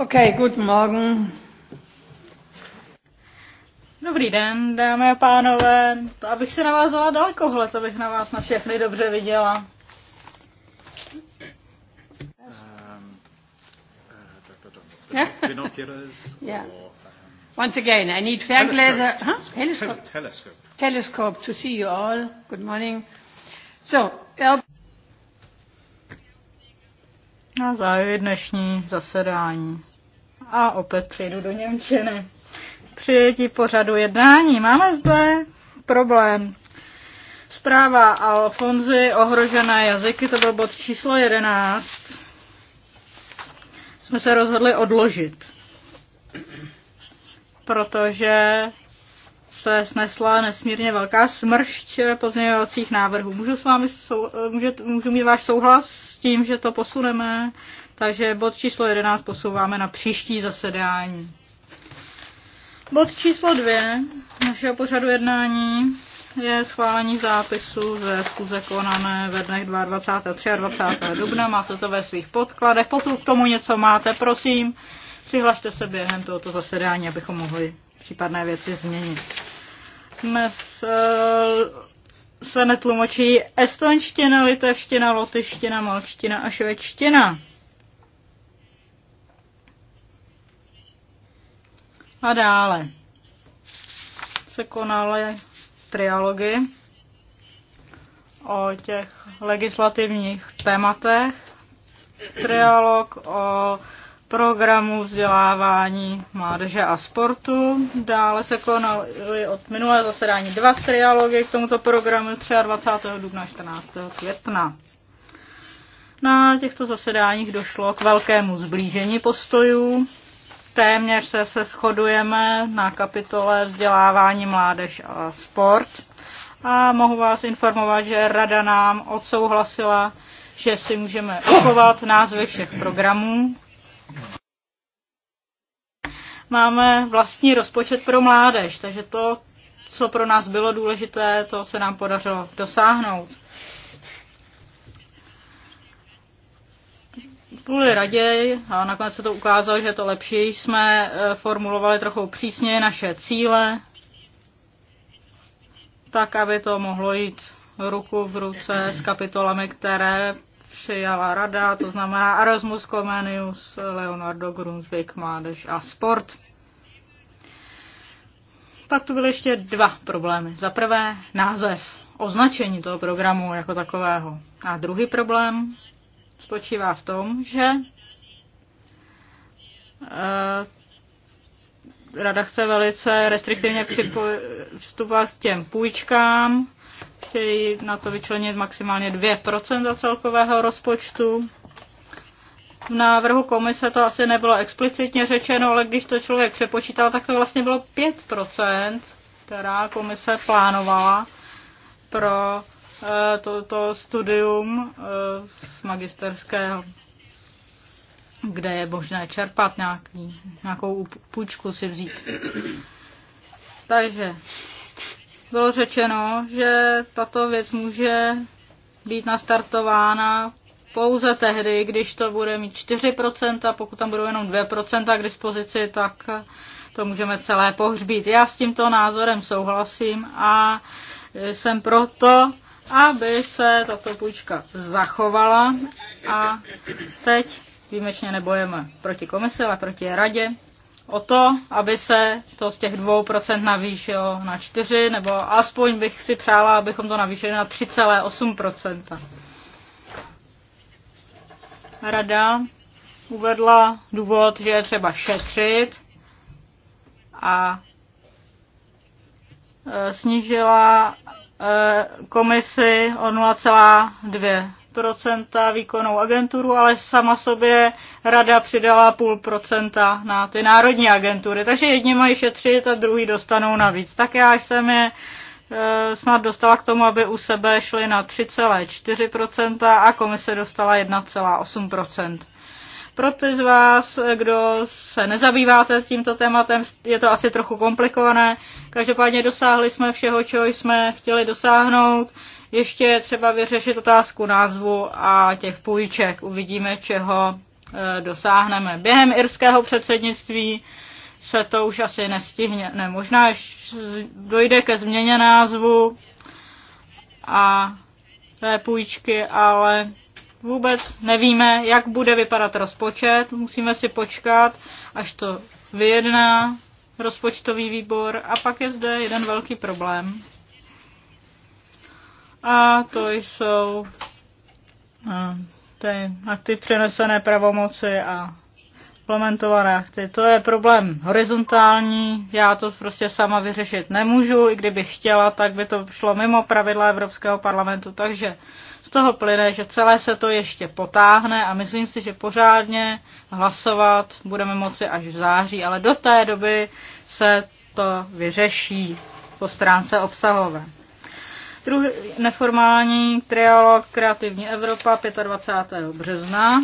Okay, guten Morgen. Dobrý den, dámy a pánové. To, abych se navázala dalekohled, abych na vás na všechny dobře viděla. Um, uh, yeah. Um, Once again, I need Telescope. Huh? Telescope. Telescope. Telescope to see you all. Good morning. So, na závěr dnešní zasedání a opět přijdu do Němčiny. Přijetí pořadu jednání. Máme zde problém. Zpráva Alfonzy ohrožené jazyky, to byl bod číslo 11. Jsme se rozhodli odložit, protože se snesla nesmírně velká smršť pozměňovacích návrhů. Můžu s vámi sou, můžu, můžu mít váš souhlas s tím, že to posuneme takže bod číslo 11 posouváme na příští zasedání. Bod číslo 2 našeho pořadu jednání je schválení zápisu ze schůze konané ve dnech 22. a 23. dubna. Máte to ve svých podkladech. Pokud k tomu něco máte, prosím, přihlašte se během tohoto zasedání, abychom mohli případné věci změnit. Dnes eh, se netlumočí estonština, litevština, lotyština, malčtina a švečtina. A dále se konaly trialogy o těch legislativních tématech. Trialog o programu vzdělávání mládeže a sportu. Dále se konaly od minulého zasedání dva trialogy k tomuto programu 23. dubna 14. května. Na těchto zasedáních došlo k velkému zblížení postojů téměř se, se shodujeme na kapitole vzdělávání mládež a sport. A mohu vás informovat, že Rada nám odsouhlasila, že si můžeme uchovat názvy všech programů. Máme vlastní rozpočet pro mládež, takže to, co pro nás bylo důležité, to se nám podařilo dosáhnout. Kvůli raději a nakonec se to ukázalo, že je to lepší, jsme e, formulovali trochu přísně naše cíle, tak, aby to mohlo jít ruku v ruce s kapitolami, které přijala rada, to znamená Erasmus Comenius, Leonardo Grundvik, Mádež a Sport. Pak tu byly ještě dva problémy. Za prvé název, označení toho programu jako takového. A druhý problém spočívá v tom, že eh, Rada chce velice restriktivně vstupovat k těm půjčkám, chtějí na to vyčlenit maximálně 2% celkového rozpočtu. V návrhu komise to asi nebylo explicitně řečeno, ale když to člověk přepočítal, tak to vlastně bylo 5%, která komise plánovala pro Eh, toto studium z eh, magisterského, kde je možné čerpat nějaký, nějakou půjčku si vzít. Takže bylo řečeno, že tato věc může být nastartována pouze tehdy, když to bude mít 4%, a pokud tam budou jenom 2% k dispozici, tak eh, to můžeme celé pohřbít. Já s tímto názorem souhlasím a jsem proto, aby se tato půjčka zachovala a teď výjimečně nebojeme proti komisi, ale proti radě o to, aby se to z těch 2% navýšilo na 4, nebo aspoň bych si přála, abychom to navýšili na 3,8%. Rada uvedla důvod, že je třeba šetřit a e, snížila Eh, komisi o 0,2 výkonnou agenturu, ale sama sobě rada přidala půl procenta na ty národní agentury. Takže jedni mají šetřit a druhý dostanou navíc. Tak já jsem je eh, snad dostala k tomu, aby u sebe šly na 3,4% a komise dostala 1,8%. Pro ty z vás, kdo se nezabýváte tímto tématem, je to asi trochu komplikované. Každopádně dosáhli jsme všeho, čeho jsme chtěli dosáhnout. Ještě je třeba vyřešit otázku názvu a těch půjček. Uvidíme, čeho eh, dosáhneme. Během irského předsednictví se to už asi nestihne. Ne, možná dojde ke změně názvu a té půjčky, ale vůbec nevíme, jak bude vypadat rozpočet. Musíme si počkat, až to vyjedná rozpočtový výbor. A pak je zde jeden velký problém. A to jsou eh, ty ty přenesené pravomoci a implementované. To je problém horizontální, já to prostě sama vyřešit nemůžu, i kdybych chtěla, tak by to šlo mimo pravidla Evropského parlamentu, takže z toho plyne, že celé se to ještě potáhne a myslím si, že pořádně hlasovat budeme moci až v září, ale do té doby se to vyřeší po stránce obsahové. Druhý neformální trialog Kreativní Evropa 25. března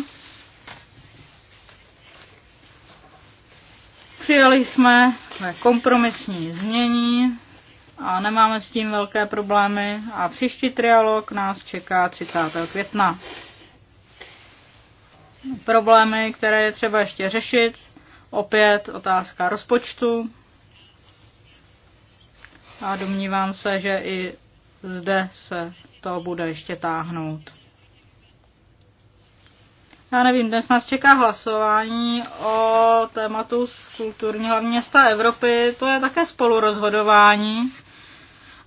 Přijali jsme kompromisní změní a nemáme s tím velké problémy a příští trialog nás čeká 30. května. Problémy, které je třeba ještě řešit, opět otázka rozpočtu. A domnívám se, že i zde se to bude ještě táhnout. Já nevím, dnes nás čeká hlasování o tématu kulturní hlavní města Evropy. To je také spolurozhodování,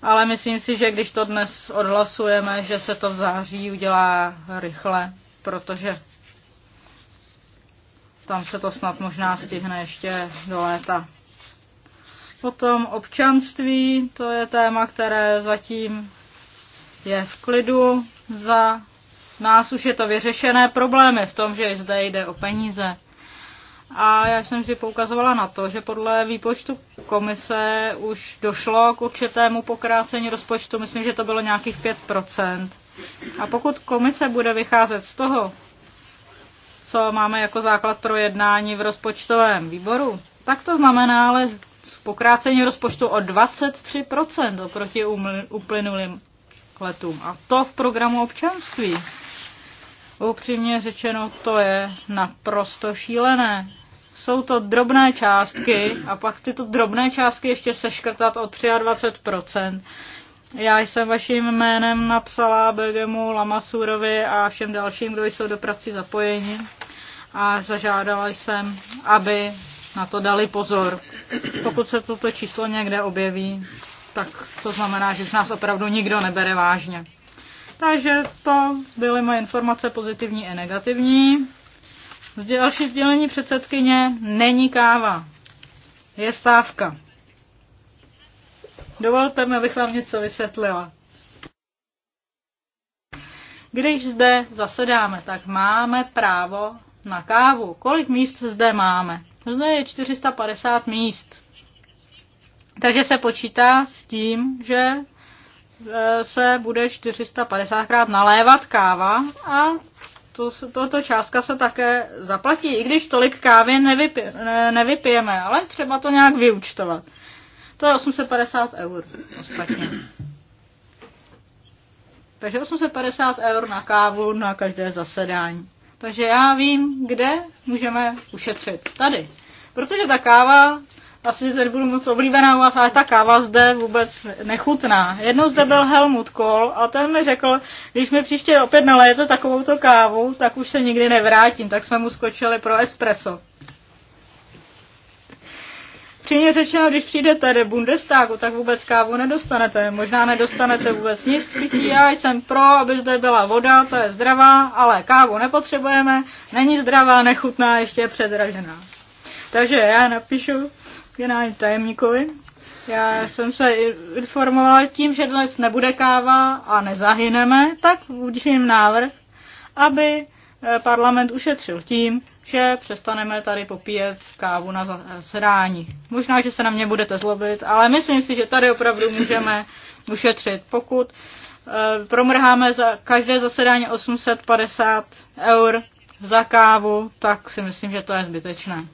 ale myslím si, že když to dnes odhlasujeme, že se to v září udělá rychle, protože tam se to snad možná stihne ještě do léta. Potom občanství, to je téma, které zatím je v klidu za nás už je to vyřešené problémy v tom, že zde jde o peníze. A já jsem vždy poukazovala na to, že podle výpočtu komise už došlo k určitému pokrácení rozpočtu, myslím, že to bylo nějakých 5%. A pokud komise bude vycházet z toho, co máme jako základ pro jednání v rozpočtovém výboru, tak to znamená ale pokrácení rozpočtu o 23% oproti uplynulým letům. A to v programu občanství. Upřímně řečeno, to je naprosto šílené. Jsou to drobné částky a pak tyto drobné částky ještě seškrtat o 23%. Já jsem vaším jménem napsala Begemu, Lamasurovi a všem dalším, kdo jsou do prací zapojeni a zažádala jsem, aby na to dali pozor. Pokud se toto číslo někde objeví, tak to znamená, že z nás opravdu nikdo nebere vážně. Takže to byly moje informace pozitivní i negativní. Další sdělení předsedkyně není káva, je stávka. Dovolte mi, abych vám něco vysvětlila. Když zde zasedáme, tak máme právo na kávu. Kolik míst zde máme? Zde je 450 míst. Takže se počítá s tím, že se bude 450 krát nalévat káva a to, toto částka se také zaplatí, i když tolik kávy nevypi, ne, nevypijeme, ale třeba to nějak vyučtovat. To je 850 eur ostatně. Takže 850 eur na kávu na každé zasedání. Takže já vím, kde můžeme ušetřit. Tady. Protože ta káva asi tady budu moc oblíbená u vás, ale ta káva zde vůbec nechutná. Jednou zde byl Helmut Kohl a ten mi řekl, když mi příště opět naléte takovouto kávu, tak už se nikdy nevrátím, tak jsme mu skočili pro espresso. Přímě řečeno, když přijdete do Bundestagu, tak vůbec kávu nedostanete. Možná nedostanete vůbec nic k pití. Já jsem pro, aby zde byla voda, to je zdravá, ale kávu nepotřebujeme. Není zdravá, nechutná, ještě je předražená. Takže já napíšu generální tajemníkovi. Já jsem se informovala tím, že dnes nebude káva a nezahyneme, tak udělím návrh, aby eh, parlament ušetřil tím, že přestaneme tady popíjet kávu na zasedání. Možná, že se na mě budete zlobit, ale myslím si, že tady opravdu můžeme ušetřit, pokud eh, promrháme za každé zasedání 850 eur za kávu, tak si myslím, že to je zbytečné.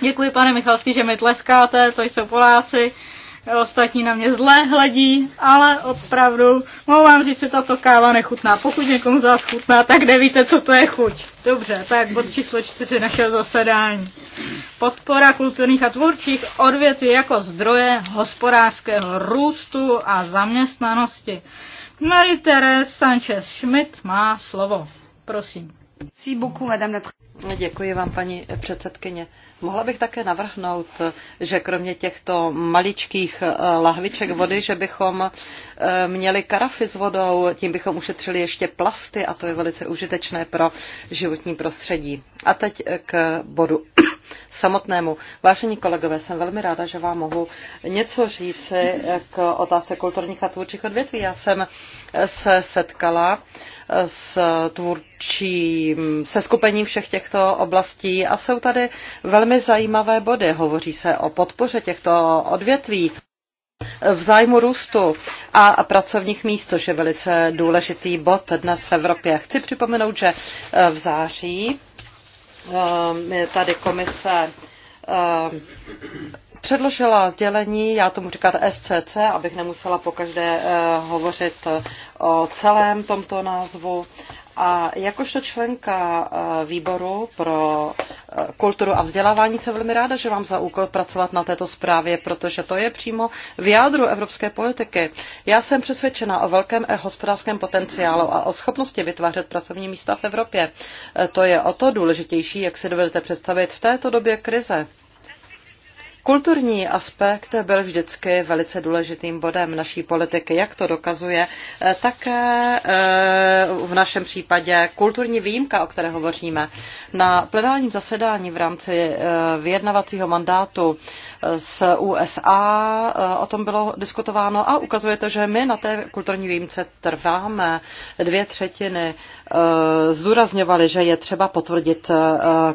Děkuji, pane Michalský, že mi tleskáte, to jsou Poláci. Ostatní na mě zlé hledí, ale opravdu mohu vám říct, že tato káva nechutná. Pokud někomu z vás chutná, tak nevíte, co to je chuť. Dobře, tak bod číslo čtyři našeho zasedání. Podpora kulturních a tvůrčích odvětví jako zdroje hospodářského růstu a zaměstnanosti. Marie-Thérèse Sanchez-Schmidt má slovo. Prosím. Merci beaucoup, madame la Děkuji vám, paní předsedkyně. Mohla bych také navrhnout, že kromě těchto maličkých eh, lahviček vody, že bychom eh, měli karafy s vodou, tím bychom ušetřili ještě plasty a to je velice užitečné pro životní prostředí. A teď eh, k bodu samotnému. Vážení kolegové, jsem velmi ráda, že vám mohu něco říci k otázce kulturních a tvůrčích odvětví. Já jsem se setkala s tvůrčím, se skupením všech těch těchto oblastí a jsou tady velmi zajímavé body. Hovoří se o podpoře těchto odvětví v zájmu růstu a pracovních míst, což je velice důležitý bod dnes v Evropě. Chci připomenout, že eh, v září eh, tady komise eh, předložila sdělení, já tomu říkat SCC, abych nemusela pokaždé hovořit o celém tomto názvu, a jakožto členka eh, výboru pro eh, kulturu a vzdělávání jsem velmi ráda, že vám za úkol pracovat na této zprávě, protože to je přímo v jádru evropské politiky. Já jsem přesvědčena o velkém eh, hospodářském potenciálu a o schopnosti vytvářet pracovní místa v Evropě. To je o to důležitější, jak si dovedete představit v této době krize. Kulturní aspekt byl vždycky velice důležitým bodem naší politiky, jak to dokazuje eh, také eh, v našem případě kulturní výjimka, o které hovoříme. Na plenárním zasedání v rámci eh, vyjednavacího mandátu s USA o tom bylo diskutováno a ukazuje to, že my na té kulturní výjimce trváme. Dvě třetiny zdůrazňovali, že je třeba potvrdit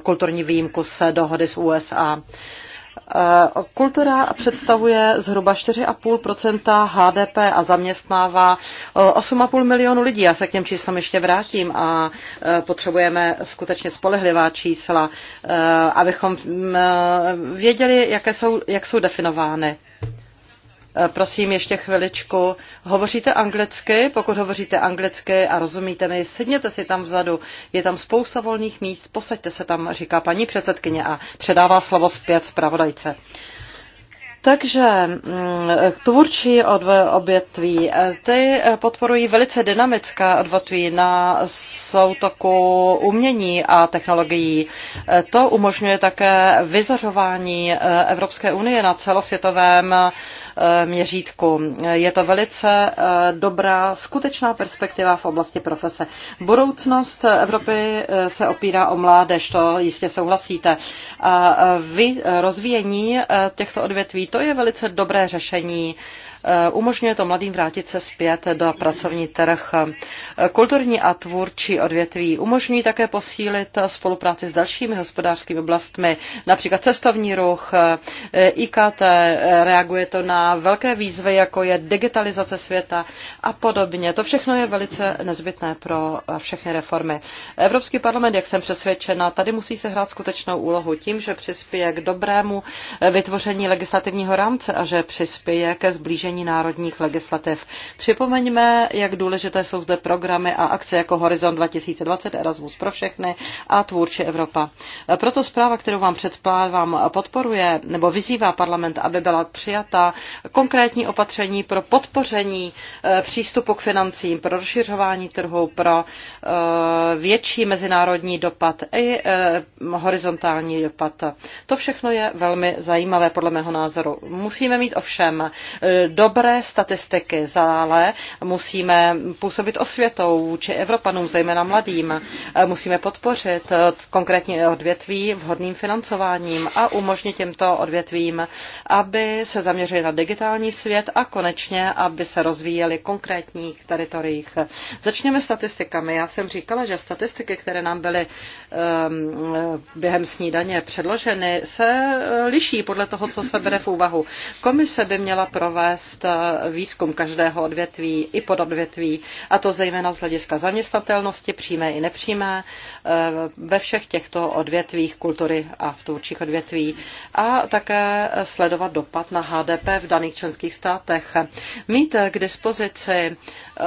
kulturní výjimku z dohody s USA. Eh, kultura představuje zhruba 4,5 HDP a zaměstnává 8,5 eh, milionu lidí. Já se k těm číslům ještě vrátím a eh, potřebujeme skutečně spolehlivá čísla, abychom mm, věděli, jaké jsou, jak jsou definovány. Prosím ještě chviličku. Hovoříte anglicky? Pokud hovoříte anglicky a rozumíte mi, sedněte si tam vzadu. Je tam spousta volných míst, posaďte se tam, říká paní předsedkyně a předává slovo zpět zpravodajce. Takže mm, tvůrčí odvětví, ty podporují velice dynamická odvětví na soutoku umění a technologií. To umožňuje také vyzařování Evropské unie na celosvětovém Eh, měřítku. Je to velice eh, dobrá, skutečná perspektiva v oblasti profese. Budoucnost Evropy eh, se opírá o mládež, to jistě souhlasíte. A vy, rozvíjení těchto odvětví, to je velice dobré řešení. Eh, umožňuje to mladým vrátit se zpět do pracovní trh. Eh, kulturní a tvůrčí odvětví umožňují také posílit spolupráci s dalšími hospodářskými oblastmi, například cestovní ruch, eh, IKT, reaguje to na velké výzvy, jako je digitalizace světa a podobně. To všechno je velice nezbytné pro všechny reformy. Evropský parlament, jak jsem přesvědčena, tady musí se hrát skutečnou úlohu tím, že přispěje k dobrému vytvoření legislativního rámce a že přispěje ke zblížení provádění národních legislativ. Připomeňme, jak důležité jsou zde programy a akce jako Horizon 2020, Erasmus pro všechny a Tvůrčí Evropa. Proto zpráva, kterou vám předplávám, podporuje nebo vyzývá parlament, aby byla přijata konkrétní opatření pro podpoření eh, přístupu k financím, pro rozšiřování trhu, pro eh, větší mezinárodní dopad i eh, horizontální dopad. To všechno je velmi zajímavé podle mého názoru. Musíme mít ovšem dobré statistiky, ale musíme působit osvětou vůči Evropanům, zejména mladým. Musíme podpořit konkrétně odvětví vhodným financováním a umožnit těmto odvětvím, aby se zaměřili na digitální svět a konečně, aby se rozvíjeli konkrétních teritoriích. Začněme statistikami. Já jsem říkala, že statistiky, které nám byly ehm, během snídaně předloženy, se eh, liší podle toho, co se bere v úvahu. Komise by měla provést růst, eh, výzkum každého odvětví i pododvětví, a to zejména z hlediska zaměstnatelnosti, přímé i nepřímé, eh, ve všech těchto odvětvích kultury a v tvůrčích odvětví a také sledovat dopad na HDP v daných členských státech. Mít k dispozici eh,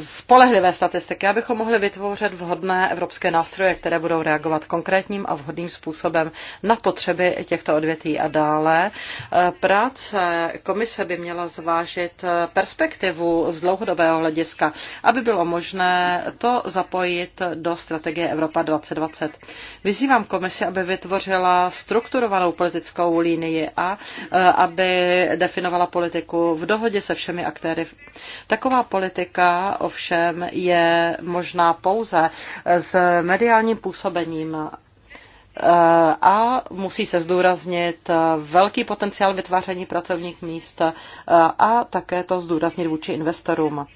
spolehlivé statistiky, abychom mohli vytvořit vhodné evropské nástroje, které budou reagovat konkrétním a vhodným způsobem na potřeby těchto odvětví a dále. Práce komise by měla měla zvážit eh, perspektivu z dlouhodobého hlediska, aby bylo možné to zapojit do strategie Evropa 2020. Vyzývám komisi, aby vytvořila strukturovanou politickou línii a eh, aby definovala politiku v dohodě se všemi aktéry. Taková politika ovšem je možná pouze s mediálním působením a musí se zdůraznit velký potenciál vytváření pracovních míst a také to zdůraznit vůči investorům.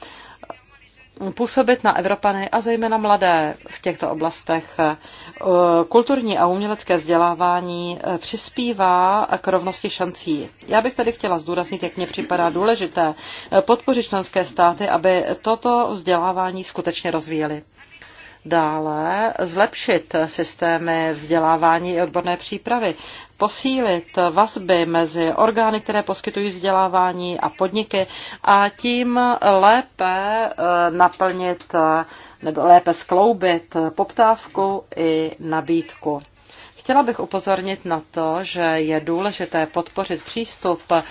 Působit na Evropany a zejména mladé v těchto oblastech. Kulturní a umělecké vzdělávání přispívá k rovnosti šancí. Já bych tady chtěla zdůraznit, jak mě připadá důležité podpořit členské státy, aby toto vzdělávání skutečně rozvíjely. Dále zlepšit systémy vzdělávání i odborné přípravy, posílit vazby mezi orgány, které poskytují vzdělávání a podniky a tím lépe eh, naplnit eh, nebo lépe skloubit poptávku i nabídku. Chtěla bych upozornit na to, že je důležité podpořit přístup eh,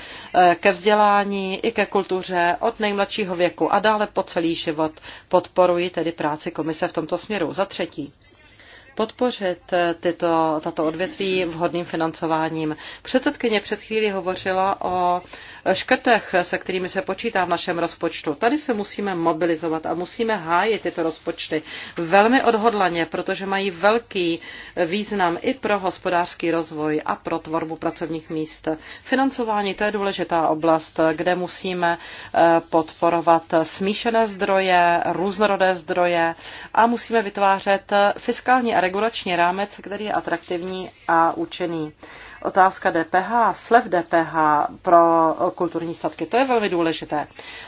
ke vzdělání i ke kultuře od nejmladšího věku a dále po celý život. Podporuji tedy práci komise v tomto směru. Za třetí, podpořit eh, tyto, tato odvětví vhodným financováním. Předsedkyně před chvíli hovořila o škrtech, se kterými se počítá v našem rozpočtu. Tady se musíme mobilizovat a musíme hájit tyto rozpočty velmi odhodlaně, protože mají velký význam i pro hospodářský rozvoj a pro tvorbu pracovních míst. Financování to je důležitá oblast, kde musíme eh, podporovat smíšené zdroje, různorodé zdroje a musíme vytvářet eh, fiskální regulační rámec, který je atraktivní a účinný. Otázka DPH, slev DPH pro kulturní statky, to je velmi důležité.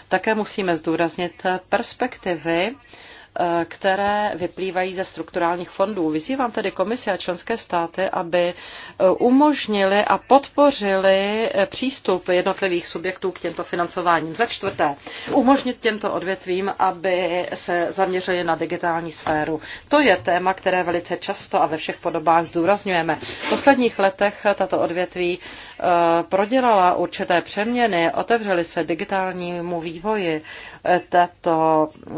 Také musíme zdůraznit perspektivy Eh, které vyplývají ze strukturálních fondů. Vyzývám tedy komisi a členské státy, aby eh, umožnili a podpořili eh, přístup jednotlivých subjektů k těmto financováním. Za čtvrté, umožnit těmto odvětvím, aby se zaměřili na digitální sféru. To je téma, které velice často a ve všech podobách zdůrazňujeme. V posledních letech tato odvětví Eh, prodělala určité přeměny, otevřely se digitálnímu vývoji. Tato eh,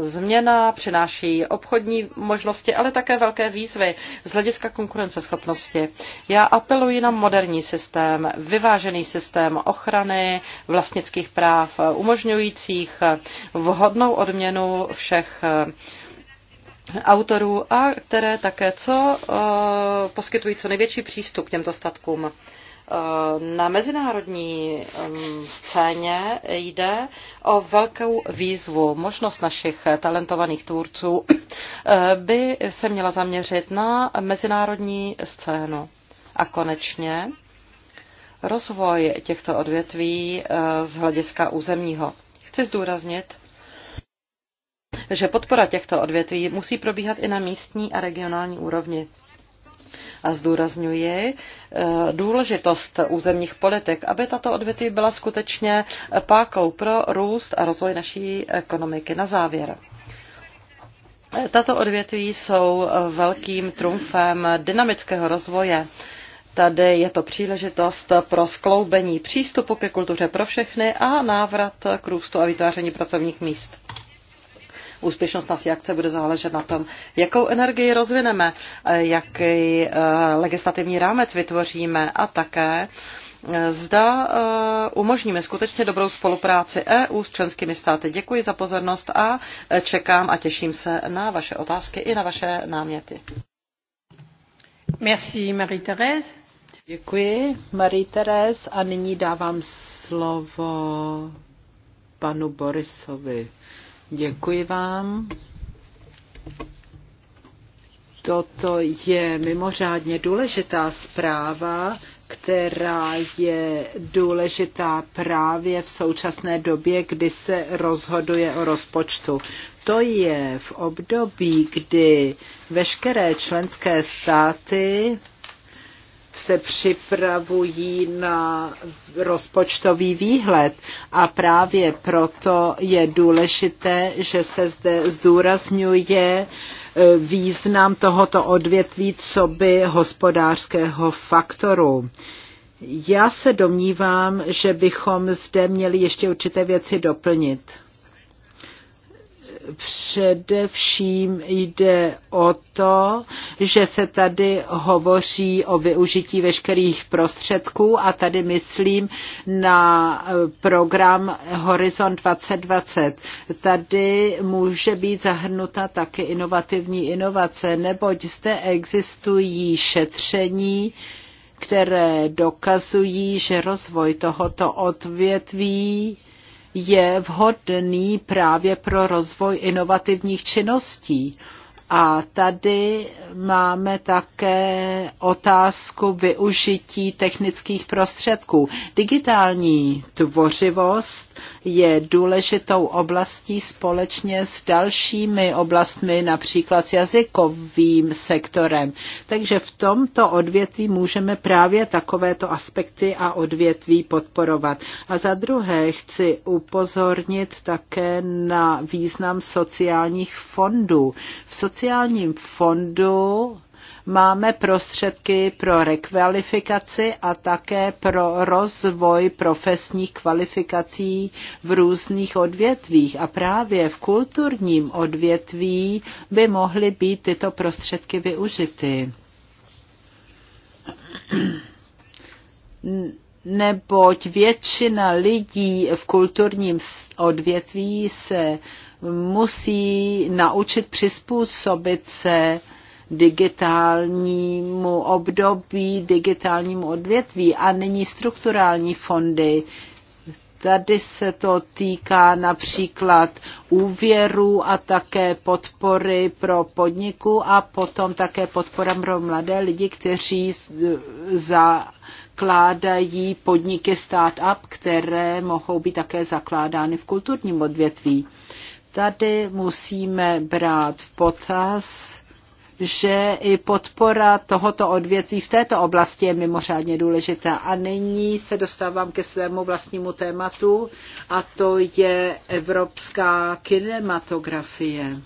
změna přináší obchodní možnosti, ale také velké výzvy z hlediska konkurenceschopnosti. Já apeluji na moderní systém, vyvážený systém ochrany vlastnických práv, eh, umožňujících vhodnou odměnu všech autorů a které také co poskytují co největší přístup k těmto statkům. Na mezinárodní um, scéně jde o velkou výzvu. Možnost našich talentovaných tvůrců eh, by se měla zaměřit na mezinárodní scénu. A konečně rozvoj těchto odvětví eh, z hlediska územního. Chci zdůraznit, že podpora těchto odvětví musí probíhat i na místní a regionální úrovni. A zdůrazňuji eh, důležitost územních politik, aby tato odvětví byla skutečně pákou pro růst a rozvoj naší ekonomiky. Na závěr. Tato odvětví jsou velkým trumfem dynamického rozvoje. Tady je to příležitost pro skloubení přístupu ke kultuře pro všechny a návrat k růstu a vytváření pracovních míst. Úspěšnost naší akce bude záležet na tom, jakou energii rozvineme, eh, jaký eh, legislativní rámec vytvoříme a také eh, zda umožníme skutečně dobrou spolupráci EU s členskými státy. Děkuji za pozornost a čekám a těším se na vaše otázky i na vaše náměty. Merci, Marie-Thérèse. Děkuji, Marie-Thérèse. A nyní dávám slovo panu Borisovi. Děkuji vám. Toto je mimořádně důležitá zpráva, která je důležitá právě v současné době, kdy se rozhoduje o rozpočtu. To je v období, kdy veškeré členské státy se připravují na rozpočtový výhled a právě proto je důležité, že se zde zdůrazňuje eh, význam tohoto odvětví co by hospodářského faktoru. Já se domnívám, že bychom zde měli ještě určité věci doplnit. Především jde o to, že se tady hovoří o využití veškerých prostředků a tady myslím na eh, program Horizon 2020. Tady může být zahrnuta také inovativní inovace, neboť zde existují šetření, které dokazují, že rozvoj tohoto odvětví je vhodný právě pro rozvoj inovativních činností. A tady máme také otázku využití technických prostředků. Digitální tvořivost je důležitou oblastí společně s dalšími oblastmi, například s jazykovým sektorem. Takže v tomto odvětví můžeme právě takovéto aspekty a odvětví podporovat. A za druhé chci upozornit také na význam sociálních fondů. V soci sociálním fondu máme prostředky pro rekvalifikaci a také pro rozvoj profesních kvalifikací v různých odvětvích. A právě v kulturním odvětví by mohly být tyto prostředky využity. Neboť většina lidí v kulturním odvětví se musí naučit přizpůsobit se digitálnímu období, digitálnímu odvětví a nyní strukturální fondy. Tady se to týká například úvěru a také podpory pro podniku a potom také podpora pro mladé lidi, kteří zakládají podniky start-up, které mohou být také zakládány v kulturním odvětví. Tady musíme brát v potaz, že i podpora tohoto odvětví v této oblasti je mimořádně důležitá. A nyní se dostávám ke svému vlastnímu tématu a to je evropská kinematografie.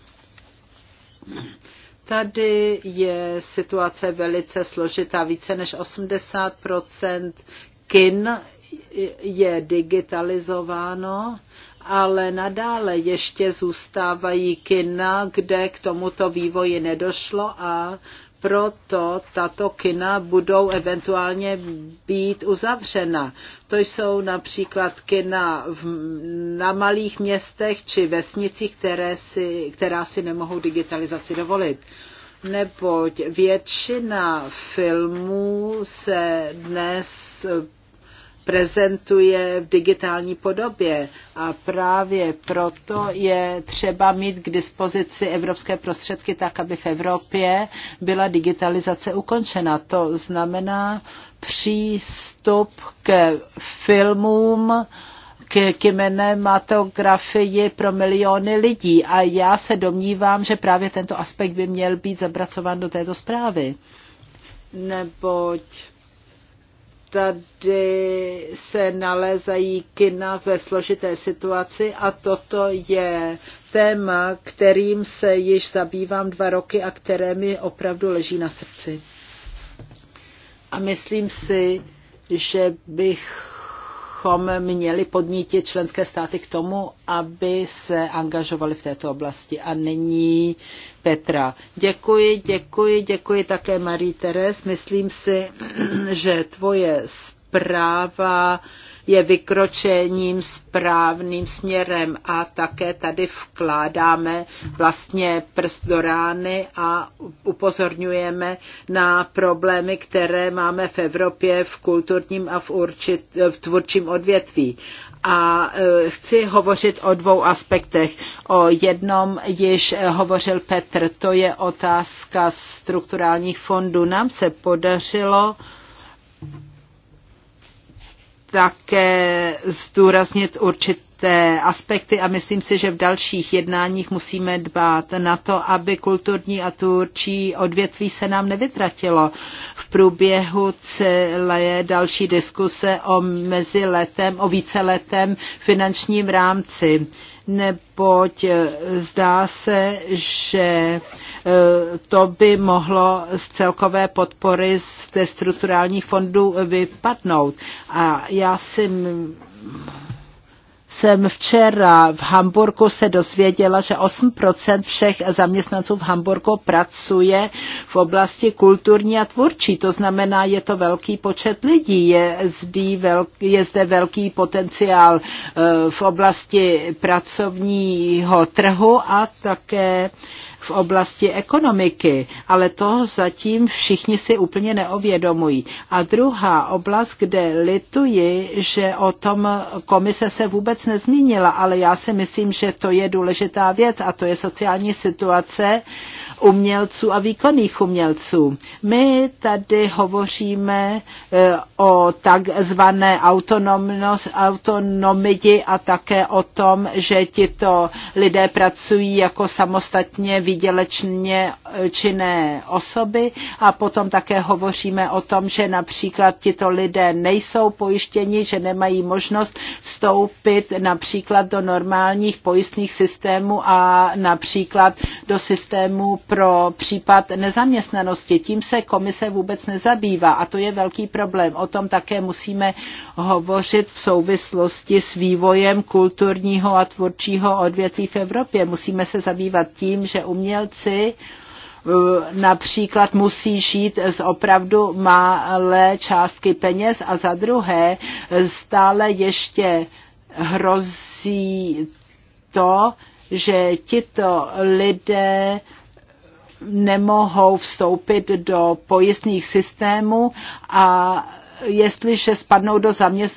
Tady je situace velice složitá. Více než 80 kin je digitalizováno ale nadále ještě zůstávají kina, kde k tomuto vývoji nedošlo a proto tato kina budou eventuálně být uzavřena. To jsou například kina v, na malých městech či vesnicích, které si, která si nemohou digitalizaci dovolit. Neboť většina filmů se dnes prezentuje v digitální podobě. A právě proto je třeba mít k dispozici evropské prostředky tak, aby v Evropě byla digitalizace ukončena. To znamená přístup k filmům, k kinematografii pro miliony lidí. A já se domnívám, že právě tento aspekt by měl být zabracován do této zprávy. Neboť tady se nalézají kina ve složité situaci a toto je téma, kterým se již zabývám dva roky a které mi opravdu leží na srdci. A myslím si, že bych bychom měli podnítit členské státy k tomu, aby se angažovali v této oblasti. A není Petra. Děkuji, děkuji, děkuji také Marie Teres. Myslím si, že tvoje zpráva je vykročením správným směrem a také tady vkládáme vlastně prst do rány a upozorňujeme na problémy, které máme v Evropě v kulturním a v, určit, v tvůrčím odvětví a e, chci hovořit o dvou aspektech. O jednom již hovořil Petr, to je otázka strukturálních fondů. Nám se podařilo také zdůraznit určité aspekty a myslím si, že v dalších jednáních musíme dbát na to, aby kulturní a tvůrčí odvětví se nám nevytratilo. V průběhu celé další diskuse o meziletem, o víceletém finančním rámci, neboť eh, zdá se, že Eh, to by mohlo z celkové podpory z té strukturálních fondů vypadnout. A já si jsem včera v Hamburgu se dozvěděla, že 8% všech zaměstnanců v Hamburgu pracuje v oblasti kulturní a tvůrčí. To znamená, je to velký počet lidí. Je zde, velký, je zde velký potenciál eh, v oblasti pracovního trhu a také v oblasti ekonomiky, ale to zatím všichni si úplně neovědomují. A druhá oblast, kde lituji, že o tom komise se vůbec nezmínila, ale já si myslím, že to je důležitá věc a to je sociální situace umělců a výkonných umělců. My tady hovoříme e, o takzvané autonomii a také o tom, že tito lidé pracují jako samostatně výdělečně e, činné osoby a potom také hovoříme o tom, že například tito lidé nejsou pojištěni, že nemají možnost vstoupit například do normálních pojistných systémů a například do systému pro případ nezaměstnanosti. Tím se komise vůbec nezabývá a to je velký problém. O tom také musíme hovořit v souvislosti s vývojem kulturního a tvůrčího odvětví v Evropě. Musíme se zabývat tím, že umělci eh, například musí žít z opravdu malé částky peněz a za druhé stále ještě hrozí to, že tito lidé nemohou vstoupit do pojistných systémů a jestliže spadnou do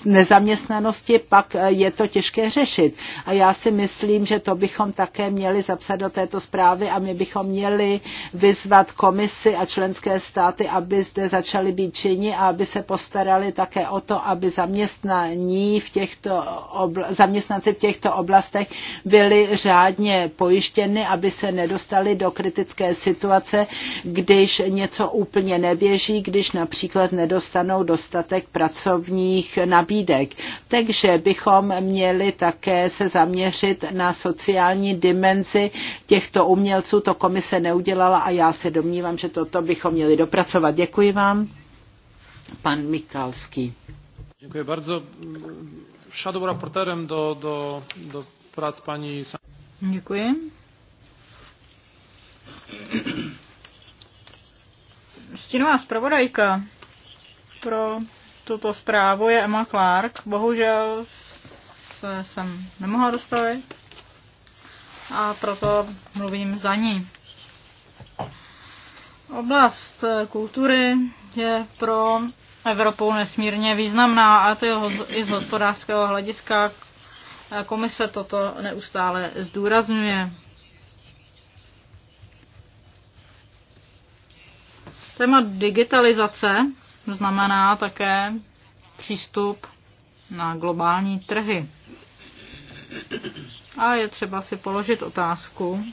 nezaměstnanosti, pak eh, je to těžké řešit. A já si myslím, že to bychom také měli zapsat do této zprávy a my bychom měli vyzvat komisi a členské státy, aby zde začaly být činni a aby se postarali také o to, aby zaměstnaní v těchto obla- zaměstnanci v těchto oblastech byli řádně pojištěny, aby se nedostali do kritické situace, když něco úplně neběží, když například nedostanou dost nedostatek pracovních nabídek. Takže bychom měli také se zaměřit na sociální dimenzi těchto umělců. To komise neudělala a já se domnívám, že toto bychom měli dopracovat. Děkuji vám. Pan Mikalský. Děkuji bardzo. Shadow reporterem do, do, do prac paní... Děkuji. Stínová zpravodajka pro tuto zprávu je Emma Clark. Bohužel se sem nemohla dostavit a proto mluvím za ní. Oblast kultury je pro Evropu nesmírně významná a to i z hospodářského hlediska komise toto neustále zdůrazňuje. Téma digitalizace znamená také přístup na globální trhy. A je třeba si položit otázku,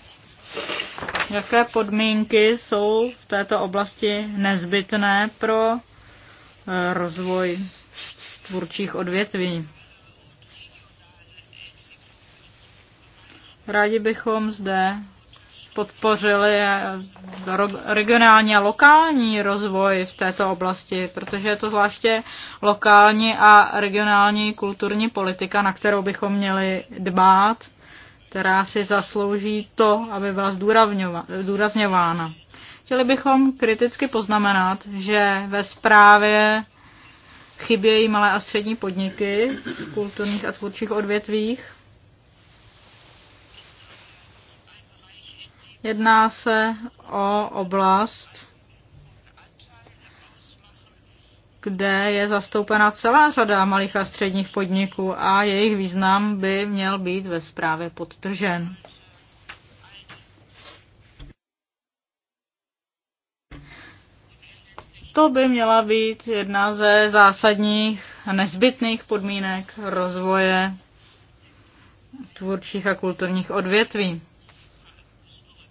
jaké podmínky jsou v této oblasti nezbytné pro eh, rozvoj tvůrčích odvětví. Rádi bychom zde podpořili regionální a lokální rozvoj v této oblasti, protože je to zvláště lokální a regionální kulturní politika, na kterou bychom měli dbát, která si zaslouží to, aby byla zdůrazňována. Chtěli bychom kriticky poznamenat, že ve zprávě chybějí malé a střední podniky v kulturních a tvůrčích odvětvích, Jedná se o oblast, kde je zastoupena celá řada malých a středních podniků a jejich význam by měl být ve zprávě podtržen. To by měla být jedna ze zásadních a nezbytných podmínek rozvoje tvůrčích a kulturních odvětví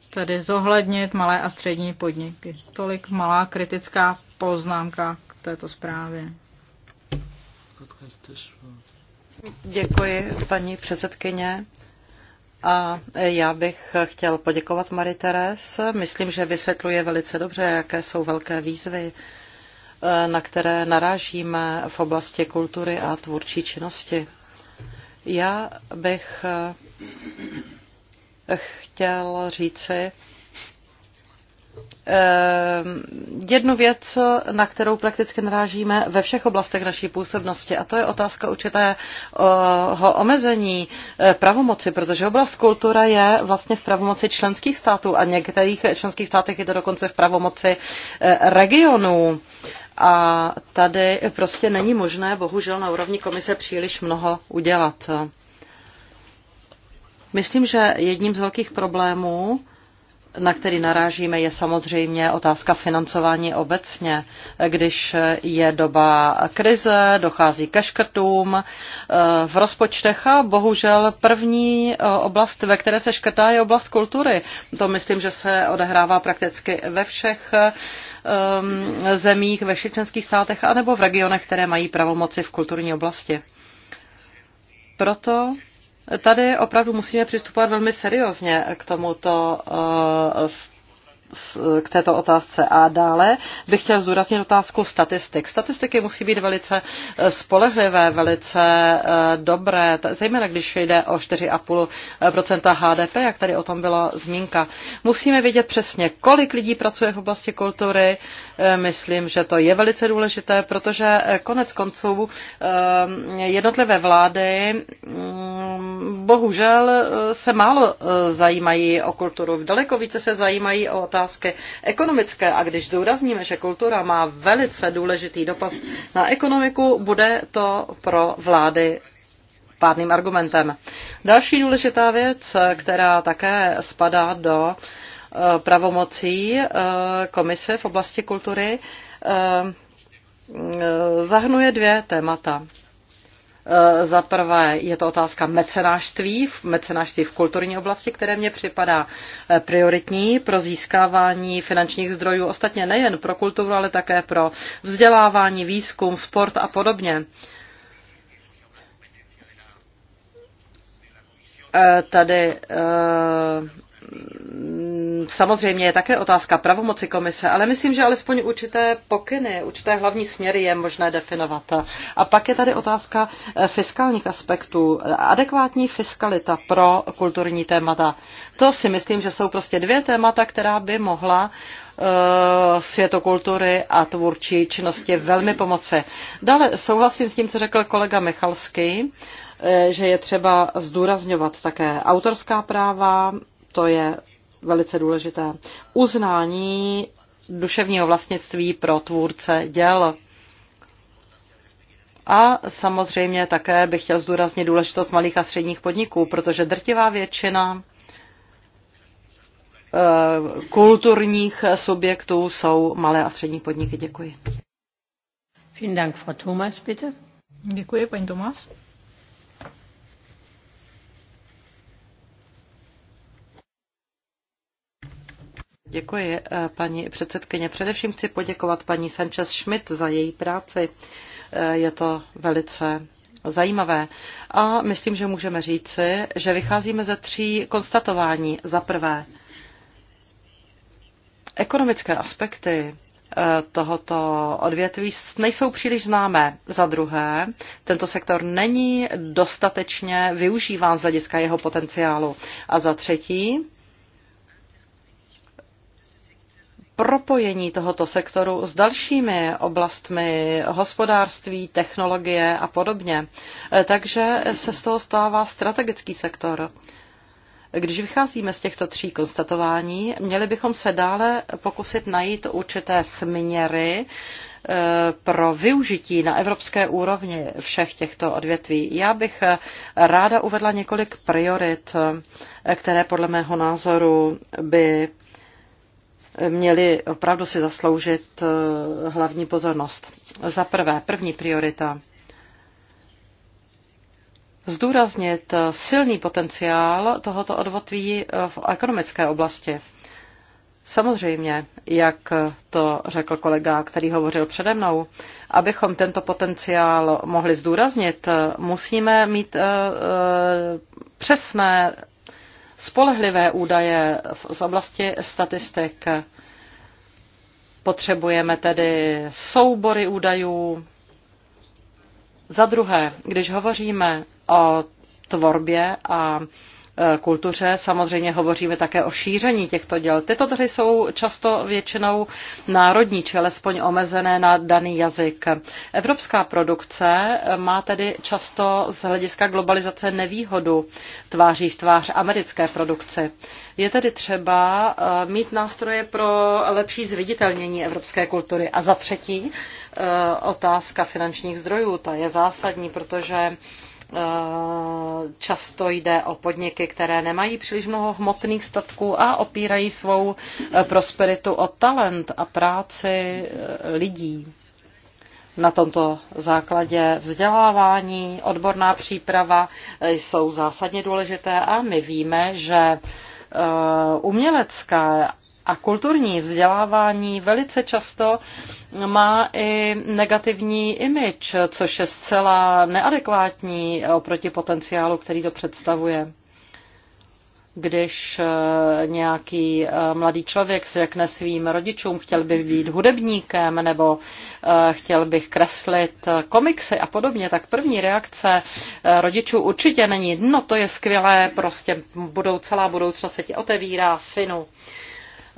tedy zohlednit malé a střední podniky. Tolik malá kritická poznámka k této zprávě. Děkuji, paní předsedkyně. A já bych chtěl poděkovat Marie Teres. Myslím, že vysvětluje velice dobře, jaké jsou velké výzvy, na které narážíme v oblasti kultury a tvůrčí činnosti. Já bych chtěl říci eh, jednu věc, na kterou prakticky narážíme ve všech oblastech naší působnosti, a to je otázka určitého eh, omezení eh, pravomoci, protože oblast kultura je vlastně v pravomoci členských států a některých členských státech je to dokonce v pravomoci regionů. A tady prostě není možné, bohužel, na úrovni komise příliš mnoho udělat. Myslím, že jedním z velkých problémů, na který narážíme, je samozřejmě otázka financování obecně. Když je doba krize, dochází ke škrtům eh, v rozpočtech a bohužel první eh, oblast, ve které se škrtá, je oblast kultury. To myslím, že se odehrává prakticky ve všech eh, zemích, ve všech členských státech anebo v regionech, které mají pravomoci v kulturní oblasti. Proto Tady opravdu musíme přistupovat velmi seriózně k tomuto eh, k této otázce. A dále bych chtěl zdůraznit otázku statistik. Statistiky musí být velice eh, spolehlivé, velice eh, dobré, zejména když jde o 4,5 HDP, jak tady o tom byla zmínka. Musíme vědět přesně, kolik lidí pracuje v oblasti kultury. Eh, myslím, že to je velice důležité, protože konec konců jednotlivé vlády mm, bohužel se málo zajímají o kulturu. Daleko více se zajímají o otázky otázky ekonomické. A když zdůrazníme, že kultura má velice důležitý dopad na ekonomiku, bude to pro vlády pádným argumentem. Další důležitá věc, která také spadá do eh, pravomocí eh, komise v oblasti kultury, eh, zahrnuje dvě témata. Eh, za prvé je to otázka mecenářství, mecenářství v kulturní oblasti, které mě připadá eh, prioritní pro získávání finančních zdrojů, ostatně nejen pro kulturu, ale také pro vzdělávání, výzkum, sport a podobně. Eh, tady samozřejmě je také otázka pravomoci komise, ale myslím, že alespoň určité pokyny, určité hlavní směry je možné definovat. A pak je tady otázka eh, fiskálních aspektů. Adekvátní fiskalita pro kulturní témata. To si myslím, že jsou prostě dvě témata, která by mohla eh, světokultury a tvůrčí činnosti velmi pomoci. Dále souhlasím s tím, co řekl kolega Michalský, eh, že je třeba zdůrazňovat také autorská práva, to je velice důležité. Uznání duševního vlastnictví pro tvůrce děl. A samozřejmě také bych chtěl zdůraznit důležitost malých a středních podniků, protože drtivá většina eh, kulturních subjektů jsou malé a střední podniky. Děkuji. Vielen Dank, Frau Thomas, bitte. Děkuji, paní Tomáš. Děkuji, eh, paní předsedkyně. Především chci poděkovat paní Sanchez Schmidt za její práci. Eh, je to velice zajímavé. A myslím, že můžeme říci, že vycházíme ze tří konstatování. Za prvé, ekonomické aspekty eh, tohoto odvětví nejsou příliš známé. Za druhé, tento sektor není dostatečně využíván z hlediska jeho potenciálu. A za třetí, propojení tohoto sektoru s dalšími oblastmi hospodářství, technologie a podobně. Eh, takže se z toho stává strategický sektor. Když vycházíme z těchto tří konstatování, měli bychom se dále pokusit najít určité směry eh, pro využití na evropské úrovni všech těchto odvětví. Já bych eh, ráda uvedla několik priorit, které podle mého názoru by měly opravdu si zasloužit eh, hlavní pozornost. Za prvé, první priorita. Zdůraznit eh, silný potenciál tohoto odvotví eh, v ekonomické oblasti. Samozřejmě, jak to řekl kolega, který hovořil přede mnou, abychom tento potenciál mohli zdůraznit, musíme mít přesné spolehlivé údaje z oblasti statistik. Potřebujeme tedy soubory údajů. Za druhé, když hovoříme o tvorbě a Eh, kultuře. Samozřejmě hovoříme také o šíření těchto děl. Tyto hry jsou často většinou národní, či alespoň omezené na daný jazyk. Evropská produkce eh, má tedy často z hlediska globalizace nevýhodu tváří v tvář americké produkci. Je tedy třeba eh, mít nástroje pro lepší zviditelnění evropské kultury. A za třetí, otázka finančních zdrojů, ta je zásadní, protože Eh, často jde o podniky, které nemají příliš mnoho hmotných statků a opírají svou eh, prosperitu o talent a práci eh, lidí. Na tomto základě vzdělávání, odborná příprava jsou zásadně důležité a my víme, že umělecké a kulturní vzdělávání velice často má i negativní image, což je zcela neadekvátní oproti potenciálu, který to představuje. Když eh, nějaký eh, mladý člověk řekne svým rodičům, chtěl bych být hudebníkem nebo eh, chtěl bych kreslit komiksy a podobně, tak první reakce rodičů určitě není, no to je skvělé, prostě budou, celá budoucnost se ti otevírá, synu.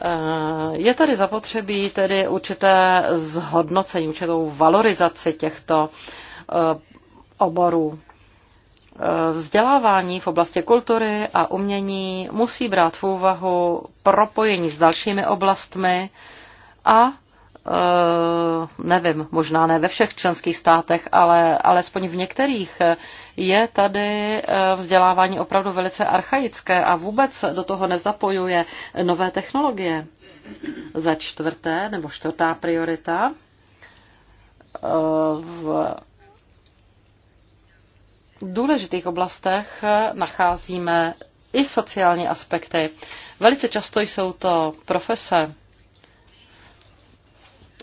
Eh, je tady zapotřebí tedy určité zhodnocení, určitou valorizaci těchto eh, oborů. Eh, vzdělávání v oblasti kultury a umění musí brát v úvahu propojení s dalšími oblastmi a Eh, nevím, možná ne ve všech členských státech, ale alespoň v některých je tady eh, vzdělávání opravdu velice archaické a vůbec do toho nezapojuje nové technologie. Za čtvrté nebo čtvrtá priorita eh, v důležitých oblastech nacházíme i sociální aspekty. Velice často jsou to profese,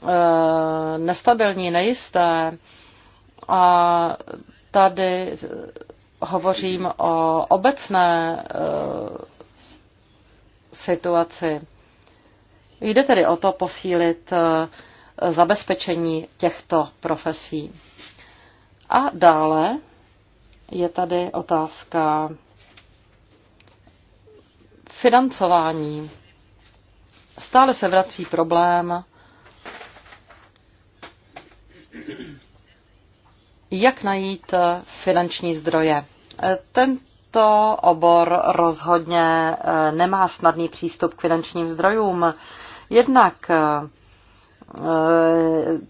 Eh, nestabilní, nejisté. A tady hovořím o obecné eh, situaci. Jde tedy o to posílit eh, zabezpečení těchto profesí. A dále je tady otázka financování. Stále se vrací problém jak najít eh, finanční zdroje. Eh, tento obor rozhodně eh, nemá snadný přístup k finančním zdrojům. Jednak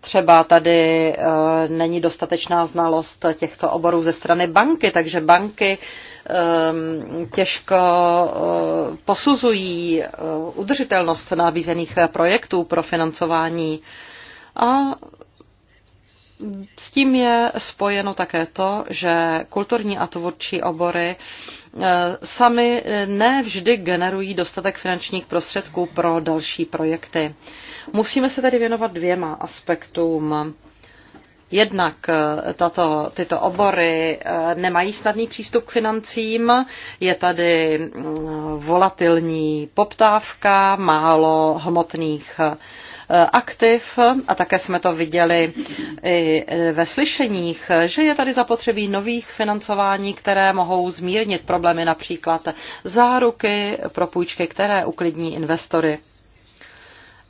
třeba tady není dostatečná znalost těchto oborů ze strany banky, takže banky ehm, těžko posuzují udržitelnost nabízených projektů pro financování. A s tím je spojeno také to, že kulturní a tvůrčí obory eh, sami eh, ne vždy generují dostatek finančních prostředků pro další projekty. Musíme se tedy věnovat dvěma aspektům. Jednak eh, tato, tyto obory nemají snadný přístup k financím, je tady mm, volatilní poptávka, málo hmotných Eh, aktiv a také jsme to viděli i eh, ve slyšeních, že je tady zapotřebí nových financování, které mohou zmírnit problémy například záruky pro půjčky, které uklidní investory.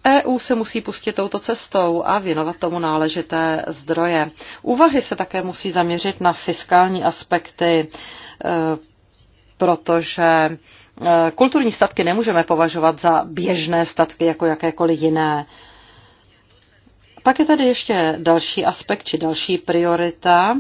EU se musí pustit touto cestou a věnovat tomu náležité zdroje. Úvahy se také musí zaměřit na fiskální aspekty, eh, protože kulturní statky nemůžeme považovat za běžné statky jako jakékoliv jiné. Pak je tady ještě další aspekt či další priorita.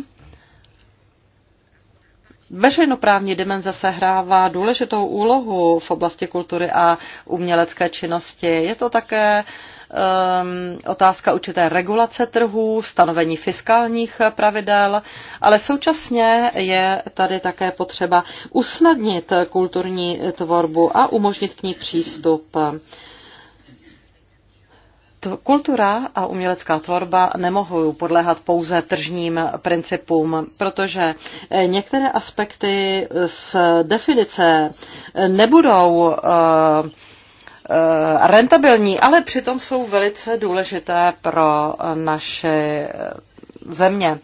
Veřejnoprávní dimenze se hrává důležitou úlohu v oblasti kultury a umělecké činnosti. Je to také um, otázka určité regulace trhů, stanovení fiskálních pravidel, ale současně je tady také potřeba usnadnit kulturní tvorbu a umožnit k ní přístup. Kultura a umělecká tvorba nemohou podléhat pouze tržním principům, protože eh, některé aspekty z definice eh, nebudou eh, rentabilní, ale přitom jsou velice důležité pro naše země.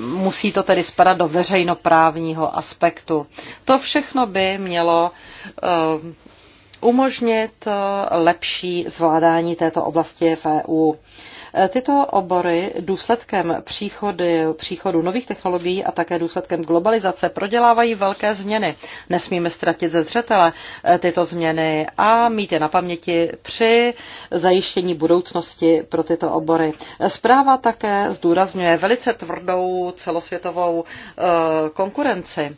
Musí to tedy spadat do veřejnoprávního aspektu. To všechno by mělo umožnit eh, lepší zvládání této oblasti v EU. Eh, tyto obory důsledkem příchody, příchodu nových technologií a také důsledkem globalizace prodělávají velké změny. Nesmíme ztratit ze zřetele eh, tyto změny a mít je na paměti při zajištění budoucnosti pro tyto obory. Zpráva také zdůrazňuje velice tvrdou celosvětovou konkurenci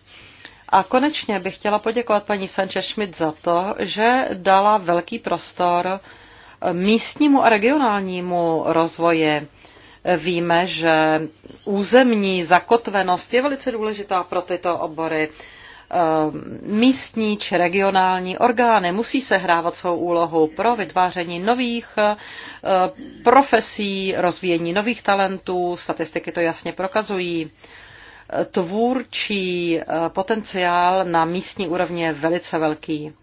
a konečně bych chtěla poděkovat paní Sanchez Schmidt za to, že dala velký prostor místnímu a regionálnímu rozvoji. Víme, že územní zakotvenost je velice důležitá pro tyto obory. Ehm, místní či regionální orgány musí sehrávat svou úlohu pro vytváření nových eh, profesí, rozvíjení nových talentů, statistiky to jasně prokazují tvůrčí eh, potenciál na místní úrovni je velice velký.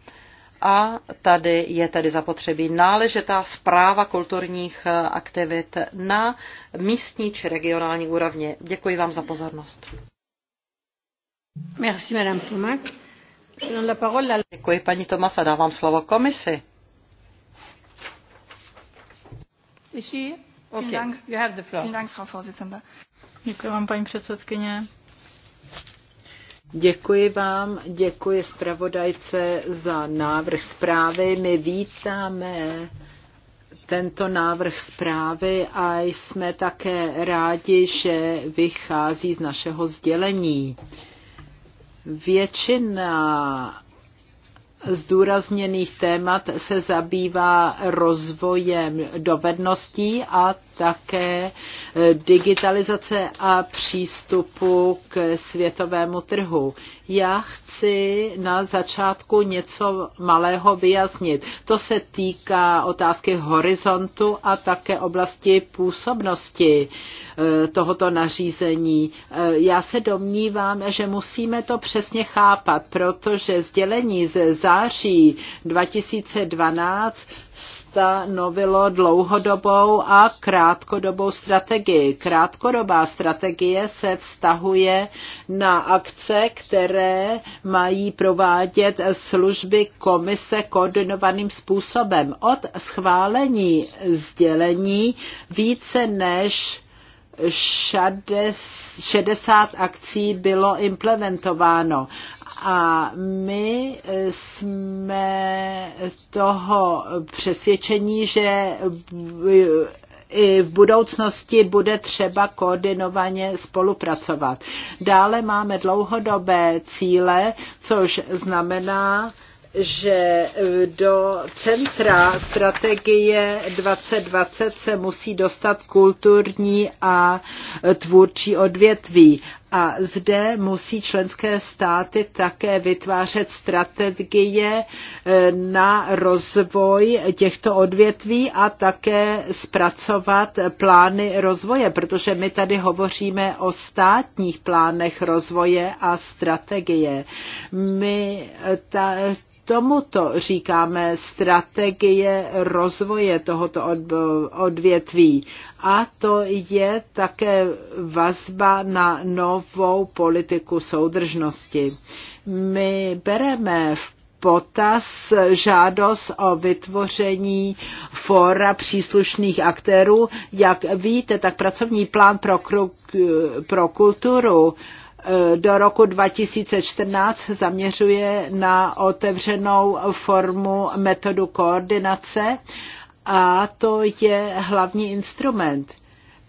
A tady je tedy zapotřebí náležitá zpráva kulturních eh, aktivit na místní či regionální úrovni. Děkuji vám za pozornost. Merci, Madame Tomac. Děkuji, paní Tomasa. Dávám slovo komisi. Okay. Děkuji vám, paní předsedkyně. Děkuji vám, děkuji zpravodajce za návrh zprávy. My vítáme tento návrh zprávy a jsme také rádi, že vychází z našeho sdělení. Většina zdůrazněných témat se zabývá rozvojem dovedností a také eh, digitalizace a přístupu k světovému trhu. Já chci na začátku něco malého vyjasnit. To se týká otázky horizontu a také oblasti působnosti. Uh, Eh, tohoto nařízení. Eh, já se domnívám, že musíme to přesně chápat, protože sdělení ze září 2012 stanovilo dlouhodobou a krátkodobou strategii. Krátkodobá strategie se vztahuje na akce, které mají provádět služby komise koordinovaným způsobem. Od schválení sdělení více než 60 akcí bylo implementováno. A my jsme toho přesvědčení, že i v budoucnosti bude třeba koordinovaně spolupracovat. Dále máme dlouhodobé cíle, což znamená, že eh, do centra strategie 2020 se musí dostat kulturní a eh, tvůrčí odvětví. A zde musí členské státy také vytvářet strategie eh, na rozvoj těchto odvětví a také zpracovat plány rozvoje, protože my tady hovoříme o státních plánech rozvoje a strategie. My eh, ta, tomuto říkáme strategie rozvoje tohoto odvětví a to je také vazba na novou politiku soudržnosti. My bereme v potaz žádost o vytvoření fora příslušných aktérů. Jak víte, tak pracovní plán pro, kruk, pro kulturu eh, do roku 2014 zaměřuje na otevřenou formu metodu koordinace a to je hlavní instrument.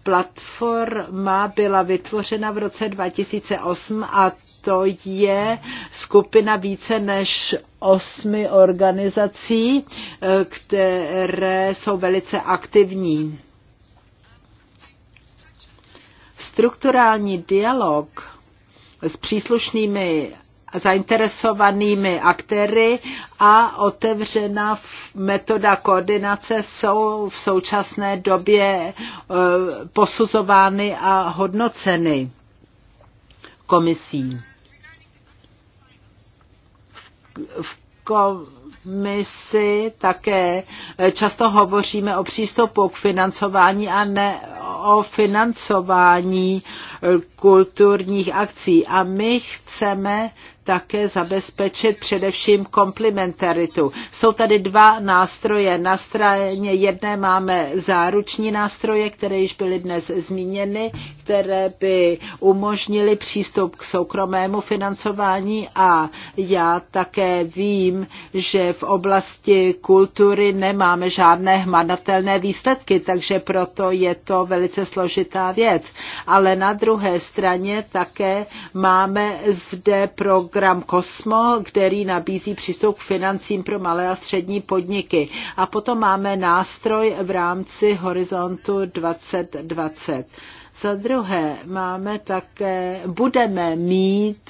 Platforma byla vytvořena v roce 2008 a to je skupina více než osmi organizací, které jsou velice aktivní. Strukturální dialog s příslušnými zainteresovanými aktéry a otevřená metoda koordinace jsou v současné době eh, posuzovány a hodnoceny komisí. V komisi také eh, často hovoříme o přístupu k financování a ne o financování eh, kulturních akcí a my chceme také zabezpečit především komplementaritu. Jsou tady dva nástroje. Na straně jedné máme záruční nástroje, které již byly dnes zmíněny, které by umožnili přístup k soukromému financování a já také vím, že v oblasti kultury nemáme žádné hmatatelné výsledky, takže proto je to velice složitá věc. Ale na druhé straně také máme zde program Kosmo, který nabízí přístup k financím pro malé a střední podniky. A potom máme nástroj v rámci Horizontu 2020. Za druhé máme také, budeme mít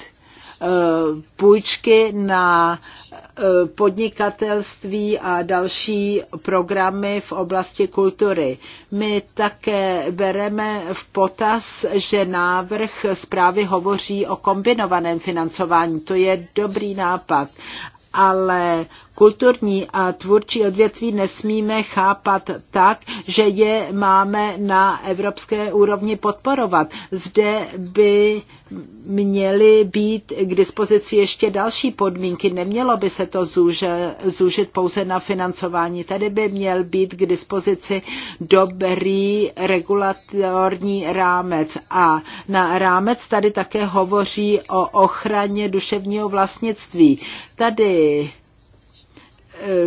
Eh, půjčky na eh, podnikatelství a další programy v oblasti kultury. My také bereme v potaz, že návrh zprávy hovoří o kombinovaném financování. To je dobrý nápad ale Kulturní a tvůrčí odvětví nesmíme chápat tak, že je máme na evropské úrovni podporovat. Zde by měly být k dispozici ještě další podmínky. Nemělo by se to zůže, zúžit pouze na financování. Tady by měl být k dispozici dobrý regulatorní rámec. A na rámec tady také hovoří o ochraně duševního vlastnictví. Tady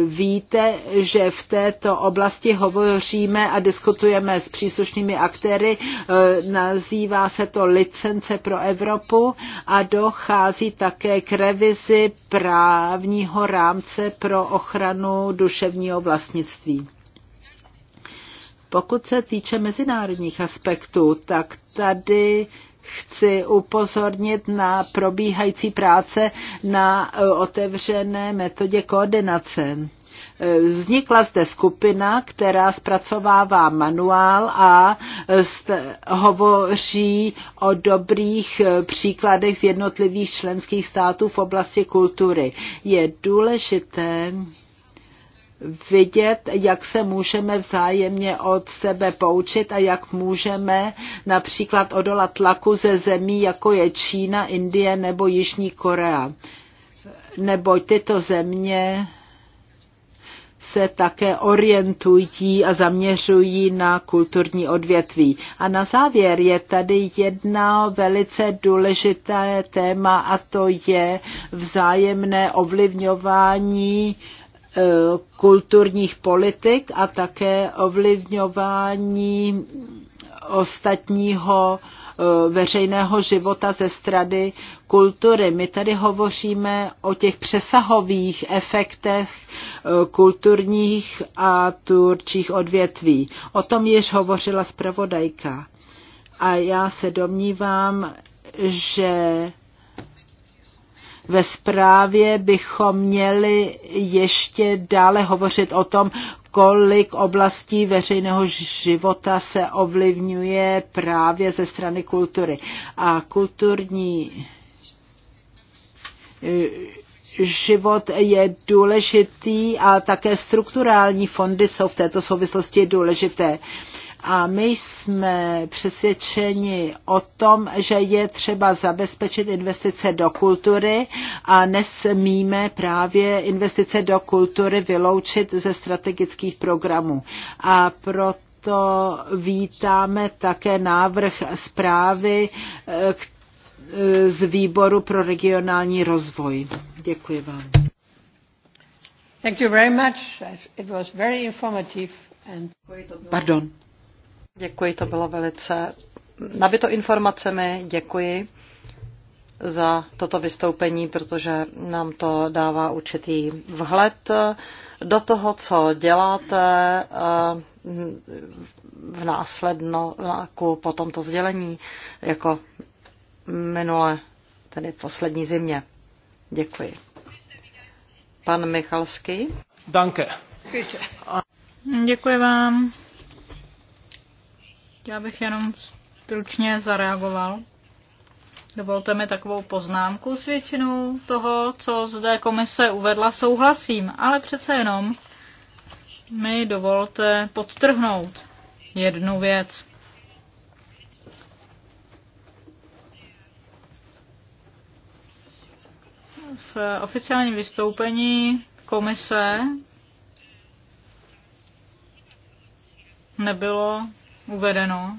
víte, že v této oblasti hovoříme a diskutujeme s příslušnými aktéry. E, nazývá se to licence pro Evropu a dochází také k revizi právního rámce pro ochranu duševního vlastnictví. Pokud se týče mezinárodních aspektů, tak tady chci upozornit na probíhající práce na e, otevřené metodě koordinace. E, vznikla zde skupina, která zpracovává manuál a e, hovoří o dobrých příkladech z jednotlivých členských států v oblasti kultury. Je důležité, vidět, jak se můžeme vzájemně od sebe poučit a jak můžeme například odolat tlaku ze zemí, jako je Čína, Indie nebo Jižní Korea. Nebo tyto země se také orientují a zaměřují na kulturní odvětví. A na závěr je tady jedna velice důležité téma a to je vzájemné ovlivňování uh, Eh, kulturních politik a také ovlivňování ostatního eh, veřejného života ze strany kultury. My tady hovoříme o těch přesahových efektech eh, kulturních a turčích odvětví. O tom již hovořila zpravodajka. A já se domnívám, že ve zprávě bychom měli ještě dále hovořit o tom, kolik oblastí veřejného života se ovlivňuje právě ze strany kultury. A kulturní eh, život je důležitý a také strukturální fondy jsou v této souvislosti důležité. Uh, a my jsme přesvědčeni o tom, že je třeba zabezpečit investice do kultury a nesmíme právě investice do kultury vyloučit ze strategických programů. A proto vítáme také návrh zprávy eh, z výboru pro regionální rozvoj. Děkuji vám. Thank you very much. It was very informative and... Pardon. Děkuji, to bylo velice nabito informacemi. Děkuji za toto vystoupení, protože nám to dává určitý vhled do toho, co děláte eh, v následnou po tomto sdělení, jako minule, tedy poslední zimě. Děkuji. Pan Michalský. Danke. Děkuji vám. Já bych jenom stručně zareagoval. Dovolte mi takovou poznámku s většinou toho, co zde komise uvedla, souhlasím, ale přece jenom mi dovolte podtrhnout jednu věc. V oficiálním vystoupení komise nebylo uvedeno.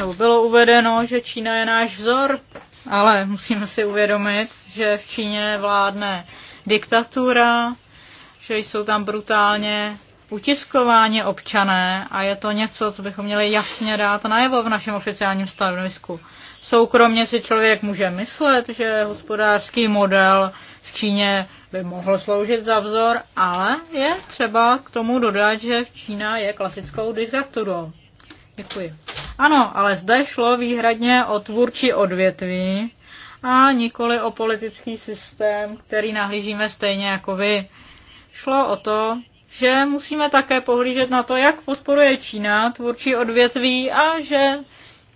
No, bylo uvedeno, že Čína je náš vzor, ale musíme si uvědomit, že v Číně vládne diktatura, že jsou tam brutálně utiskováni občané a je to něco, co bychom měli jasně dát najevo v našem oficiálním stanovisku. Soukromně si člověk může myslet, že hospodářský model v Číně by mohl sloužit za vzor, ale je třeba k tomu dodat, že v Čína je klasickou diktaturou. Děkuji. Ano, ale zde šlo výhradně o tvůrčí odvětví a nikoli o politický systém, který nahlížíme stejně jako vy. Šlo o to, že musíme také pohlížet na to, jak podporuje Čína tvůrčí odvětví a že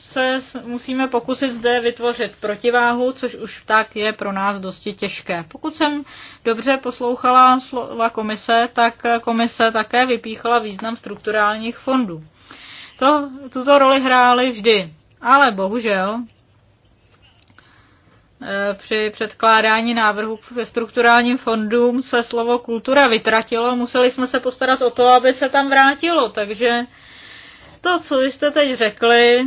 se musíme pokusit zde vytvořit protiváhu, což už tak je pro nás dosti těžké. Pokud jsem dobře poslouchala slova komise, tak komise také vypíchala význam strukturálních fondů. To, tuto roli hrály vždy, ale bohužel e, při předkládání návrhu ke strukturálním fondům se slovo kultura vytratilo, museli jsme se postarat o to, aby se tam vrátilo, takže to, co jste teď řekli,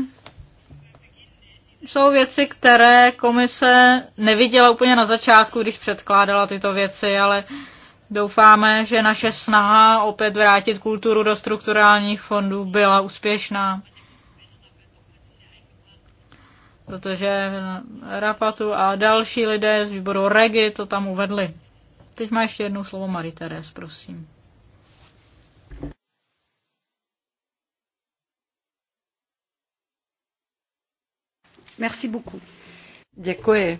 jsou věci, které komise neviděla úplně na začátku, když předkládala tyto věci, ale doufáme, že naše snaha opět vrátit kulturu do strukturálních fondů byla úspěšná. Protože Rapatu a další lidé z výboru Regi to tam uvedli. Teď má ještě jednou slovo Marie Teres, prosím. Merci beaucoup. Děkuji.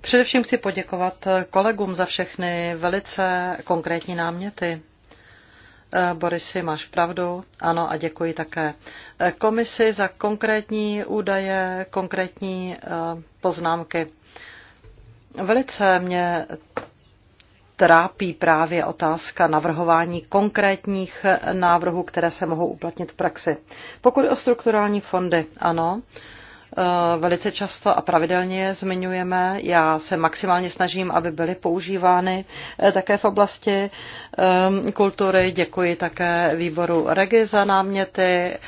Především chci poděkovat kolegům za všechny velice konkrétní náměty. Eh, Borisy, máš pravdu. Ano a děkuji také eh, komisi za konkrétní údaje, konkrétní eh, poznámky. Velice mě trápí právě otázka navrhování konkrétních návrhů, které se mohou uplatnit v praxi. Pokud o strukturální fondy, ano, eh, velice často a pravidelně je zmiňujeme. Já se maximálně snažím, aby byly používány eh, také v oblasti eh, kultury. Děkuji také výboru Regi za náměty.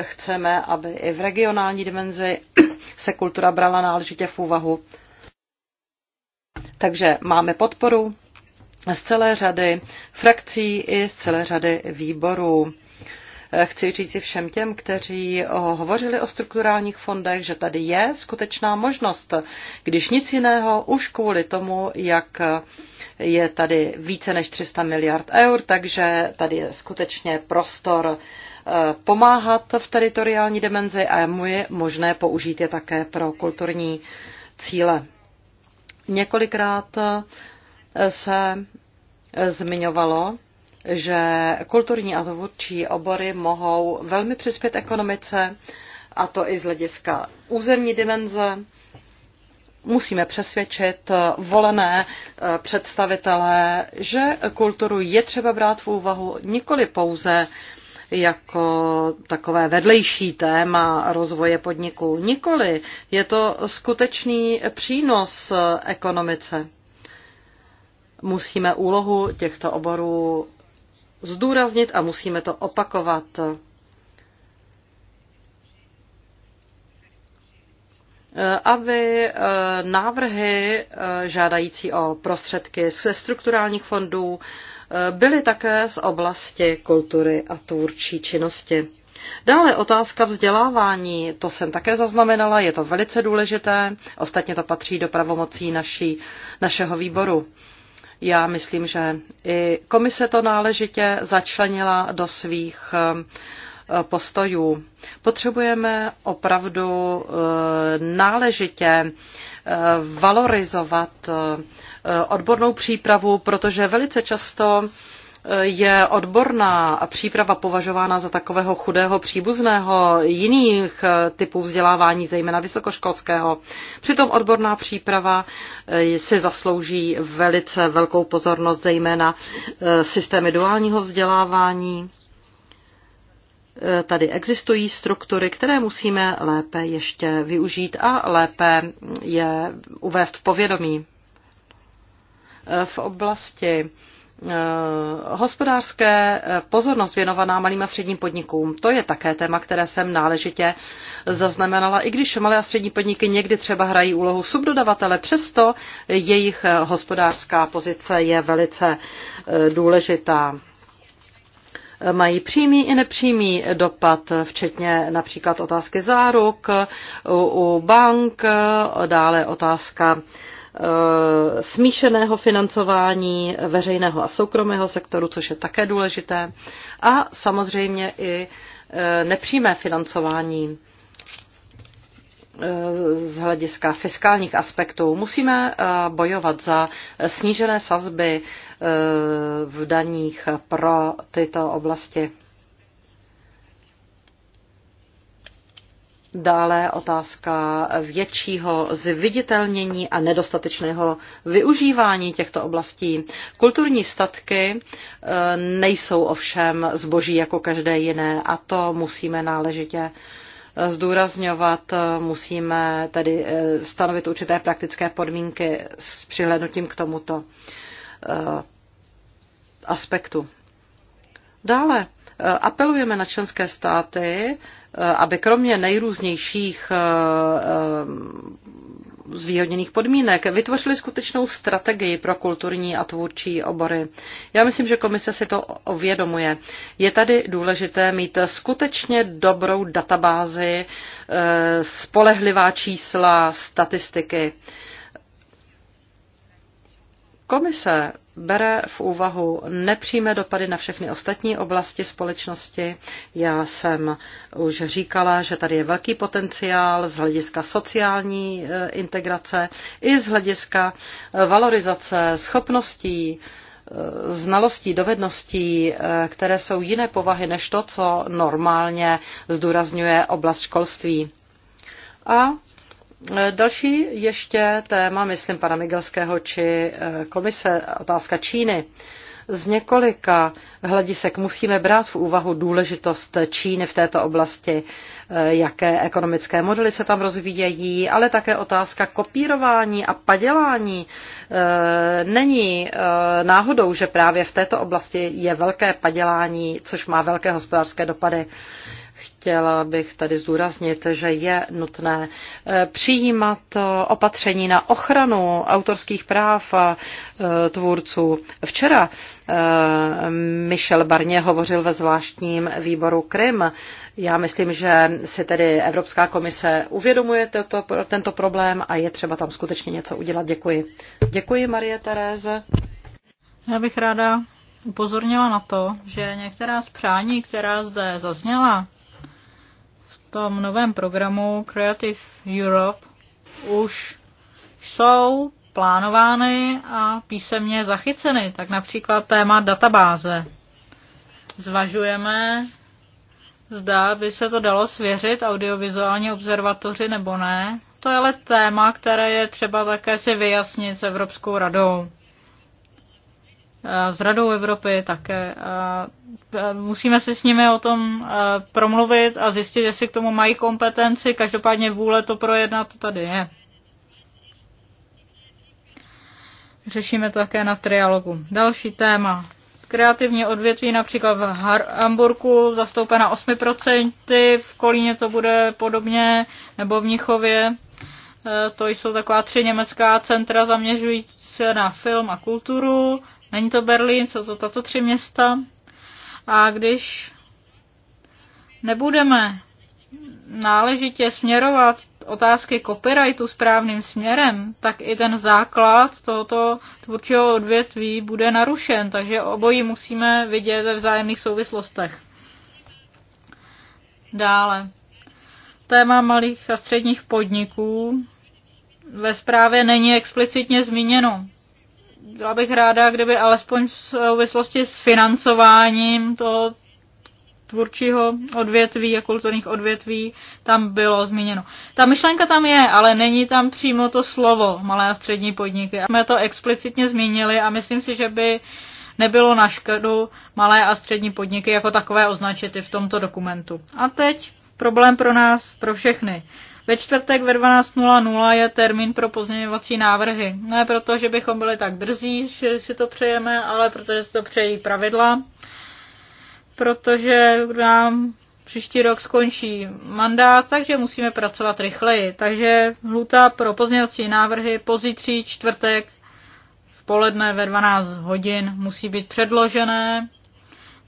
Chceme, aby i v regionální dimenzi se kultura brala náležitě v úvahu. Takže máme podporu z celé řady frakcí i z celé řady výborů. Eh, chci říci všem těm, kteří eh, hovořili o strukturálních fondech, že tady je skutečná možnost, když nic jiného, už kvůli tomu, jak eh, je tady více než 300 miliard eur, takže tady je skutečně prostor pomáhat v teritoriální dimenzi a mu je možné použít je také pro kulturní cíle. Několikrát se zmiňovalo, že kulturní a tvůrčí obory mohou velmi přispět ekonomice, a to i z hlediska územní dimenze. Musíme přesvědčit volené eh, představitelé, že kulturu je třeba brát v úvahu nikoli pouze jako takové vedlejší téma rozvoje podniků. Nikoli. Je to skutečný přínos ekonomice. Musíme úlohu těchto oborů zdůraznit a musíme to opakovat. aby eh, návrhy eh, žádající o prostředky ze strukturálních fondů eh, byly také z oblasti kultury a tvůrčí činnosti. Dále otázka vzdělávání, to jsem také zaznamenala, je to velice důležité, ostatně to patří do pravomocí naší, našeho výboru. Já myslím, že i komise to náležitě začlenila do svých eh, postojů. Potřebujeme opravdu eh, náležitě eh, valorizovat odbornou přípravu, protože velice často je odborná příprava považována za takového chudého příbuzného jiných eh, typů vzdělávání, zejména vysokoškolského. Přitom odborná příprava eh, si zaslouží velice velkou pozornost, zejména eh, systémy duálního vzdělávání. Tady existují struktury, které musíme lépe ještě využít a lépe je uvést v povědomí. V oblasti Eh, hospodářské eh, pozornost věnovaná malým a středním podnikům, to je také téma, které jsem náležitě zaznamenala. I když malé a střední podniky někdy třeba hrají úlohu subdodavatele, přesto jejich eh, hospodářská pozice je velice důležitá. Mají přímý i nepřímý dopad, včetně například otázky záruk u bank, dále otázka Eh, smíšeného financování veřejného a soukromého sektoru, což je také důležité, a samozřejmě i eh, nepřímé financování eh, z hlediska fiskálních aspektů. Musíme bojovat za snížené sazby v daních pro tyto oblasti. Dále otázka většího zviditelnění a nedostatečného využívání těchto oblastí. Kulturní statky eh, nejsou ovšem zboží jako každé jiné a to musíme náležitě eh, zdůrazňovat, musíme tedy eh, stanovit určité praktické podmínky s přihlednutím k tomuto aspektu. Dále apelujeme na členské státy, Eh, aby kromě nejrůznějších eh, eh, zvýhodněných podmínek vytvořili skutečnou strategii pro kulturní a tvůrčí obory. Já myslím, že komise si to uvědomuje. Je tady důležité mít skutečně dobrou databázi, spolehlivá čísla, statistiky. Komise bere v úvahu nepřímé dopady na všechny ostatní oblasti společnosti. Já jsem už říkala, že tady je velký potenciál z hlediska sociální eh, integrace i z hlediska eh, valorizace schopností eh, znalostí, dovedností, které jsou jiné povahy než to, co normálně zdůrazňuje oblast školství. A Eh, další ještě téma, myslím, pana Migelského či eh, komise, otázka Číny. Z několika hledisek musíme brát v úvahu důležitost Číny v této oblasti, eh, jaké ekonomické modely se tam rozvíjejí, ale také otázka kopírování a padělání. Není náhodou, že právě v této oblasti je velké padělání, což má velké hospodářské dopady. Chtěla bych tady zdůraznit, že je nutné eh, přijímat eh, opatření na ochranu autorských práv eh, tvůrců. Včera Michel Barně hovořil ve zvláštním výboru Krym. Já myslím, že si tedy Evropská komise uvědomuje toto, tento problém a je třeba tam skutečně něco udělat. Děkuji. Děkuji, Marie Tereze. Já bych ráda upozornila na to, že některá z přání, která zde zazněla, tom novém programu Creative Europe už jsou plánovány a písemně zachyceny. Tak například téma databáze. Zvažujeme, zda by se to dalo svěřit audiovizuální observatoři nebo ne. To je ale téma, které je třeba také si vyjasnit s Evropskou radou s Radou Evropy také. Musíme se s nimi o tom promluvit a zjistit, jestli k tomu mají kompetenci. Každopádně vůle to projednat tady je. Řešíme to také na trialogu. Další téma. Kreativní odvětví například v Hamburgu zastoupena 8%, v Kolíně to bude podobně, nebo v Mnichově. E, to jsou taková tři německá centra zaměřující se na film a kulturu. Není to Berlín, jsou to tato tři města. A když nebudeme náležitě směrovat otázky copyrightu správným směrem, tak i ten základ tohoto tvůrčího odvětví bude narušen, takže obojí musíme vidět ve vzájemných souvislostech. Dále. Téma malých a středních podniků ve zprávě není explicitně zmíněno byla bych ráda, kdyby alespoň v souvislosti s financováním toho tvůrčího odvětví a kulturních odvětví tam bylo zmíněno. Ta myšlenka tam je, ale není tam přímo to slovo malé a střední podniky. Jsme to explicitně zmínili a myslím si, že by nebylo na škodu malé a střední podniky jako takové označit i v tomto dokumentu. A teď problém pro nás, pro všechny. Ve čtvrtek ve 12.00 je termín pro pozměňovací návrhy. Ne proto, že bychom byli tak drzí, že si to přejeme, ale protože si to přejí pravidla. Protože nám příští rok skončí mandát, takže musíme pracovat rychleji. Takže hluta pro pozměňovací návrhy pozítří čtvrtek v poledne ve 12 hodin musí být předložené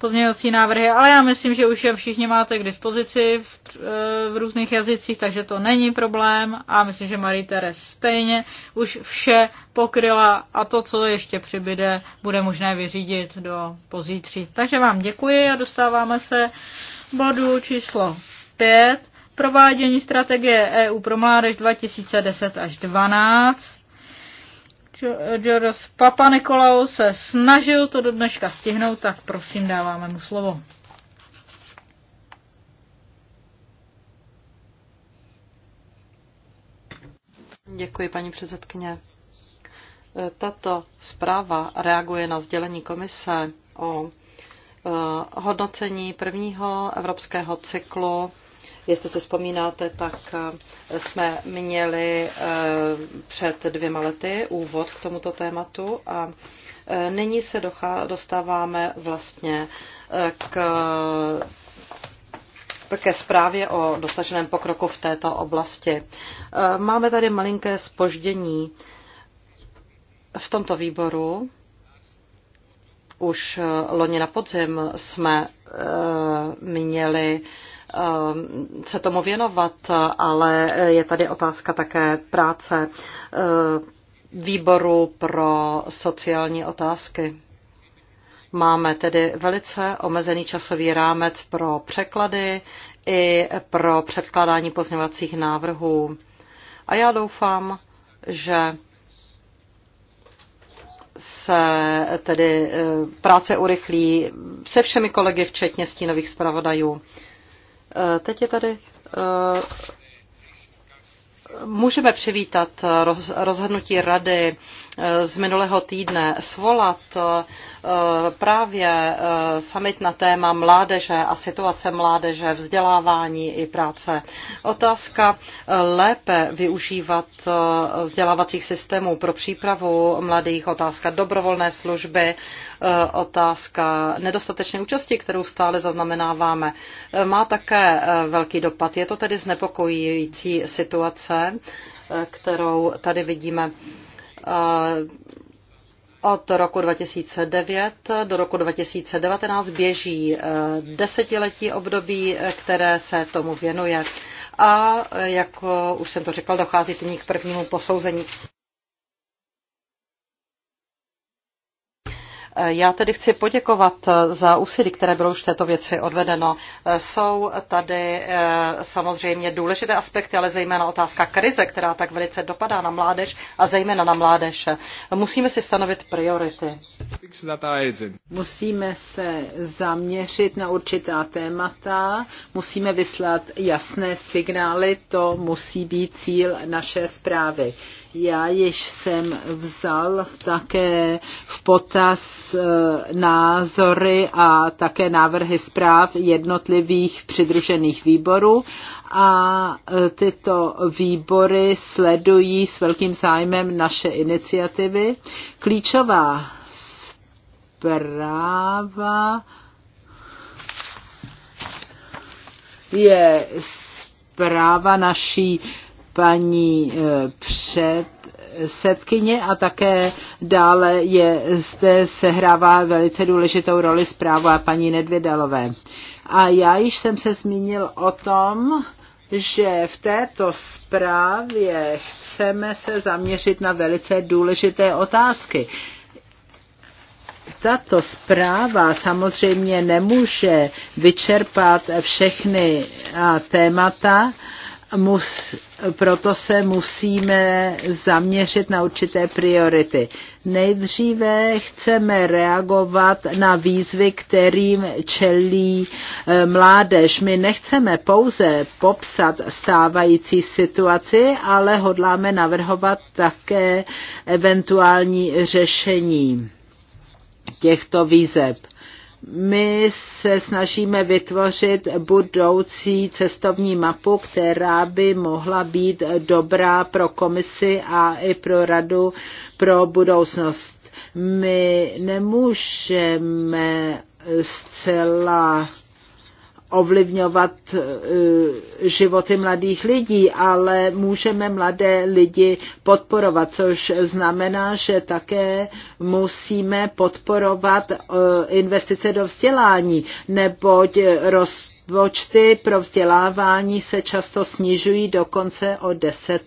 pozměňovací návrhy, ale já myslím, že už je všichni máte k dispozici v, eh, v různých jazycích, takže to není problém a myslím, že Marie Teres stejně už vše pokryla a to, co ještě přibyde, bude možné vyřídit do pozítří. Takže vám děkuji a dostáváme se bodu číslo 5. Provádění strategie EU pro mládež 2010 až 12. Georgios Papa Nikolaou se snažil to do dneška stihnout, tak prosím dáváme mu slovo. Děkuji, paní předsedkyně. Tato zpráva reaguje na sdělení komise o eh, hodnocení prvního evropského cyklu Jestli se vzpomínáte, tak eh, jsme měli eh, před dvěma lety úvod k tomuto tématu a eh, nyní se dostáváme vlastně k ke zprávě o dosaženém pokroku v této oblasti. Máme tady malinké spoždění v tomto výboru. Už loni na podzim jsme měli Eh, se tomu věnovat, ale je tady otázka také práce eh, výboru pro sociální otázky. Máme tedy velice omezený časový rámec pro překlady i pro předkládání pozměňovacích návrhů. A já doufám, že se tedy eh, práce urychlí se všemi kolegy, včetně stínových zpravodajů. Eh, teď je tady eh, můžeme přivítat rozhodnutí rady z minulého týdne svolat eh, právě eh, summit na téma mládeže a situace mládeže, vzdělávání i práce. Otázka eh, lépe využívat vzdělávacích systémů pro přípravu mladých, otázka dobrovolné služby, otázka nedostatečné účasti, kterou stále zaznamenáváme, má také velký dopad. Je to tedy znepokojující situace, kterou tady vidíme. Eh, od roku 2009 do roku 2019 běží eh, desetiletí období, které se tomu věnuje. A eh, jak už jsem to řekl, dochází nyní k prvnímu posouzení. Eh, já tedy chci poděkovat eh, za úsilí, které bylo už v této věci odvedeno. Eh, jsou tady samozřejmě důležité aspekty, ale zejména otázka krize, která tak velice dopadá na mládež a zejména na mládež. Musíme si stanovit priority. Musíme se zaměřit na určitá témata, musíme vyslat jasné signály, to musí být cíl naše zprávy. Já již jsem vzal také v potaz e, názory a také návrhy zpráv jednotlivých přidružených výborů a e, tyto výbory sledují s velkým zájmem naše iniciativy. Klíčová zpráva je zpráva naší paní eh, předsedkyně a také dále je zde sehrává velice důležitou roli zpráva paní Nedvědalové. A já již jsem se zmínil o tom, že v této zprávě chceme se zaměřit na velice důležité otázky. Tato zpráva samozřejmě nemůže vyčerpat všechny eh, témata, mus, proto se musíme zaměřit na určité priority. Nejdříve chceme reagovat na výzvy, kterým čelí eh, mládež. My nechceme pouze popsat stávající situaci, ale hodláme navrhovat také eventuální řešení těchto výzev my se snažíme vytvořit budoucí cestovní mapu, která by mohla být dobrá pro komisi a i pro radu pro budoucnost. My nemůžeme zcela ovlivňovat eh, životy mladých lidí, ale můžeme mladé lidi podporovat, což znamená, že také musíme podporovat eh, investice do vzdělání, neboť roz Počty pro vzdělávání se často snižují dokonce o 10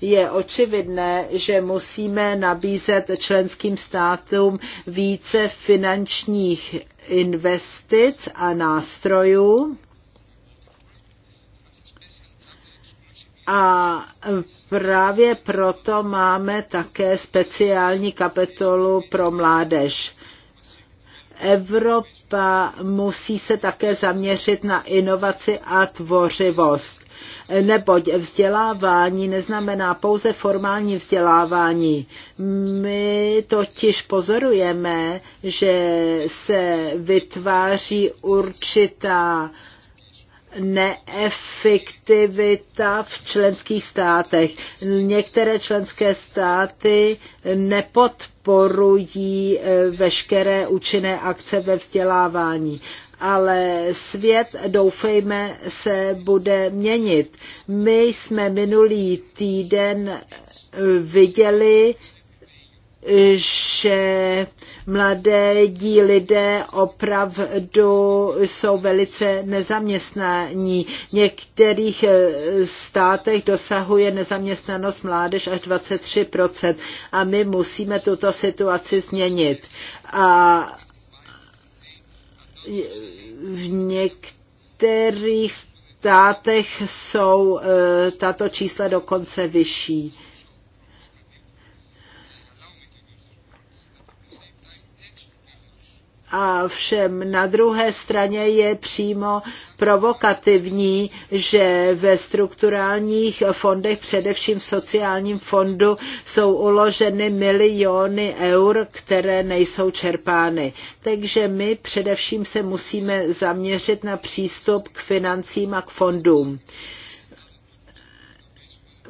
je očividné, že musíme nabízet členským státům více finančních investic a nástrojů. A právě proto máme také speciální kapitolu pro mládež. Evropa musí se také zaměřit na inovaci a tvořivost neboť vzdělávání neznamená pouze formální vzdělávání. My totiž pozorujeme, že se vytváří určitá neefektivita v členských státech. Některé členské státy nepodporují veškeré účinné akce ve vzdělávání ale svět, doufejme, se bude měnit. My jsme minulý týden viděli, že mladé dí lidé opravdu jsou velice nezaměstnaní. V některých státech dosahuje nezaměstnanost mládež až 23%. A my musíme tuto situaci změnit. A v některých státech jsou eh, tato čísla dokonce vyšší. a všem na druhé straně je přímo provokativní, že ve strukturálních fondech, především v sociálním fondu, jsou uloženy miliony eur, které nejsou čerpány. Takže my především se musíme zaměřit na přístup k financím a k fondům.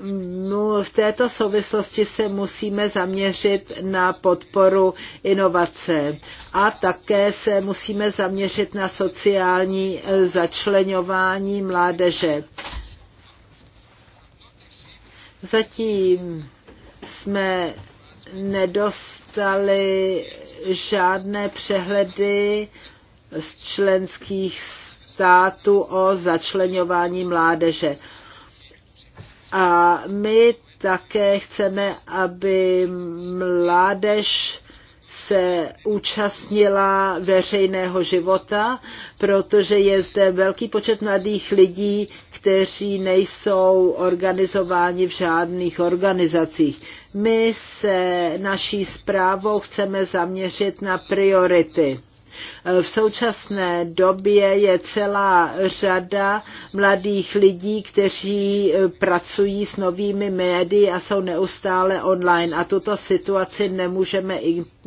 No, v této souvislosti se musíme zaměřit na podporu inovace a také se musíme zaměřit na sociální eh, začlenování mládeže. Zatím jsme nedostali žádné přehledy z členských států o začlenování mládeže a my také chceme, aby mládež se účastnila veřejného života, protože je zde velký počet mladých lidí, kteří nejsou organizováni v žádných organizacích. My se naší zprávou chceme zaměřit na priority. V současné době je celá řada mladých lidí, kteří eh, pracují s novými médii a jsou neustále online a tuto situaci nemůžeme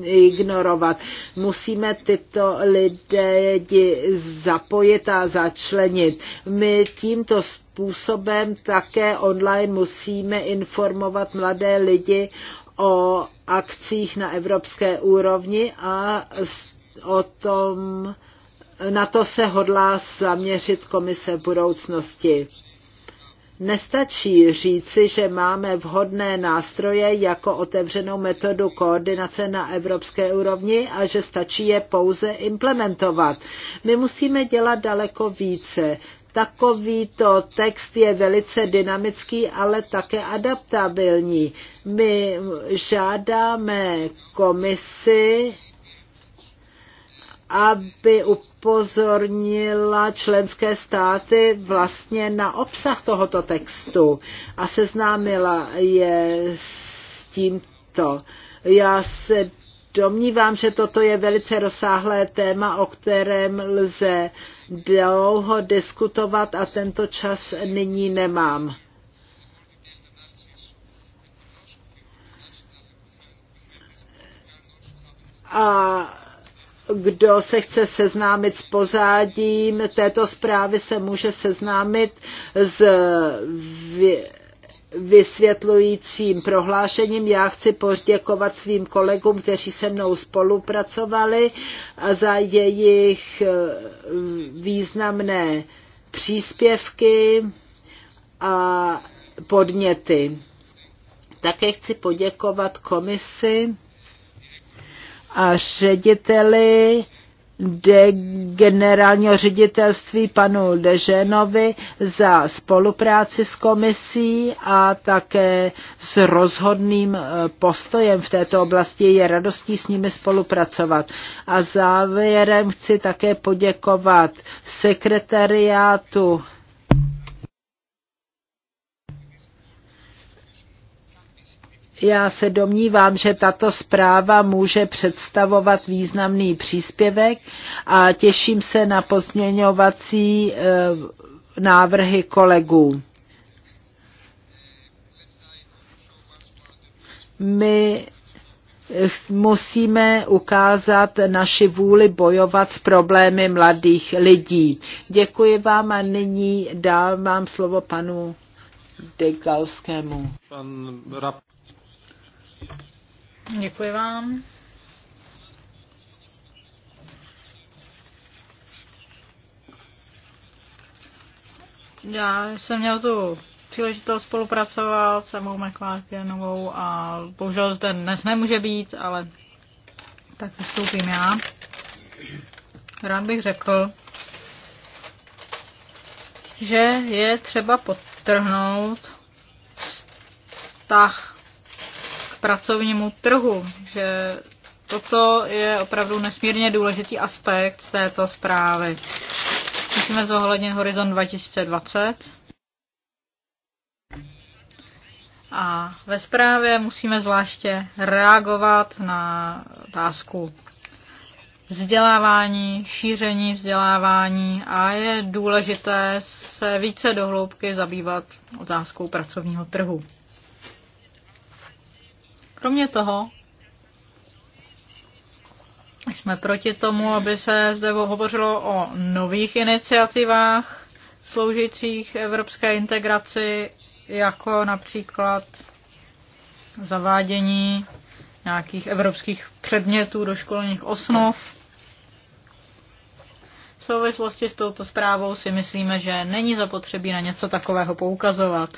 ignorovat. Musíme tyto lidi zapojit a začlenit. My tímto způsobem také online musíme informovat mladé lidi o akcích na evropské úrovni a s o tom, na to se hodlá zaměřit komise v budoucnosti. Nestačí říci, že máme vhodné nástroje jako otevřenou metodu koordinace na evropské úrovni a že stačí je pouze implementovat. My musíme dělat daleko více. Takovýto text je velice dynamický, ale také adaptabilní. My žádáme komisi, aby upozornila členské státy vlastně na obsah tohoto textu a seznámila je s tímto. Já se domnívám, že toto je velice rozsáhlé téma, o kterém lze dlouho diskutovat a tento čas nyní nemám. A kdo se chce seznámit s pozádím této zprávy, se může seznámit s vysvětlujícím prohlášením. Já chci poděkovat svým kolegům, kteří se mnou spolupracovali a za jejich eh, významné příspěvky a podněty. Také chci poděkovat komisi a řediteli de generálního ředitelství panu Deženovi za spolupráci s komisí a také s rozhodným eh, postojem v této oblasti. Je radostí s nimi spolupracovat. A závěrem chci také poděkovat sekretariátu Já se domnívám, že tato zpráva může představovat významný příspěvek a těším se na pozměňovací eh, návrhy kolegů. My eh, musíme ukázat naši vůli bojovat s problémy mladých lidí. Děkuji vám a nyní dávám slovo panu Degalskému. Pan Rap. Děkuji vám. Já jsem měl tu příležitost spolupracovat s Emou McClarkenovou a bohužel zde dnes nemůže být, ale tak vystoupím já. Rád bych řekl, že je třeba podtrhnout vztah pracovnímu trhu, že toto je opravdu nesmírně důležitý aspekt této zprávy. Musíme zohlednit horizont 2020. A ve zprávě musíme zvláště reagovat na otázku vzdělávání, šíření vzdělávání a je důležité se více dohloubky zabývat otázkou pracovního trhu. Kromě toho jsme proti tomu, aby se zde hovořilo o nových iniciativách sloužících evropské integraci, jako například zavádění nějakých evropských předmětů do školních osnov. V souvislosti s touto zprávou si myslíme, že není zapotřebí na něco takového poukazovat.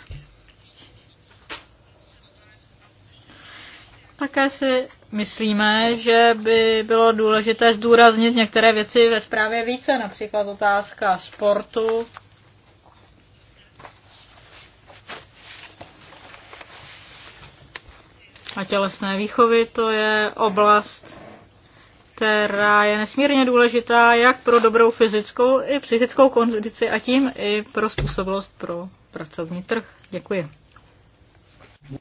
Také si myslíme, že by bylo důležité zdůraznit některé věci ve zprávě více, například otázka sportu. A tělesné výchovy to je oblast, která je nesmírně důležitá jak pro dobrou fyzickou i psychickou kondici a tím i pro způsobilost pro pracovní trh. Děkuji.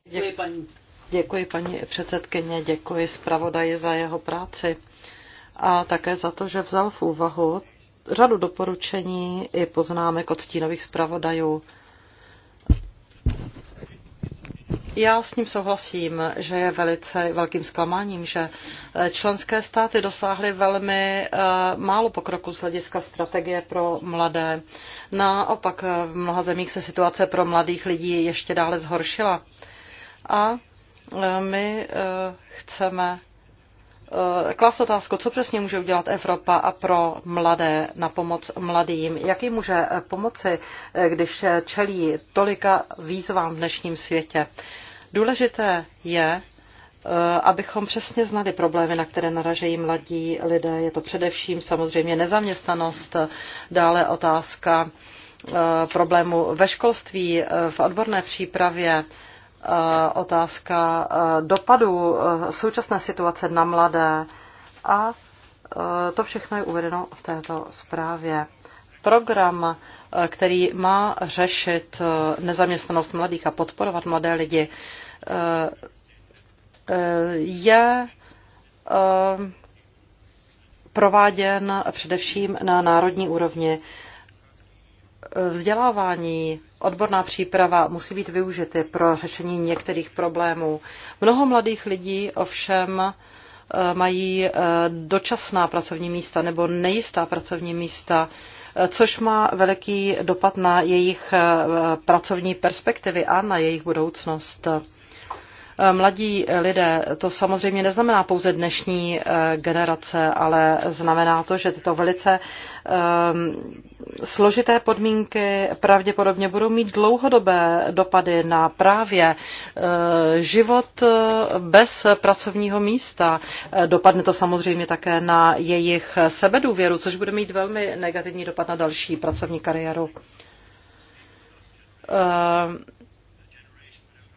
Děkuji paní Děkuji paní předsedkyně, děkuji zpravodaji za jeho práci a také za to, že vzal v úvahu řadu doporučení i poznámek od stínových zpravodajů. Já s ním souhlasím, že je velice velkým zklamáním, že členské státy dosáhly velmi eh, málo pokroku z hlediska strategie pro mladé. Naopak v mnoha zemích se situace pro mladých lidí ještě dále zhoršila. A my eh, chceme eh, klást otázku, co přesně může udělat Evropa a pro mladé na pomoc mladým. Jaký může eh, pomoci, když čelí tolika výzvám v dnešním světě? Důležité je, abychom přesně znali problémy, na které naražejí mladí lidé. Je to především samozřejmě nezaměstnanost, dále otázka problému ve školství, v odborné přípravě, Eh, otázka eh, dopadu eh, současné situace na mladé a to všechno je uvedeno v této zprávě. Program, který má řešit nezaměstnanost mladých a podporovat mladé lidi, je prováděn především na národní úrovni vzdělávání, odborná příprava musí být využity pro řešení některých problémů. Mnoho mladých lidí ovšem eh, mají eh, dočasná pracovní místa nebo nejistá pracovní místa, eh, což má veliký dopad na jejich pracovní perspektivy a na jejich budoucnost. Mladí lidé, to samozřejmě neznamená pouze dnešní eh, generace, ale znamená to, že tyto velice eh, složité podmínky pravděpodobně budou mít dlouhodobé dopady na právě eh, život bez pracovního místa. Dopadne to samozřejmě také na jejich sebedůvěru, což bude mít velmi negativní dopad na další pracovní kariéru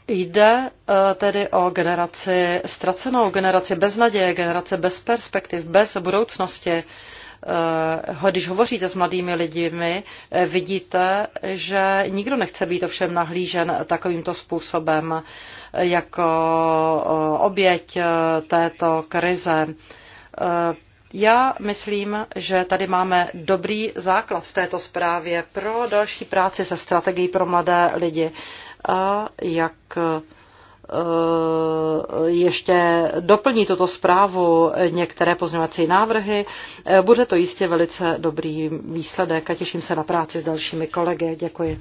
Jde eh, tedy o generaci ztracenou, generaci bez naděje, generace bez perspektiv, bez budoucnosti. Eh, když hovoříte s mladými lidmi, eh, vidíte, že nikdo nechce být ovšem nahlížen takovýmto způsobem jako oběť této krize. Já myslím, že tady máme dobrý základ v této zprávě pro další práci se strategií pro mladé lidi a jak eh, ještě doplní toto zprávu některé pozměňovací návrhy. Eh, bude to jistě velice dobrý výsledek a těším se na práci s dalšími kolegy. Děkuji.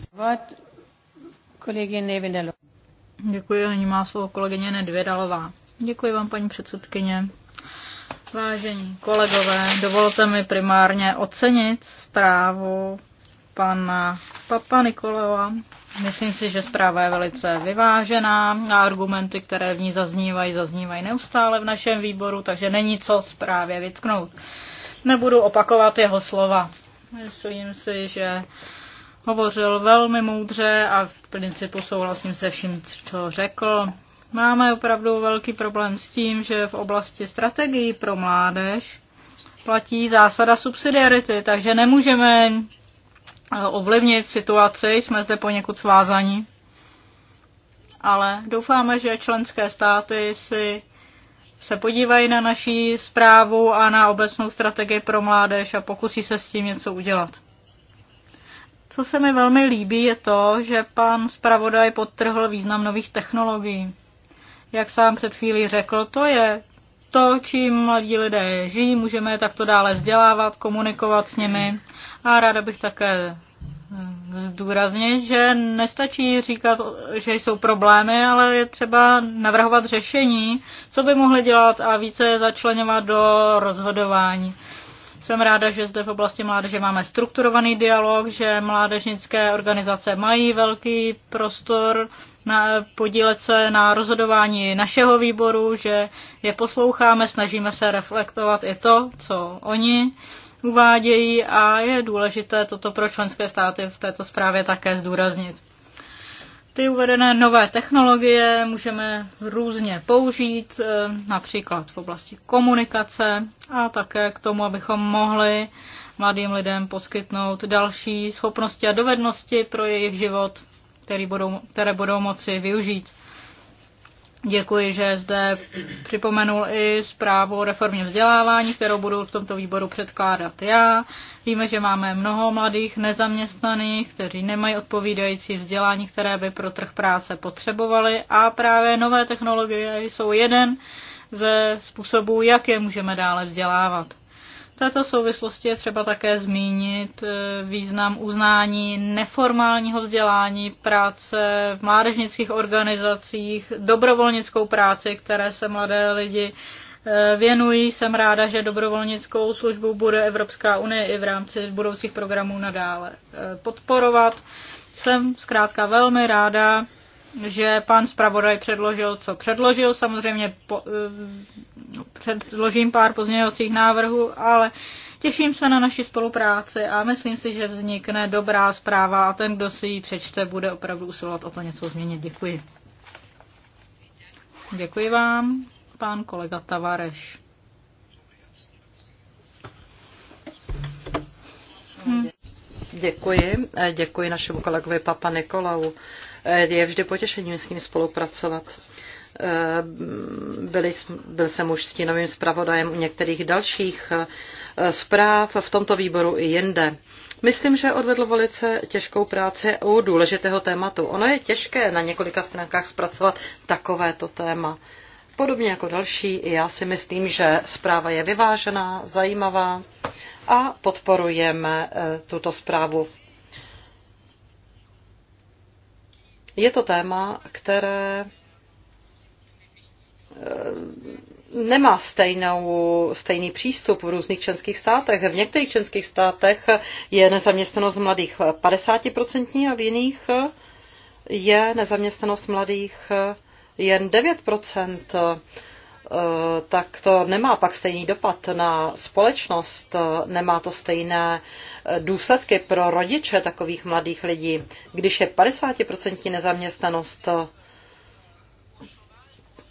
Děkuji, ani má slovo kolegyně Nedvědalová. Děkuji vám, paní předsedkyně. Vážení kolegové, dovolte mi primárně ocenit zprávu pana Papa Nikolova, Myslím si, že zpráva je velice vyvážená a argumenty, které v ní zaznívají, zaznívají neustále v našem výboru, takže není co zprávě vytknout. Nebudu opakovat jeho slova. Myslím si, že hovořil velmi moudře a v principu souhlasím se vším, co řekl. Máme opravdu velký problém s tím, že v oblasti strategií pro mládež platí zásada subsidiarity, takže nemůžeme Eh, ovlivnit situaci, jsme zde poněkud svázaní. Ale doufáme, že členské státy si se podívají na naší zprávu a na obecnou strategii pro mládež a pokusí se s tím něco udělat. Co se mi velmi líbí, je to, že pan zpravodaj podtrhl význam nových technologií. Jak sám před chvílí řekl, to je to, čím mladí lidé žijí, můžeme je takto dále vzdělávat, komunikovat s nimi. A ráda bych také hm, zdůraznit, že nestačí říkat, že jsou problémy, ale je třeba navrhovat řešení, co by mohli dělat a více je začlenovat do rozhodování. Jsem ráda, že zde v oblasti mládeže máme strukturovaný dialog, že mládežnické organizace mají velký prostor na, podílet se na rozhodování našeho výboru, že je posloucháme, snažíme se reflektovat i to, co oni uvádějí a je důležité toto pro členské státy v této zprávě také zdůraznit. Ty uvedené nové technologie můžeme různě použít, eh, například v oblasti komunikace a také k tomu, abychom mohli mladým lidem poskytnout další schopnosti a dovednosti pro jejich život který budou, které budou moci využít. Děkuji, že zde připomenul i zprávu o reformě vzdělávání, kterou budu v tomto výboru předkládat já. Víme, že máme mnoho mladých nezaměstnaných, kteří nemají odpovídající vzdělání, které by pro trh práce potřebovali a právě nové technologie jsou jeden ze způsobů, jak je můžeme dále vzdělávat této souvislosti je třeba také zmínit eh, význam uznání neformálního vzdělání, práce v mládežnických organizacích, dobrovolnickou práci, které se mladé lidi eh, věnují. Jsem ráda, že dobrovolnickou službu bude Evropská unie i v rámci budoucích programů nadále eh, podporovat. Jsem zkrátka velmi ráda, že pan zpravodaj předložil, co předložil. Samozřejmě po, eh, předložím pár pozměňovacích návrhů, ale těším se na naši spolupráci a myslím si, že vznikne dobrá zpráva a ten, kdo si ji přečte, bude opravdu usilovat o to něco změnit. Děkuji. Děkuji vám, pán kolega Tavareš. Děkuji, děkuji našemu kolegovi Papa Nikolau Eh, je vždy potěšením s ním spolupracovat. Eh, byli, byl jsem už stínovým zpravodajem u některých dalších eh, zpráv v tomto výboru i jinde. Myslím, že odvedl velice těžkou práci u důležitého tématu. Ono je těžké na několika stránkách zpracovat takovéto téma. Podobně jako další, já si myslím, že zpráva je vyvážená, zajímavá a podporujeme tuto zprávu Je to téma, které eh, nemá stejnou, stejný přístup v různých členských státech. V některých členských státech je nezaměstnanost mladých 50% a v jiných je nezaměstnanost mladých jen 9%. Eh, tak to nemá pak stejný dopad na společnost, eh, nemá to stejné eh, důsledky pro rodiče takových mladých lidí. Když je 50% nezaměstnanost,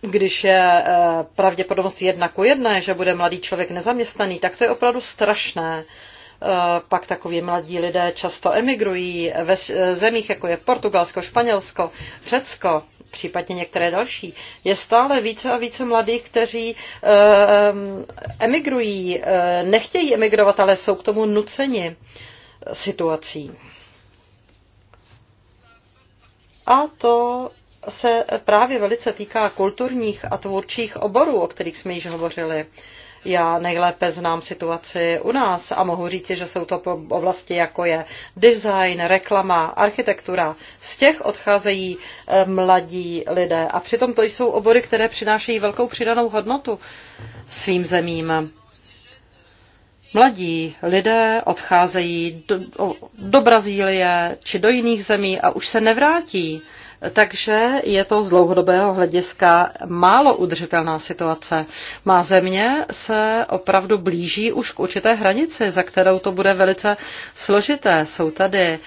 když je pravděpodobnost jedna ku jedné, že bude mladý člověk nezaměstnaný, tak to je opravdu strašné. Pak takoví mladí lidé často emigrují ve zemích, jako je Portugalsko, Španělsko, Řecko, případně některé další, je stále více a více mladých, kteří eh, emigrují, eh, nechtějí emigrovat, ale jsou k tomu nuceni situací. A to se právě velice týká kulturních a tvůrčích oborů, o kterých jsme již hovořili. Já nejlépe znám situaci u nás a mohu říct, že jsou to oblasti, jako je design, reklama, architektura. Z těch odcházejí eh, mladí lidé a přitom to jsou obory, které přinášejí velkou přidanou hodnotu svým zemím. Mladí lidé odcházejí do, do Brazílie či do jiných zemí a už se nevrátí. Takže je to z dlouhodobého hlediska málo udržitelná situace. Má země se opravdu blíží už k určité hranici, za kterou to bude velice složité. Jsou tady um,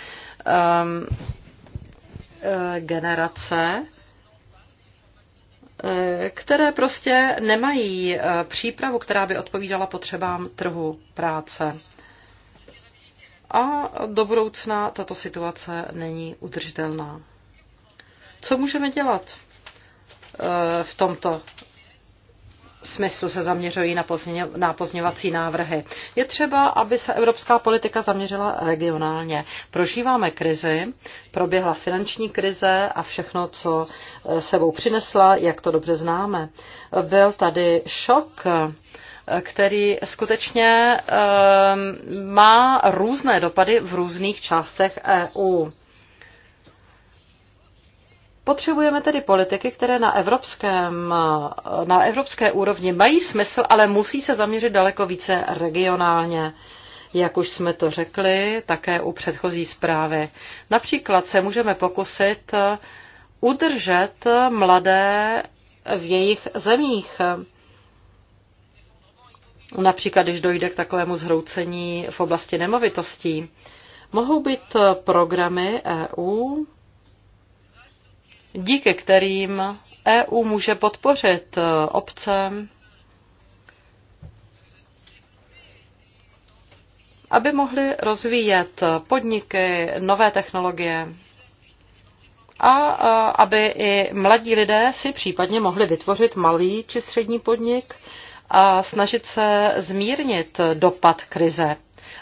eh, generace, eh, které prostě nemají eh, přípravu, která by odpovídala potřebám trhu práce. A do budoucna tato situace není udržitelná. Co můžeme dělat eh, v tomto smyslu se zaměřují na, pozně, na pozměvací návrhy. Je třeba, aby se evropská politika zaměřila regionálně. Prožíváme krizi, proběhla finanční krize a všechno, co eh, sebou přinesla, jak to dobře známe. Byl tady šok eh, který skutečně má různé dopady v různých částech EU. Potřebujeme tedy politiky, které na, evropském, na evropské úrovni mají smysl, ale musí se zaměřit daleko více regionálně. Jak už jsme to řekli, také u předchozí zprávy. Například se můžeme pokusit udržet mladé v jejich zemích. Například, když dojde k takovému zhroucení v oblasti nemovitostí, mohou být programy EU díky kterým EU může podpořit e, obce, aby mohly rozvíjet podniky, nové technologie a e, aby i mladí lidé si případně mohli vytvořit malý či střední podnik a snažit se zmírnit dopad krize.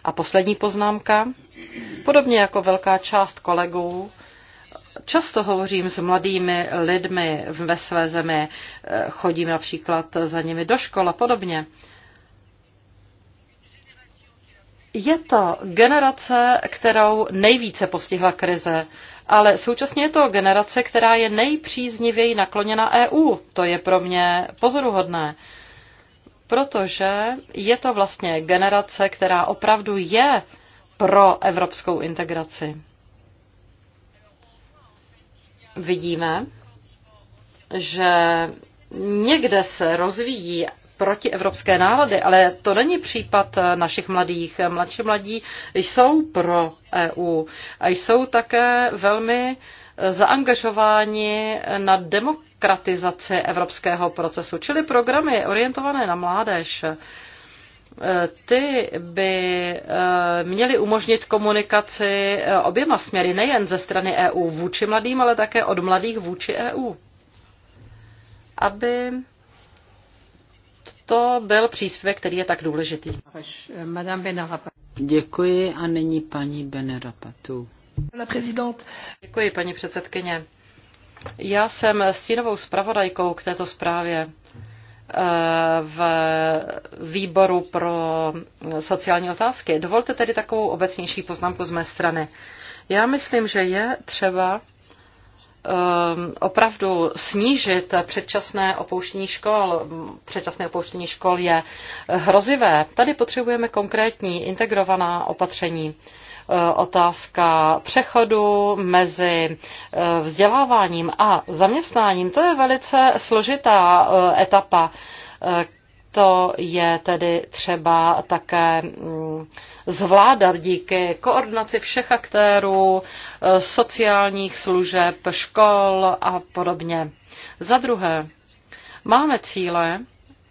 A poslední poznámka. Podobně jako velká část kolegů, Často hovořím s mladými lidmi ve své zemi, eh, chodím například za nimi do škol a podobně. Je to generace, kterou nejvíce postihla krize, ale současně je to generace, která je nejpříznivěji nakloněna EU. To je pro mě pozoruhodné, protože je to vlastně generace, která opravdu je pro evropskou integraci vidíme, že někde se rozvíjí protievropské nálady, ale to není případ našich mladých. Mladší mladí jsou pro EU a jsou také velmi zaangažováni na demokratizaci evropského procesu, čili programy orientované na mládež Eh, ty by eh, měly umožnit komunikaci eh, oběma směry, nejen ze strany EU vůči mladým, ale také od mladých vůči EU. Aby to byl příspěvek, který je tak důležitý. Děkuji a nyní paní Benerapatu. Děkuji, paní předsedkyně. Já jsem stínovou zpravodajkou k této zprávě v výboru pro sociální otázky. Dovolte tedy takovou obecnější poznámku z mé strany. Já myslím, že je třeba um, opravdu snížit předčasné opouštění škol. Předčasné opouštění škol je hrozivé. Tady potřebujeme konkrétní integrovaná opatření. Eh, otázka přechodu mezi eh, vzděláváním a zaměstnáním, to je velice složitá eh, etapa. To je tedy třeba také mm, zvládat díky koordinaci všech aktérů, sociálních služeb, škol a podobně. Za druhé, máme cíle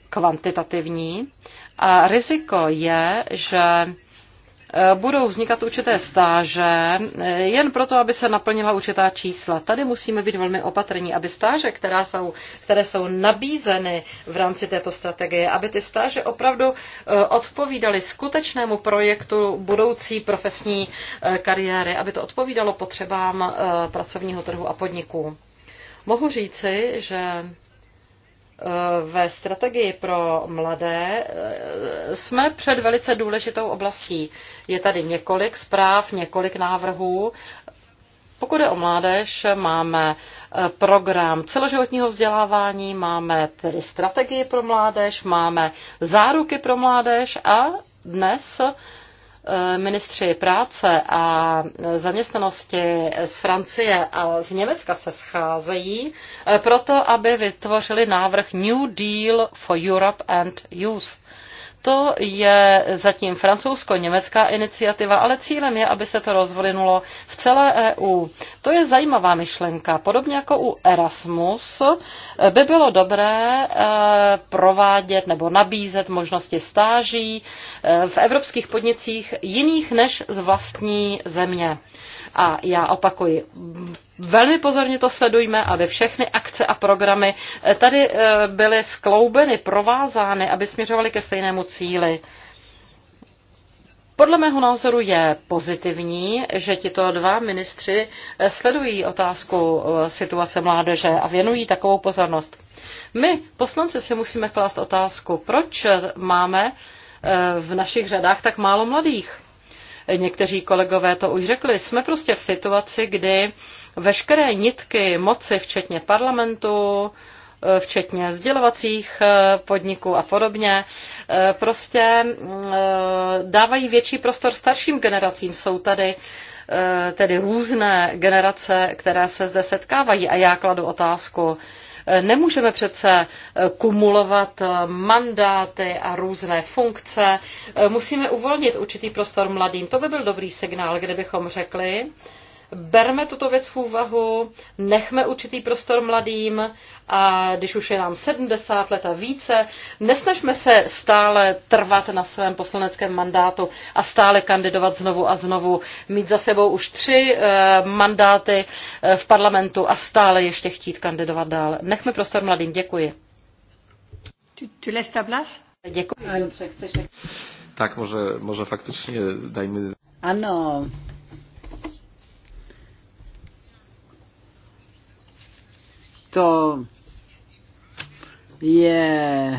kvantitativní a riziko je, že Eh, budou vznikat určité stáže eh, jen proto, aby se naplnila určitá čísla. Tady musíme být velmi opatrní, aby stáže, která jsou, které jsou nabízeny v rámci této strategie, aby ty stáže opravdu eh, odpovídaly skutečnému projektu budoucí profesní kariéry, aby to odpovídalo potřebám pracovního trhu a podniků. Mohu říci, že Eh, ve strategii pro mladé eh, jsme před velice důležitou oblastí. Je tady několik zpráv, několik návrhů. Pokud je o mládež, máme eh, program celoživotního vzdělávání, máme tedy strategii pro mládež, máme záruky pro mládež a dnes Eh, ministři práce a zaměstnanosti z Francie a z Německa se scházejí eh, proto, aby vytvořili návrh New Deal for Europe and Youth. To je zatím francouzsko-německá iniciativa, ale cílem je, aby se to rozvinulo v celé EU. To je zajímavá myšlenka. Podobně jako u Erasmus eh, by bylo dobré eh, provádět nebo nabízet možnosti stáží eh, v evropských podnicích jiných než z vlastní země. A já opakuji, velmi pozorně to sledujme, aby všechny akce a programy eh, tady eh, byly skloubeny, provázány, aby směřovaly ke stejnému cíli. Podle mého názoru je pozitivní, že tito dva ministři eh, sledují otázku situace mládeže a věnují takovou pozornost. My, poslanci, si musíme klást otázku, proč máme v našich řadách tak málo mladých někteří kolegové to už řekli, jsme prostě v situaci, kdy veškeré nitky moci, včetně parlamentu, včetně sdělovacích eh, podniků a podobně, eh, prostě eh, dávají větší prostor starším generacím. Jsou tady tedy různé generace, které se zde setkávají a já kladu otázku, Eh, nemůžeme přece eh, kumulovat eh, mandáty a různé funkce. Musíme uvolnit určitý prostor mladým. To by byl dobrý signál, kdybychom řekli, berme tuto věc v úvahu, nechme určitý prostor mladým a když už je nám 70 let a více, nesnažme se stále trvat na svém poslaneckém mandátu a stále kandidovat znovu a znovu, mít za sebou už tři eh, mandáty eh, v parlamentu a stále ještě chtít kandidovat dál. Nechme prostor mladým, děkuji. Děkuji. Tak, možná, faktičně dajme. Ano, to je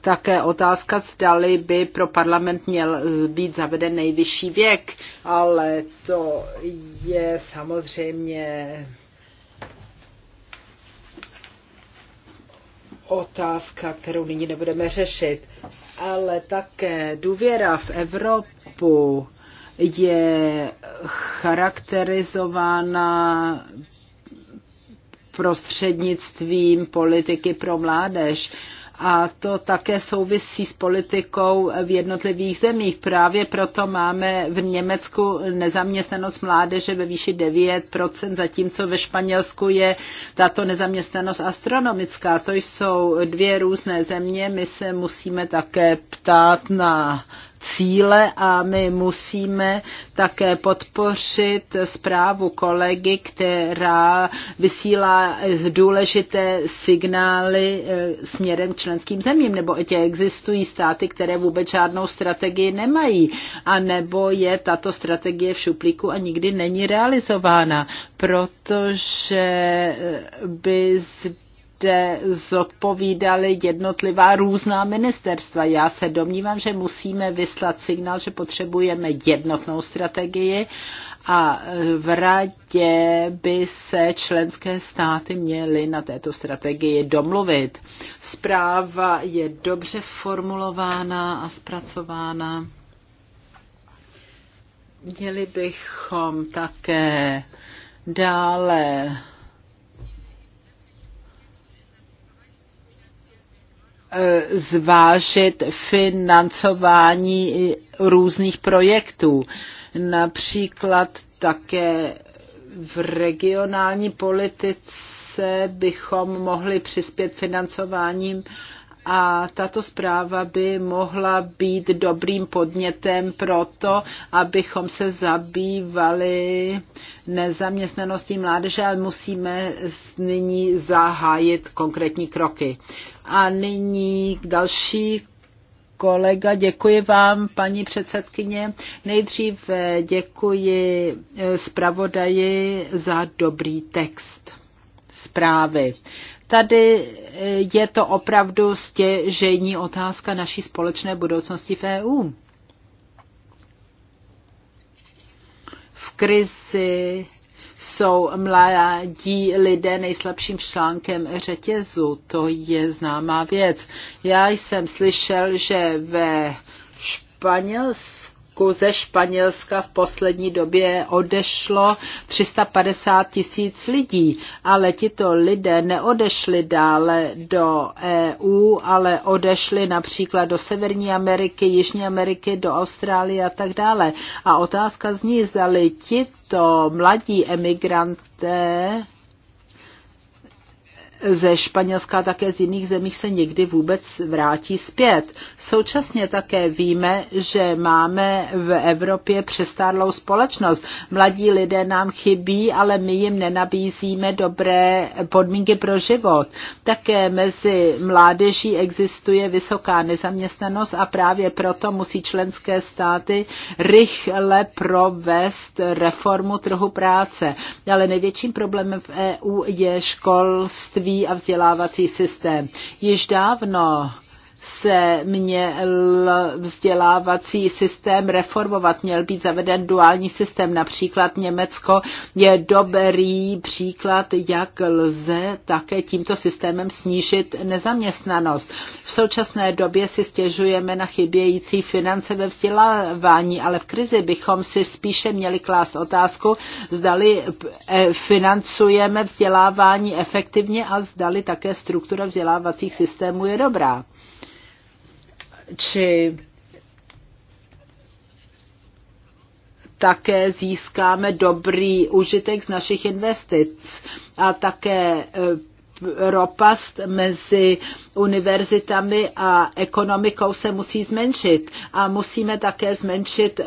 také otázka, zdali by pro parlament měl být zaveden nejvyšší věk, ale to je samozřejmě otázka, kterou nyní nebudeme řešit. Ale také důvěra v Evropu je charakterizována prostřednictvím politiky pro mládež a to také souvisí s politikou v jednotlivých zemích. Právě proto máme v Německu nezaměstnanost mládeže ve výši 9%, zatímco ve Španělsku je tato nezaměstnanost astronomická. To jsou dvě různé země. My se musíme také ptát na cíle a my musíme také podpořit zprávu kolegy, která vysílá důležité signály eh, směrem k členským zemím, nebo tě existují státy, které vůbec žádnou strategii nemají, a nebo je tato strategie v šuplíku a nikdy není realizována, protože by zde kde zodpovídali jednotlivá různá ministerstva. Já se domnívám, že musíme vyslat signál, že potřebujeme jednotnou strategii a v radě by se členské státy měly na této strategii domluvit. Zpráva je dobře formulována a zpracována. Měli bychom také dále Eh, zvážit financování různých projektů. Například také v regionální politice bychom mohli přispět financováním a tato zpráva by mohla být dobrým podnětem pro to, abychom se zabývali nezaměstnaností mládeže, ale musíme nyní zahájit konkrétní kroky. A nyní další kolega. Děkuji vám, paní předsedkyně. Nejdřív děkuji eh, zpravodaji za dobrý text zprávy. Tady eh, je to opravdu stěžení otázka naší společné budoucnosti v EU. V krizi jsou mladí lidé nejslabším článkem řetězu. To je známá věc. Já jsem slyšel, že ve Španělsku Portugalsku ze Španělska v poslední době odešlo 350 tisíc lidí, ale tito lidé neodešli dále do EU, ale odešli například do Severní Ameriky, Jižní Ameriky, do Austrálie a tak dále. A otázka zní, zdali tito mladí emigranté ze Španělska také z jiných zemí se někdy vůbec vrátí zpět. Současně také víme, že máme v Evropě přestárlou společnost. Mladí lidé nám chybí, ale my jim nenabízíme dobré podmínky pro život. Také mezi mládeží existuje vysoká nezaměstnanost a právě proto musí členské státy rychle provést reformu trhu práce. Ale největším problémem v EU je školství školství a vzdělávací systém. Již dávno se měl vzdělávací systém reformovat, měl být zaveden duální systém. Například Německo je dobrý příklad, jak lze také tímto systémem snížit nezaměstnanost. V současné době si stěžujeme na chybějící finance ve vzdělávání, ale v krizi bychom si spíše měli klást otázku, zdali eh, financujeme vzdělávání efektivně a zdali také struktura vzdělávacích systémů je dobrá či také získáme dobrý užitek z našich investic a také eh, propast mezi univerzitami a ekonomikou se musí zmenšit. A musíme také zmenšit eh,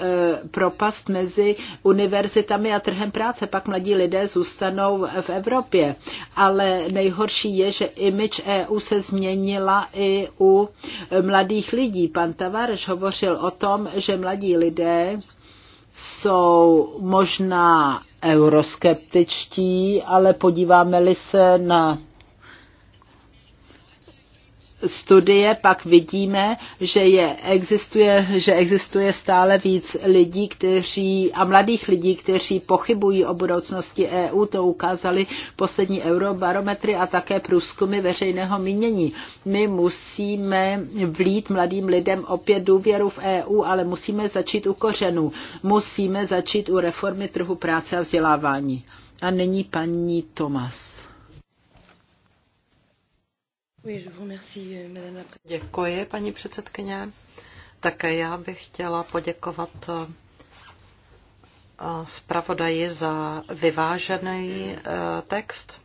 propast mezi univerzitami a trhem práce. Pak mladí lidé zůstanou v Evropě. Ale nejhorší je, že image EU se změnila i u eh, mladých lidí. Pan Tavareš hovořil o tom, že mladí lidé jsou možná euroskeptičtí, ale podíváme-li se na studie pak vidíme, že, je, existuje, že existuje stále víc lidí kteří, a mladých lidí, kteří pochybují o budoucnosti EU. To ukázali poslední eurobarometry a také průzkumy veřejného mínění. My musíme vlít mladým lidem opět důvěru v EU, ale musíme začít u kořenů. Musíme začít u reformy trhu práce a vzdělávání. A nyní paní Tomas. Euh, Děkuji, paní předsedkyně. Také já bych chtěla poděkovat eh, zpravodaji za vyvážený eh, text.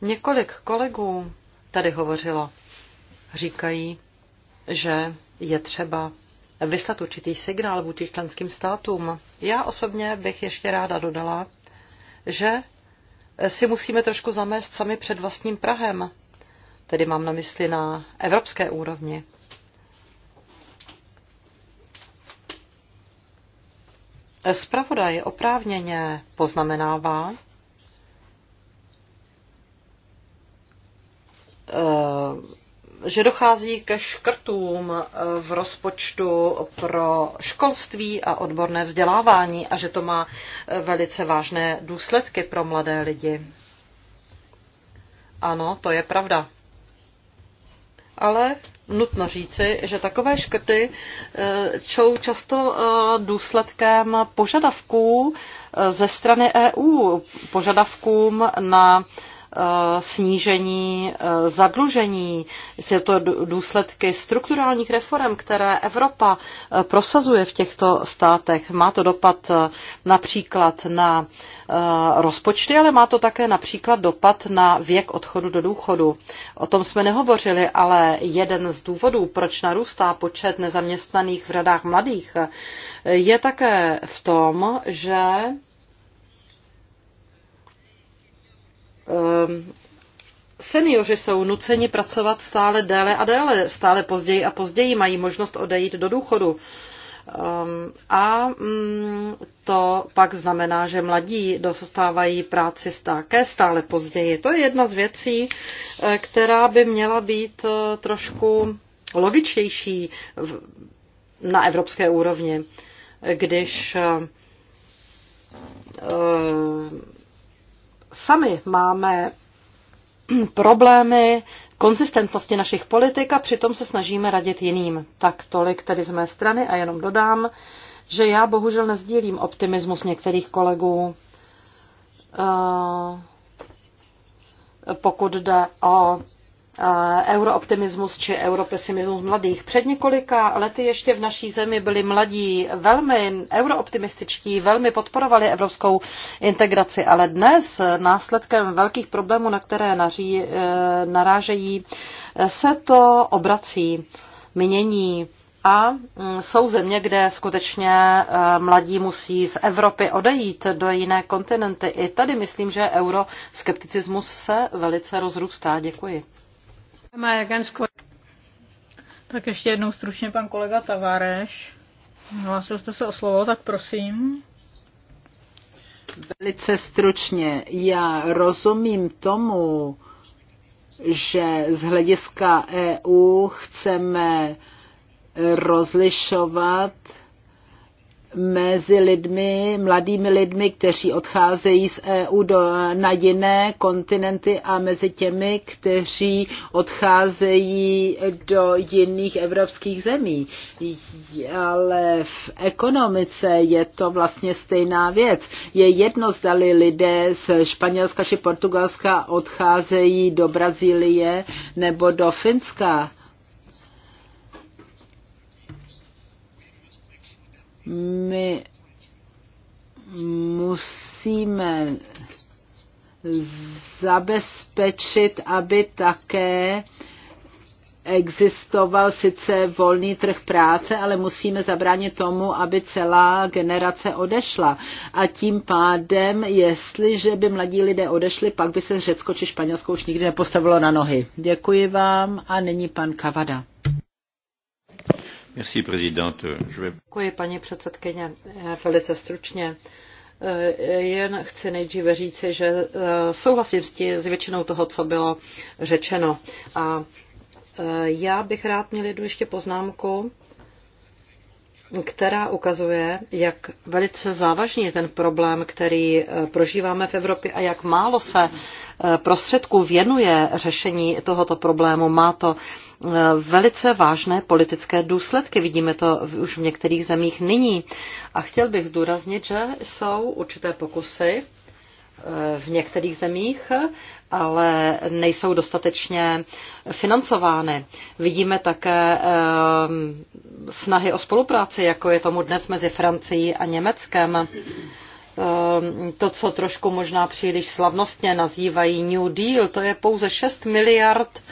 Několik kolegů tady hovořilo. Říkají, že je třeba vyslat určitý signál vůči členským státům. Já osobně bych ještě ráda dodala, že si musíme trošku zamést sami před vlastním Prahem. Tedy mám na mysli na evropské úrovni. Spravodaj oprávněně poznamenává, že dochází ke škrtům eh, v rozpočtu pro školství a odborné vzdělávání a že to má eh, velice vážné důsledky pro mladé lidi. Ano, to je pravda. Ale nutno říci, že takové škrty eh, jsou často důsledkem požadavků ze strany EU, požadavkům na Eh, snížení eh, zadlužení, jsou to důsledky strukturálních reform, které Evropa eh, prosazuje v těchto státech. Má to dopad například na rozpočty, ale má to také například dopad na věk odchodu do důchodu. O tom jsme nehovořili, ale jeden z důvodů, proč narůstá počet nezaměstnaných v radách mladých, je také v tom, že Ehm, seniori jsou nuceni pracovat stále déle a déle, stále později a později mají možnost odejít do důchodu. Ehm, a mm, to pak znamená, že mladí dostávají práci také stále později. To je jedna z věcí, eh, která by měla být eh, trošku logičtější na evropské úrovni, když eh, sami máme problémy konzistentnosti našich politik a přitom se snažíme radit jiným. Tak tolik tedy z mé strany a jenom dodám, že já bohužel nezdílím optimismus některých kolegů, eh, pokud jde o Eh, eurooptimismus či europesimismus mladých. Před několika lety ještě v naší zemi byli mladí velmi eurooptimističtí, velmi podporovali evropskou integraci, ale dnes následkem velkých problémů, na které naří, eh, narážejí, eh, se to obrací, mění. A mm, jsou země, kde skutečně mladí musí z Evropy odejít do jiné kontinenty. I tady myslím, že euroskepticismus se velice rozrůstá. Děkuji. Tak ještě jednou stručně pan kolega Tavareš. Hlásil jste se o slovo, tak prosím. Velice stručně. Já rozumím tomu, že z hlediska EU chceme rozlišovat mezi lidmi, mladými lidmi, kteří odcházejí z EU do, na jiné kontinenty a mezi těmi, kteří odcházejí do jiných evropských zemí. Ale v ekonomice je to vlastně stejná věc. Je jedno, zdali lidé z Španělska či Portugalska odcházejí do Brazílie nebo do Finska My musíme zabezpečit, aby také existoval sice volný trh práce, ale musíme zabránit tomu, aby celá generace odešla. A tím pádem, jestliže by mladí lidé odešli, pak by se Řecko či Španělsko už nikdy nepostavilo na nohy. Děkuji vám a nyní pan Kavada. Děkuji, paní předsedkyně. Velice stručně. Eh, jen chci nejdříve říci, že eh, souhlasím s, tím, s většinou toho, co bylo řečeno. A eh, já bych rád měl jednu ještě poznámku která ukazuje, jak velice závažný je ten problém, který eh, prožíváme v Evropě a jak málo se eh, prostředků věnuje řešení tohoto problému. Má to eh, velice vážné politické důsledky. Vidíme to už v některých zemích nyní. A chtěl bych zdůraznit, že jsou určité pokusy v některých zemích ale nejsou dostatečně financovány. Vidíme také ehm, snahy o spolupráci, jako je tomu dnes mezi Francií a Německem ehm, to, co trošku možná příliš slavnostně nazývají New Deal, to je pouze 6 miliard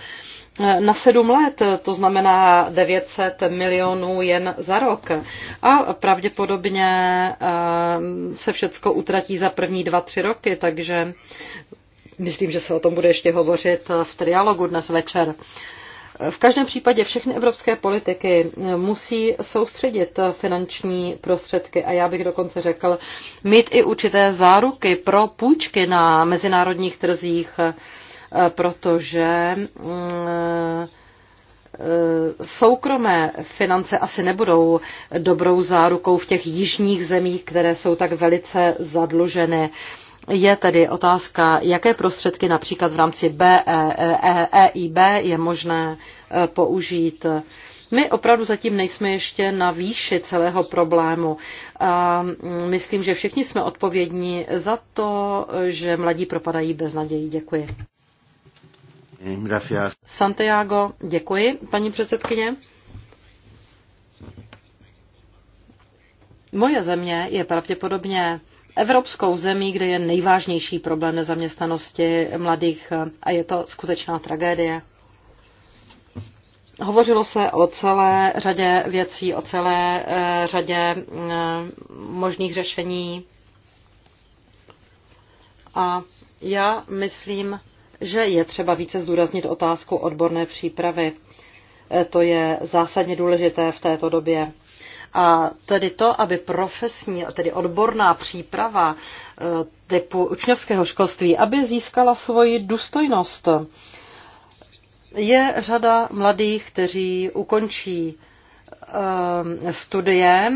eh, na sedm let, to znamená 900 milionů jen za rok. A pravděpodobně ehm, se všecko utratí za první dva, tři roky, takže Myslím, že se o tom bude ještě hovořit eh, v trialogu dnes večer. V každém případě všechny evropské politiky eh, musí soustředit eh, finanční prostředky a já bych dokonce řekl mít i určité záruky pro půjčky na mezinárodních trzích, protože soukromé finance asi nebudou dobrou zárukou v těch jižních zemích, které jsou tak velice zadlužené je tedy otázka, jaké prostředky například v rámci EIB e, e, e, je možné použít. My opravdu zatím nejsme ještě na výši celého problému. A mm, myslím, že všichni jsme odpovědní za to, že mladí propadají bez naději. Děkuji. Gracias. Santiago, děkuji, paní předsedkyně. Moje země je pravděpodobně evropskou zemí, kde je nejvážnější problém nezaměstnanosti mladých eh, a je to skutečná tragédie. Hovořilo se o celé řadě věcí, o celé eh, řadě eh, možných řešení. A já myslím, že je třeba více zdůraznit otázku odborné přípravy. To je zásadně důležité v této době. A tedy to, aby profesní, tedy odborná příprava e, typu učňovského školství, aby získala svoji důstojnost. Je řada mladých, kteří ukončí e, studie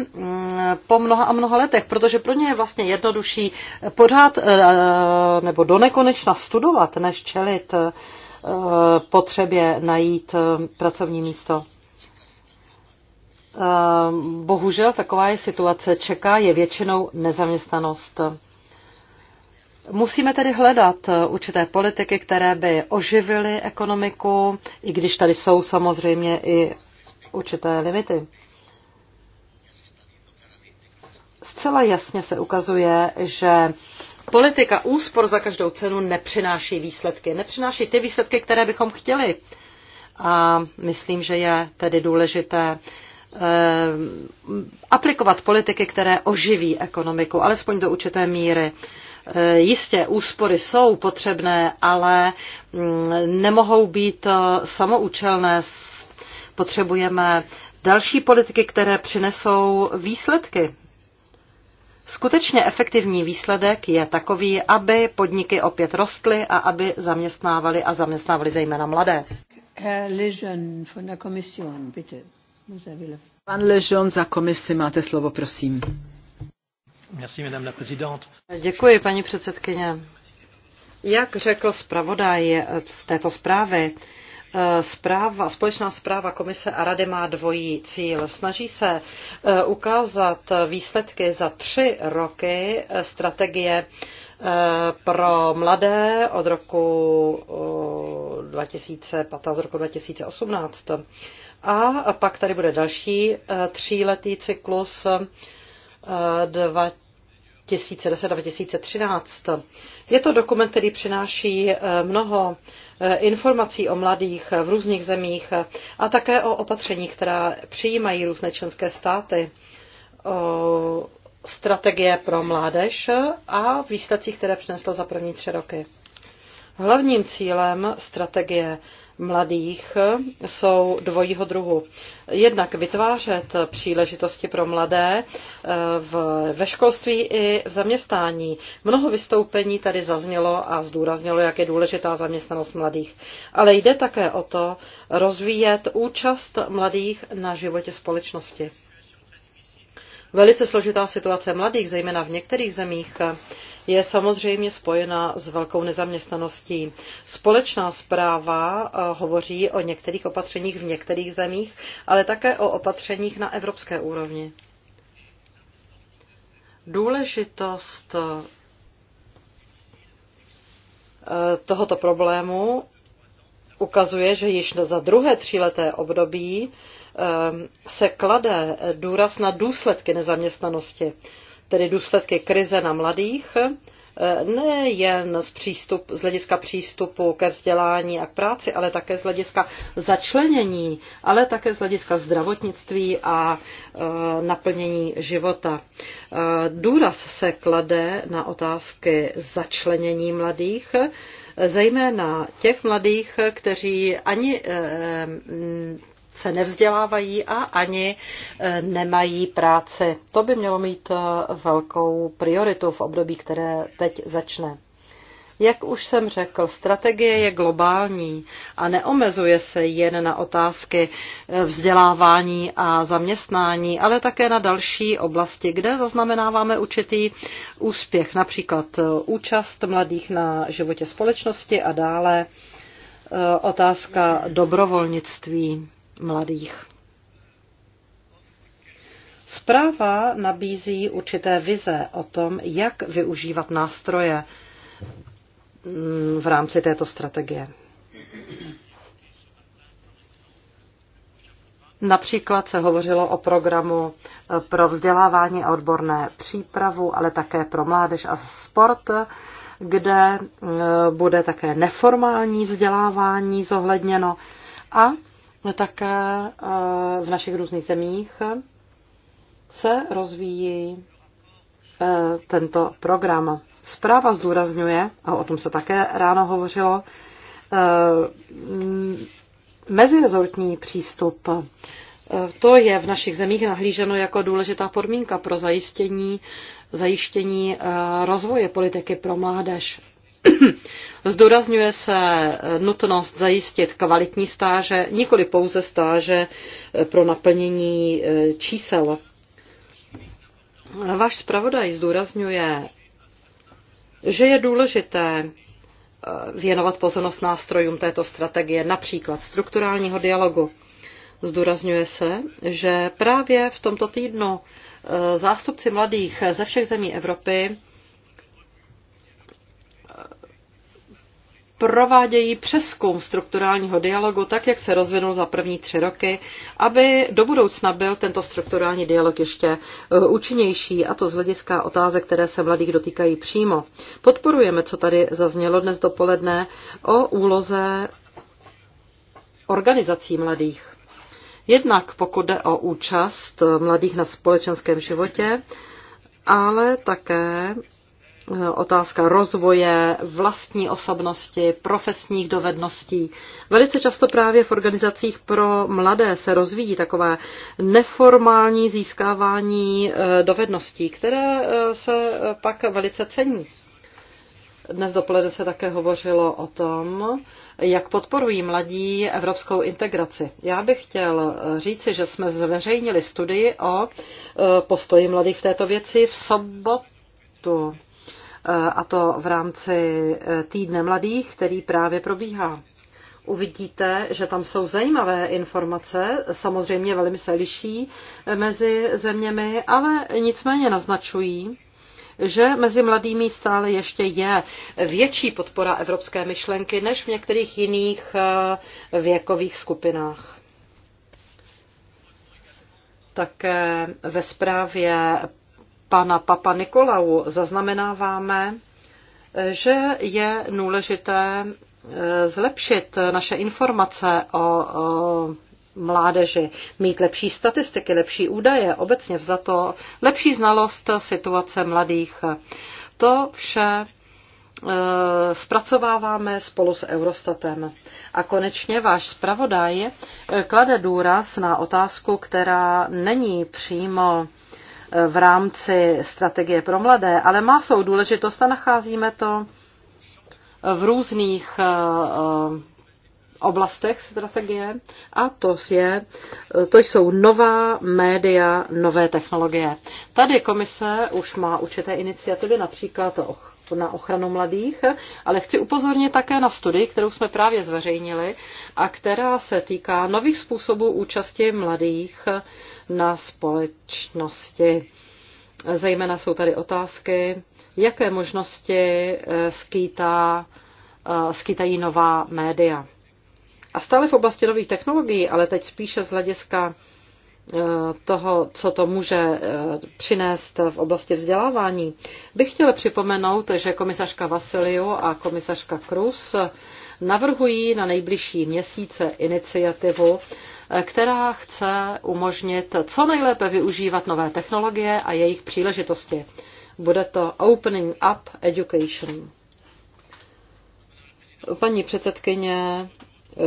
po mnoha a mnoha letech, protože pro ně je vlastně jednodušší pořád e, nebo do nekonečna studovat, než čelit potřebě najít pracovní místo. Ehm, bohužel taková je situace. Čeká je většinou nezaměstnanost. Musíme tedy hledat eh, určité politiky, které by oživily ekonomiku, i když tady jsou samozřejmě i určité limity. Zcela jasně se ukazuje, že politika úspor za každou cenu nepřináší výsledky. Nepřináší ty výsledky, které bychom chtěli. A myslím, že je tedy důležité uh, Eh, aplikovat politiky, které oživí ekonomiku, alespoň do určité míry. Eh, jistě úspory jsou potřebné, ale mm, nemohou být eh, samoučelné. Potřebujeme další politiky, které přinesou výsledky. Skutečně efektivní výsledek je takový, aby podniky opět rostly a aby zaměstnávali a zaměstnávali zejména mladé. Herr Lejeune von der Kommission, bitte. Pan Ležon za komisi, máte slovo, prosím. Děkuji, paní předsedkyně. Jak řekl zpravodaj eh, této zprávy, eh, Zpráva, společná zpráva komise a rady má dvojí cíl. Snaží se eh, ukázat výsledky za tři roky strategie pro mladé od roku 2015 do roku 2018 a pak tady bude další e, tříletý cyklus 2010-2013. E, Je to dokument, který přináší e, mnoho informací o mladých v různých zemích a také o opatřeních, která přijímají různé členské státy, o strategie pro mládež a výsledcích, které přineslo za první tři roky. Hlavním cílem strategie mladých jsou dvojího druhu. Jednak vytvářet příležitosti pro mladé eh, v, ve školství i v zaměstnání. Mnoho vystoupení tady zaznělo a zdůraznilo, jak je důležitá zaměstnanost mladých. Ale jde také o to rozvíjet účast mladých na životě společnosti. Velice složitá situace mladých, zejména v některých zemích, je samozřejmě spojena s velkou nezaměstnaností. Společná zpráva eh, hovoří o některých opatřeních v některých zemích, ale také o opatřeních na evropské úrovni. Důležitost eh, tohoto problému ukazuje, že již za druhé tříleté období eh, se klade důraz na důsledky nezaměstnanosti tedy důsledky krize na mladých, eh, nejen z, přístup, z hlediska přístupu ke vzdělání a k práci, ale také z hlediska začlenění, ale také z hlediska zdravotnictví a e, naplnění života. E, důraz se klade na otázky začlenění mladých, zejména těch mladých, kteří ani se nevzdělávají a ani eh, nemají práci. To by mělo mít eh, velkou prioritu v období, které teď začne. Jak už jsem řekl, strategie je globální a neomezuje se jen na otázky eh, vzdělávání a zaměstnání, ale také na další oblasti, kde zaznamenáváme určitý úspěch, například účast mladých na životě společnosti a dále otázka dobrovolnictví mladých. Zpráva nabízí určité vize o tom, jak využívat nástroje mm, v rámci této strategie. Například se hovořilo o programu eh, pro vzdělávání a odborné přípravu, ale také pro mládež a sport, kde eh, bude také neformální vzdělávání zohledněno a No také eh, v našich různých zemích se rozvíjí eh, tento program. Zpráva zdůrazňuje, a o tom se také ráno hovořilo, eh, mezirezortní přístup. To je v našich zemích nahlíženo jako důležitá podmínka pro zajištění, zajištění rozvoje politiky pro mládež. Zdůrazňuje se nutnost zajistit kvalitní stáže, nikoli pouze stáže pro naplnění e, čísel. Váš zpravodaj zdůrazňuje, že je důležité e, věnovat pozornost nástrojům této strategie, například strukturálního dialogu. Zdůrazňuje se, že právě v tomto týdnu e, zástupci mladých ze všech zemí Evropy provádějí přeskum strukturálního dialogu tak, jak se rozvinul za první tři roky, aby do budoucna byl tento strukturální dialog ještě eh, účinnější, a to z hlediska otázek, které se mladých dotýkají přímo. Podporujeme, co tady zaznělo dnes dopoledne, o úloze organizací mladých. Jednak pokud jde o účast mladých na společenském životě, ale také otázka rozvoje, vlastní osobnosti, profesních dovedností. Velice často právě v organizacích pro mladé se rozvíjí takové neformální získávání eh, dovedností, které eh, se pak velice cení. Dnes dopoledne se také hovořilo o tom, jak podporují mladí evropskou integraci. Já bych chtěl eh, říci, že jsme zveřejnili studii o postoji mladých v této věci v sobotu a to v rámci e, týdne mladých, který právě probíhá. Uvidíte, že tam jsou zajímavé informace, samozřejmě velmi se liší e, mezi zeměmi, ale nicméně naznačují, že mezi mladými stále ještě je větší podpora evropské myšlenky než v některých jiných e, věkových skupinách. Také ve zprávě pana Papa Nikolau zaznamenáváme, že je důležité eh, zlepšit naše informace o, o mládeži, mít lepší statistiky, lepší údaje, obecně vzato, lepší znalost situace mladých. To vše eh, zpracováváme spolu s Eurostatem. A konečně váš zpravodaj eh, klade důraz na otázku, která není přímo v rámci strategie pro mladé, ale má svou důležitost a nacházíme to v různých eh, eh, oblastech strategie a to, je, eh, to jsou nová média, nové technologie. Tady komise už má určité iniciativy, například na ochranu mladých, ale chci upozornit také na studii, kterou jsme právě zveřejnili a která se týká nových způsobů účasti mladých na společnosti. Zejména jsou tady otázky, jaké možnosti eh, skýtá, eh, skýtají nová média. A stále v oblasti nových technologií, ale teď spíše z hlediska eh, toho, co to může přinést v oblasti vzdělávání, bych chtěla připomenout, že komisařka Vasiliu a komisařka Krus navrhují na nejbližší měsíce iniciativu která chce umožnit co nejlépe využívat nové technologie a jejich příležitosti. Bude to Opening Up Education. Paní předsedkyně, eh,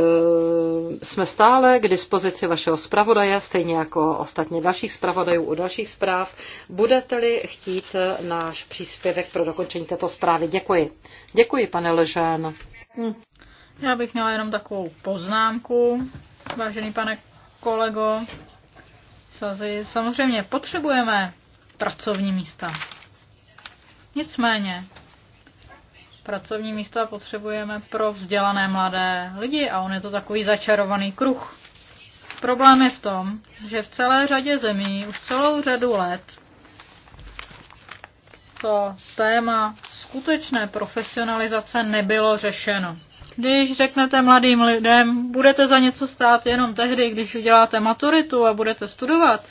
jsme stále k dispozici vašeho zpravodaje, stejně jako ostatně dalších zpravodajů u dalších zpráv. Budete-li chtít náš příspěvek pro dokončení této zprávy? Děkuji. Děkuji, pane Ležen. Já bych měla jenom takovou poznámku. Vážený pane kolego, samozřejmě potřebujeme pracovní místa. Nicméně, pracovní místa potřebujeme pro vzdělané mladé lidi a on je to takový začarovaný kruh. Problém je v tom, že v celé řadě zemí už celou řadu let to téma skutečné profesionalizace nebylo řešeno. Když řeknete mladým lidem, budete za něco stát jenom tehdy, když uděláte maturitu a budete studovat,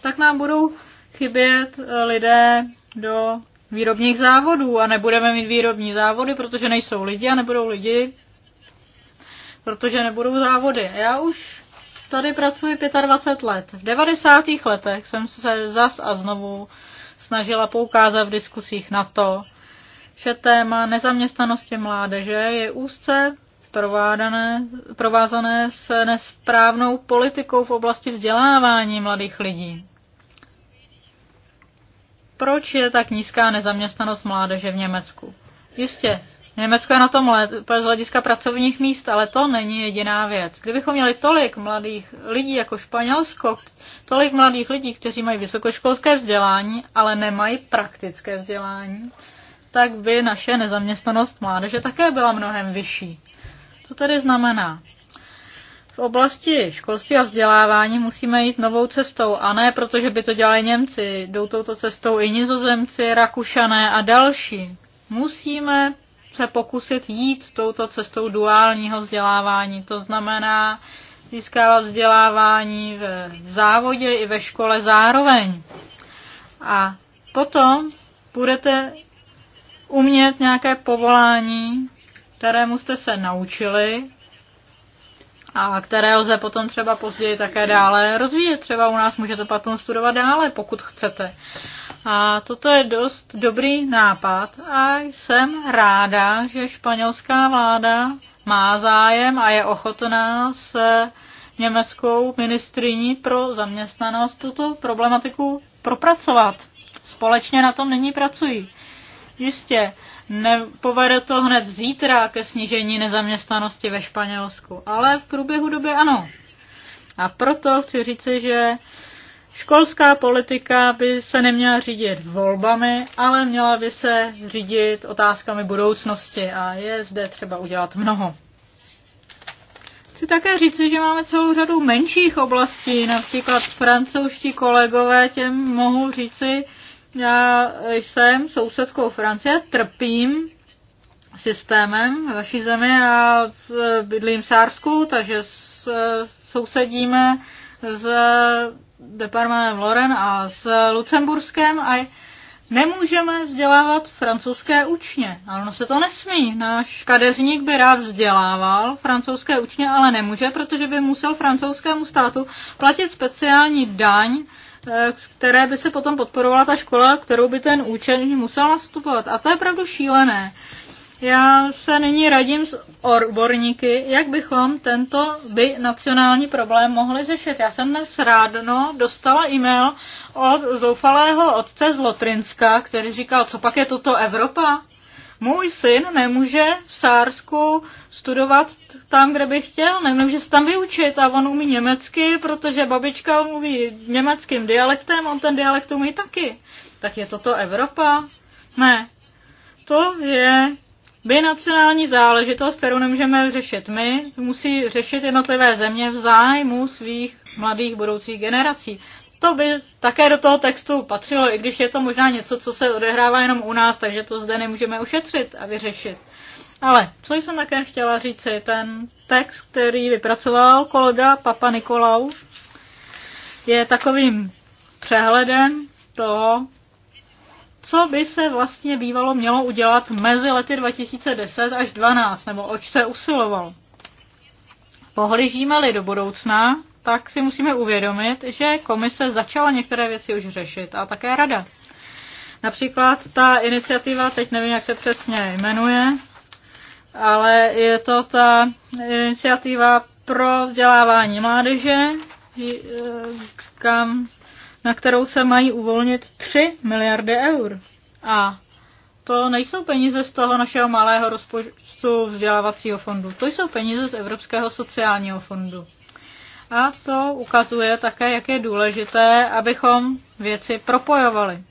tak nám budou chybět eh, lidé do výrobních závodů a nebudeme mít výrobní závody, protože nejsou lidi a nebudou lidi, protože nebudou závody. Já už tady pracuji 25 let. V 90. letech jsem se zas a znovu snažila poukázat v diskusích na to, že téma nezaměstnanosti mládeže je úzce provázané s nesprávnou politikou v oblasti vzdělávání mladých lidí. Proč je tak nízká nezaměstnanost mládeže v Německu? Jistě, Německo je na tom lépe z hlediska pracovních míst, ale to není jediná věc. Kdybychom měli tolik mladých lidí jako Španělsko, tolik mladých lidí, kteří mají vysokoškolské vzdělání, ale nemají praktické vzdělání, tak by naše nezaměstnanost mládeže také byla mnohem vyšší. To tedy znamená, v oblasti školství a vzdělávání musíme jít novou cestou a ne protože by to dělali Němci, jdou touto cestou i Nizozemci, Rakušané a další. Musíme se pokusit jít touto cestou duálního vzdělávání, to znamená získávat vzdělávání v závodě i ve škole zároveň. A potom budete umět nějaké povolání, kterému jste se naučili a které lze potom třeba později také dále rozvíjet. Třeba u nás můžete potom studovat dále, pokud chcete. A toto je dost dobrý nápad a jsem ráda, že španělská vláda má zájem a je ochotná se eh, německou ministriní pro zaměstnanost tuto problematiku propracovat. Společně na tom nyní pracují. Jistě, nepovede to hned zítra ke snížení nezaměstnanosti ve Španělsku, ale v průběhu doby ano. A proto chci říci, že školská politika by se neměla řídit volbami, ale měla by se řídit otázkami budoucnosti a je zde třeba udělat mnoho. Chci také říci, že máme celou řadu menších oblastí, například francouzští kolegové těm mohou říci, já jsem sousedkou Francie, trpím systémem vaší zemi. a bydlím v Sársku, takže sousedíme s departmanem Loren a s Lucemburskem a nemůžeme vzdělávat francouzské učně. Ale ono se to nesmí. Náš kadeřník by rád vzdělával francouzské učně, ale nemůže, protože by musel francouzskému státu platit speciální daň Eh, které by se potom podporovala ta škola, kterou by ten učený musel nastupovat. A to je opravdu šílené. Já se nyní radím s odborníky, jak bychom tento by nacionální problém mohli řešit. Já jsem dnes rádno dostala e-mail od zoufalého otce z Lotrinska, který říkal, co pak je toto Evropa? Můj syn nemůže v Sársku studovat tam, kde by chtěl, nemůže se tam vyučit a on umí německy, protože babička mluví německým dialektem, on ten dialekt umí taky. Tak je toto Evropa? Ne. To je binacionální záležitost, kterou nemůžeme řešit my, musí řešit jednotlivé země v zájmu svých mladých budoucích generací to by také do toho textu patřilo, i když je to možná něco, co se odehrává jenom u nás, takže to zde nemůžeme ušetřit a vyřešit. Ale co jsem také chtěla říct, je ten text, který vypracoval kolega Papa Nikolau, je takovým přehledem toho, co by se vlastně bývalo mělo udělat mezi lety 2010 až 2012, nebo oč se usiloval. Pohlížíme-li do budoucna, tak si musíme uvědomit, že komise začala některé věci už řešit a také rada. Například ta iniciativa, teď nevím, jak se přesně jmenuje, ale je to ta iniciativa pro vzdělávání mládeže, eh, kam, na kterou se mají uvolnit 3 miliardy eur. A to nejsou peníze z toho našeho malého rozpočtu vzdělávacího fondu. To jsou peníze z Evropského sociálního fondu. A to ukazuje také, jak je důležité, abychom věci propojovali.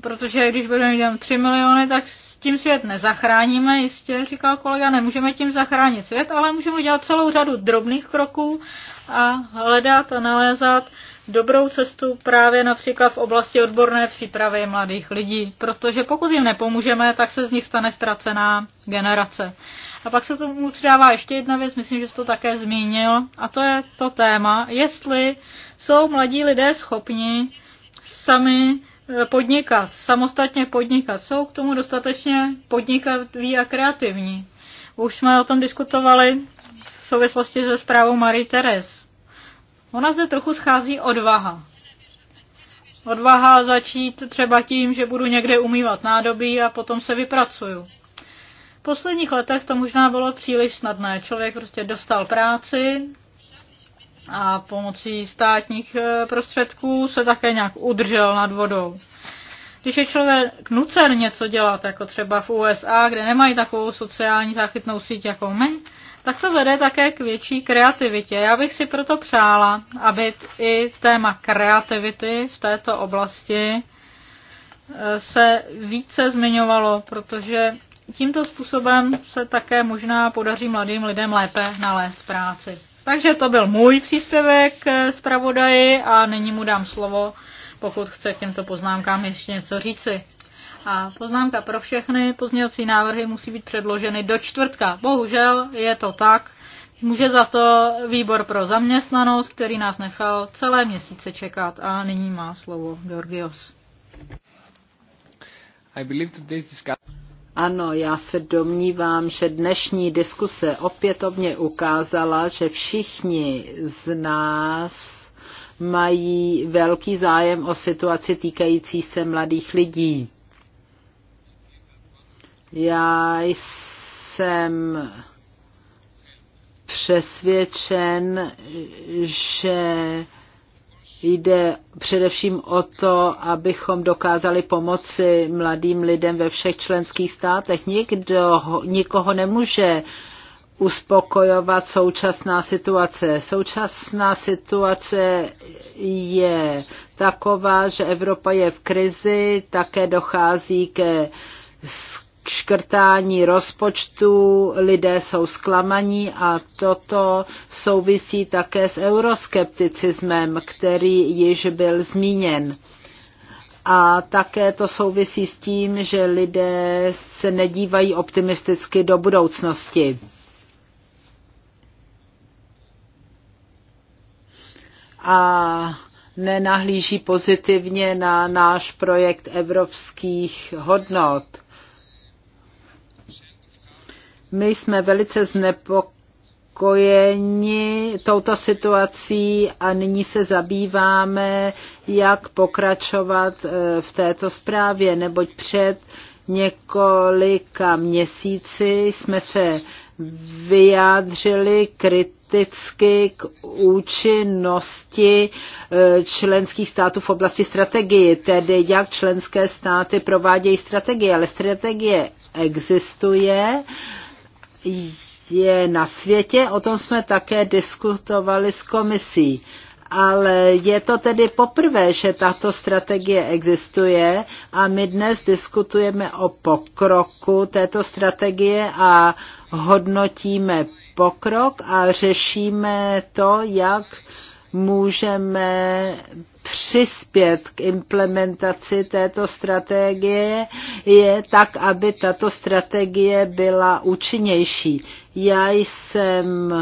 Protože když budeme mít 3 miliony, tak s tím svět nezachráníme, jistě, říkal kolega, nemůžeme tím zachránit svět, ale můžeme dělat celou řadu drobných kroků a hledat a nalézat dobrou cestu právě například v oblasti odborné přípravy mladých lidí, protože pokud jim nepomůžeme, tak se z nich stane ztracená generace. A pak se tomu přidává ještě jedna věc, myslím, že jste to také zmínil, a to je to téma, jestli jsou mladí lidé schopni sami eh, podnikat, samostatně podnikat. Jsou k tomu dostatečně podnikaví a kreativní. Už jsme o tom diskutovali v souvislosti se zprávou Marie Therese. Ona zde trochu schází odvaha. Odvaha začít třeba tím, že budu někde umývat nádobí a potom se vypracuju. V posledních letech to možná bylo příliš snadné. Člověk prostě dostal práci a pomocí státních e, prostředků se také nějak udržel nad vodou. Když je člověk nucen něco dělat, jako třeba v USA, kde nemají takovou sociální záchytnou síť jako my, tak to vede také k větší kreativitě. Já bych si proto přála, aby i téma kreativity v této oblasti eh, se více zmiňovalo, protože tímto způsobem se také možná podaří mladým lidem lépe nalézt práci. Takže to byl můj příspěvek eh, zpravodaji a nyní mu dám slovo, pokud chce k těmto poznámkám ještě něco říci. A poznámka pro všechny, pozněvací návrhy musí být předloženy do čtvrtka. Bohužel je to tak. Může za to výbor pro zaměstnanost, který nás nechal celé měsíce čekat a nyní má slovo Georgios. I believe today's discussion... Ano, já se domnívám, že dnešní diskuse opětovně ukázala, že všichni z nás mají velký zájem o situaci týkající se mladých lidí. Já jsem přesvědčen, že jde především o to, abychom dokázali pomoci mladým lidem ve všech členských státech. Nikdo, nikoho nemůže uspokojovat současná situace. Současná situace je taková, že Evropa je v krizi, také dochází ke k škrtání rozpočtu, lidé jsou zklamaní a toto souvisí také s euroskepticismem, který již byl zmíněn. A také to souvisí s tím, že lidé se nedívají optimisticky do budoucnosti. A nenahlíží pozitivně na náš projekt evropských hodnot my jsme velice znepokojeni touto situací a nyní se zabýváme, jak pokračovat eh, v této zprávě, neboť před několika měsíci jsme se vyjádřili kriticky k účinnosti eh, členských států v oblasti strategie, tedy jak členské státy provádějí strategie, ale strategie existuje je na světě, o tom jsme také diskutovali s komisí. Ale je to tedy poprvé, že tato strategie existuje a my dnes diskutujeme o pokroku této strategie a hodnotíme pokrok a řešíme to, jak můžeme přispět k implementaci této strategie, je tak, aby tato strategie byla účinnější. Já jsem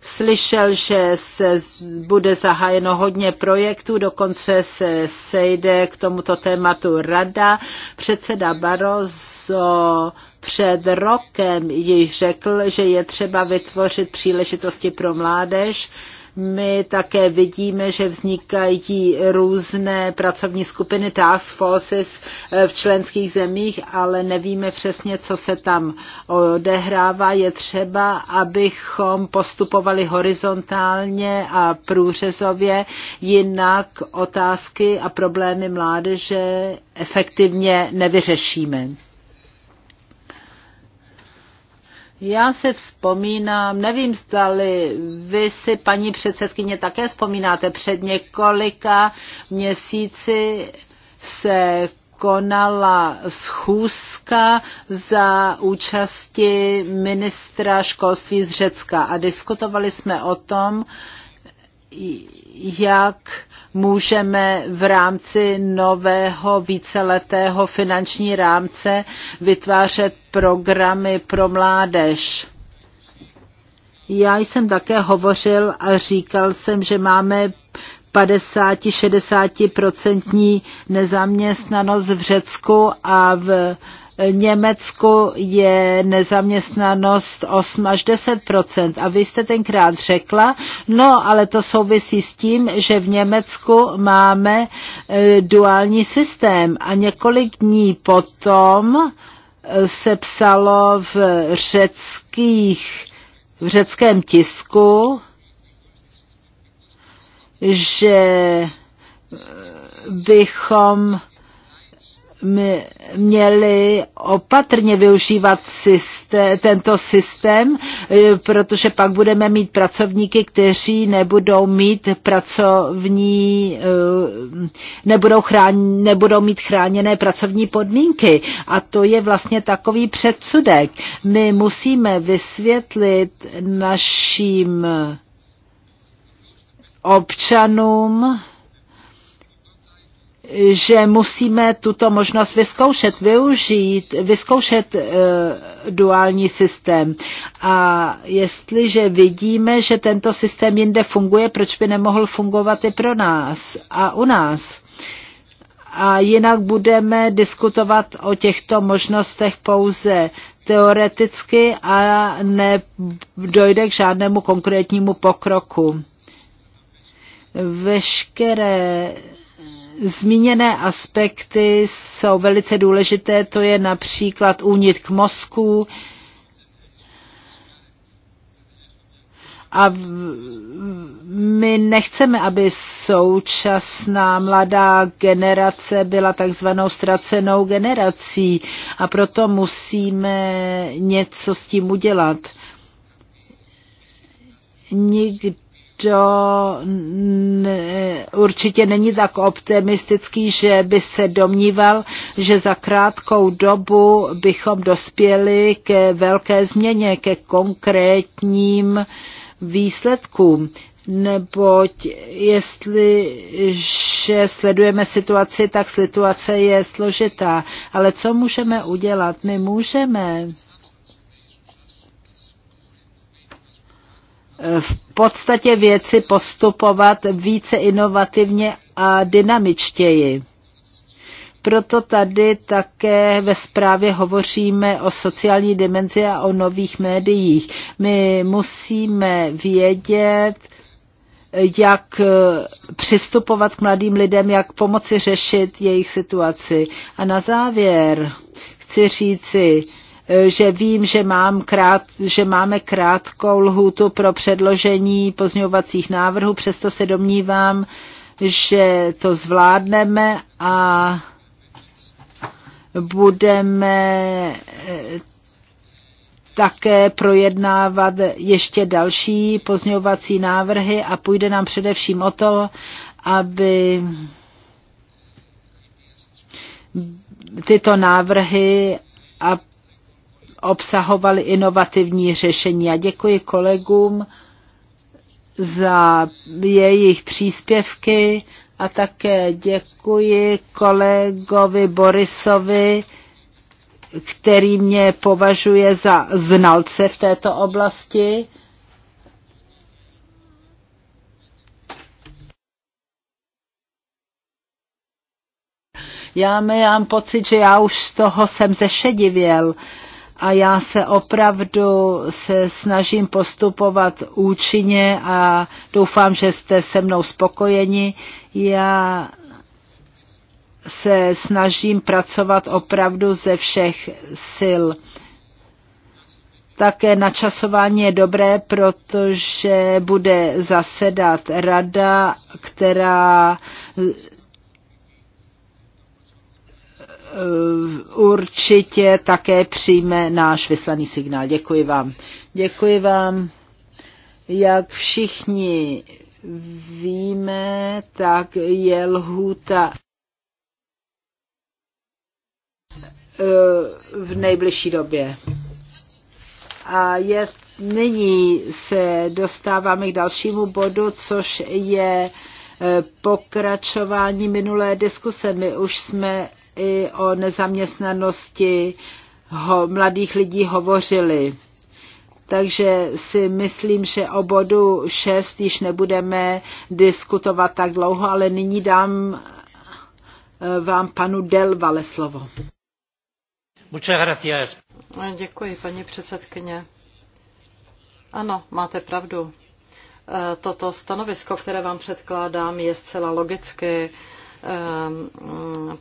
slyšel, že se bude zahájeno hodně projektů, dokonce se sejde k tomuto tématu rada. Předseda Barozo před rokem již řekl, že je třeba vytvořit příležitosti pro mládež my také vidíme, že vznikají různé pracovní skupiny task forces eh, v členských zemích, ale nevíme přesně, co se tam odehrává. Je třeba, abychom postupovali horizontálně a průřezově, jinak otázky a problémy mládeže efektivně nevyřešíme. Já se vzpomínám, nevím, zdali vy si, paní předsedkyně, také vzpomínáte, před několika měsíci se konala schůzka za účasti ministra školství z Řecka a diskutovali jsme o tom, jak můžeme v rámci nového víceletého finanční rámce vytvářet programy pro mládež. Já jsem také hovořil a říkal jsem, že máme 50-60% nezaměstnanost v Řecku a v Německu je nezaměstnanost 8 až 10 A vy jste tenkrát řekla, no ale to souvisí s tím, že v Německu máme e, duální systém a několik dní potom e, se psalo v řeckých, v řeckém tisku, že e, bychom měli opatrně využívat systém, tento systém, eh, protože pak budeme mít pracovníky, kteří nebudou mít pracovní, eh, nebudou, chrán, nebudou mít chráněné pracovní podmínky. A to je vlastně takový předsudek. My musíme vysvětlit naším občanům, že musíme tuto možnost vyzkoušet, využít, vyzkoušet uh, duální systém. A jestliže vidíme, že tento systém jinde funguje, proč by nemohl fungovat i pro nás a u nás? A jinak budeme diskutovat o těchto možnostech pouze teoreticky a nedojde k žádnému konkrétnímu pokroku. Veškeré Zmíněné aspekty jsou velice důležité, to je například k mozku a my nechceme, aby současná mladá generace byla takzvanou ztracenou generací a proto musíme něco s tím udělat. Nikdy nikdo ne, určitě není tak optimistický, že by se domníval, že za krátkou dobu bychom dospěli ke velké změně, ke konkrétním výsledkům neboť že sledujeme situaci, tak situace je složitá. Ale co můžeme udělat? My můžeme v podstatě věci postupovat více inovativně a dynamičtěji. Proto tady také ve zprávě hovoříme o sociální dimenzi a o nových médiích. My musíme vědět, jak přistupovat k mladým lidem, jak pomoci řešit jejich situaci. A na závěr chci říci, že vím, že, mám krát, že máme krátkou lhůtu pro předložení pozňovacích návrhů, přesto se domnívám, že to zvládneme a budeme eh, také projednávat ještě další pozňovací návrhy a půjde nám především o to, aby tyto návrhy, obsahovaly inovativní řešení. A děkuji kolegům za jejich příspěvky a také děkuji kolegovi Borisovi, který mě považuje za znalce v této oblasti. Já mám pocit, že já už z toho jsem zešedivěl. Uh, a já se opravdu se snažím postupovat účinně a doufám, že jste se mnou spokojeni. Já se snažím pracovat opravdu ze všech sil. Také načasování je dobré, protože bude zasedat rada, která Eh, určitě také přijme náš vyslaný signál. Děkuji vám. Děkuji vám. Jak všichni víme, tak je lhůta eh, v nejbližší době. A je, nyní se dostáváme k dalšímu bodu, což je eh, pokračování minulé diskuse. My už jsme i o nezaměstnanosti ho, mladých lidí hovořili. Takže si myslím, že o bodu 6 již nebudeme diskutovat tak dlouho, ale nyní dám eh, vám panu Del Vale slovo. Eh, děkuji, paní předsedkyně. Ano, máte pravdu. Eh, toto stanovisko, které vám předkládám, je zcela logicky Ehm,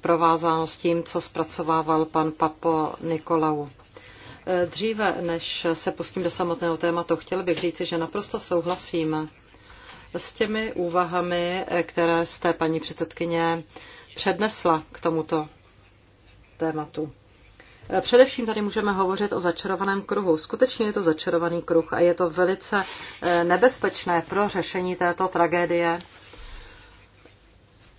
provázáno s tím, co zpracovával pan Papo Nikolau. Eh, dříve, než se pustím do samotného tématu, chtěl bych říci, že naprosto souhlasím s těmi úvahami, eh, které jste, paní předsedkyně, přednesla k tomuto tématu. Eh, především tady můžeme hovořit o začarovaném kruhu. Skutečně je to začarovaný kruh a je to velice nebezpečné pro řešení této tragédie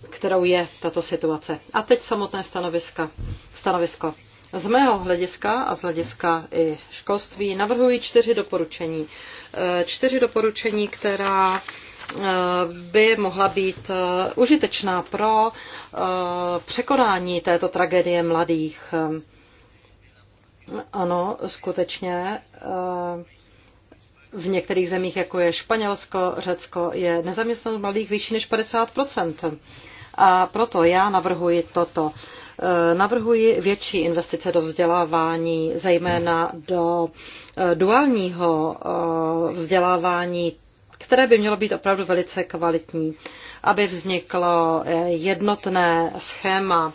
kterou je tato situace. A teď samotné stanoviska. stanovisko. Z mého hlediska a z hlediska i školství navrhuji čtyři doporučení. Eh, čtyři doporučení, která eh, by mohla být eh, užitečná pro překonání této tragédie mladých. Ano, skutečně v některých zemích, jako je Španělsko, Řecko, je nezaměstnanost mladých vyšší než 50 a proto já navrhuji toto. E, navrhuji větší investice do vzdělávání, zejména do e, duálního e, vzdělávání, které by mělo být opravdu velice kvalitní, aby vzniklo jednotné schéma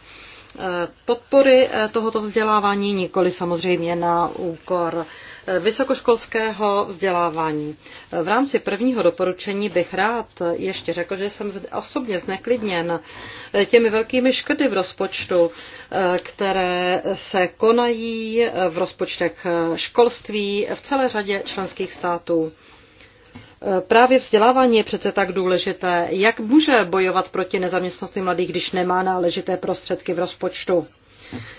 podpory tohoto vzdělávání, nikoli samozřejmě na úkor vysokoškolského vzdělávání. V rámci prvního doporučení bych rád ještě řekl, že jsem osobně zneklidněn těmi velkými škody v rozpočtu, eh, které se konají v rozpočtech školství v celé řadě členských států. Eh, právě vzdělávání je přece tak důležité. Jak může bojovat proti nezaměstnanosti mladých, když nemá náležité prostředky v rozpočtu?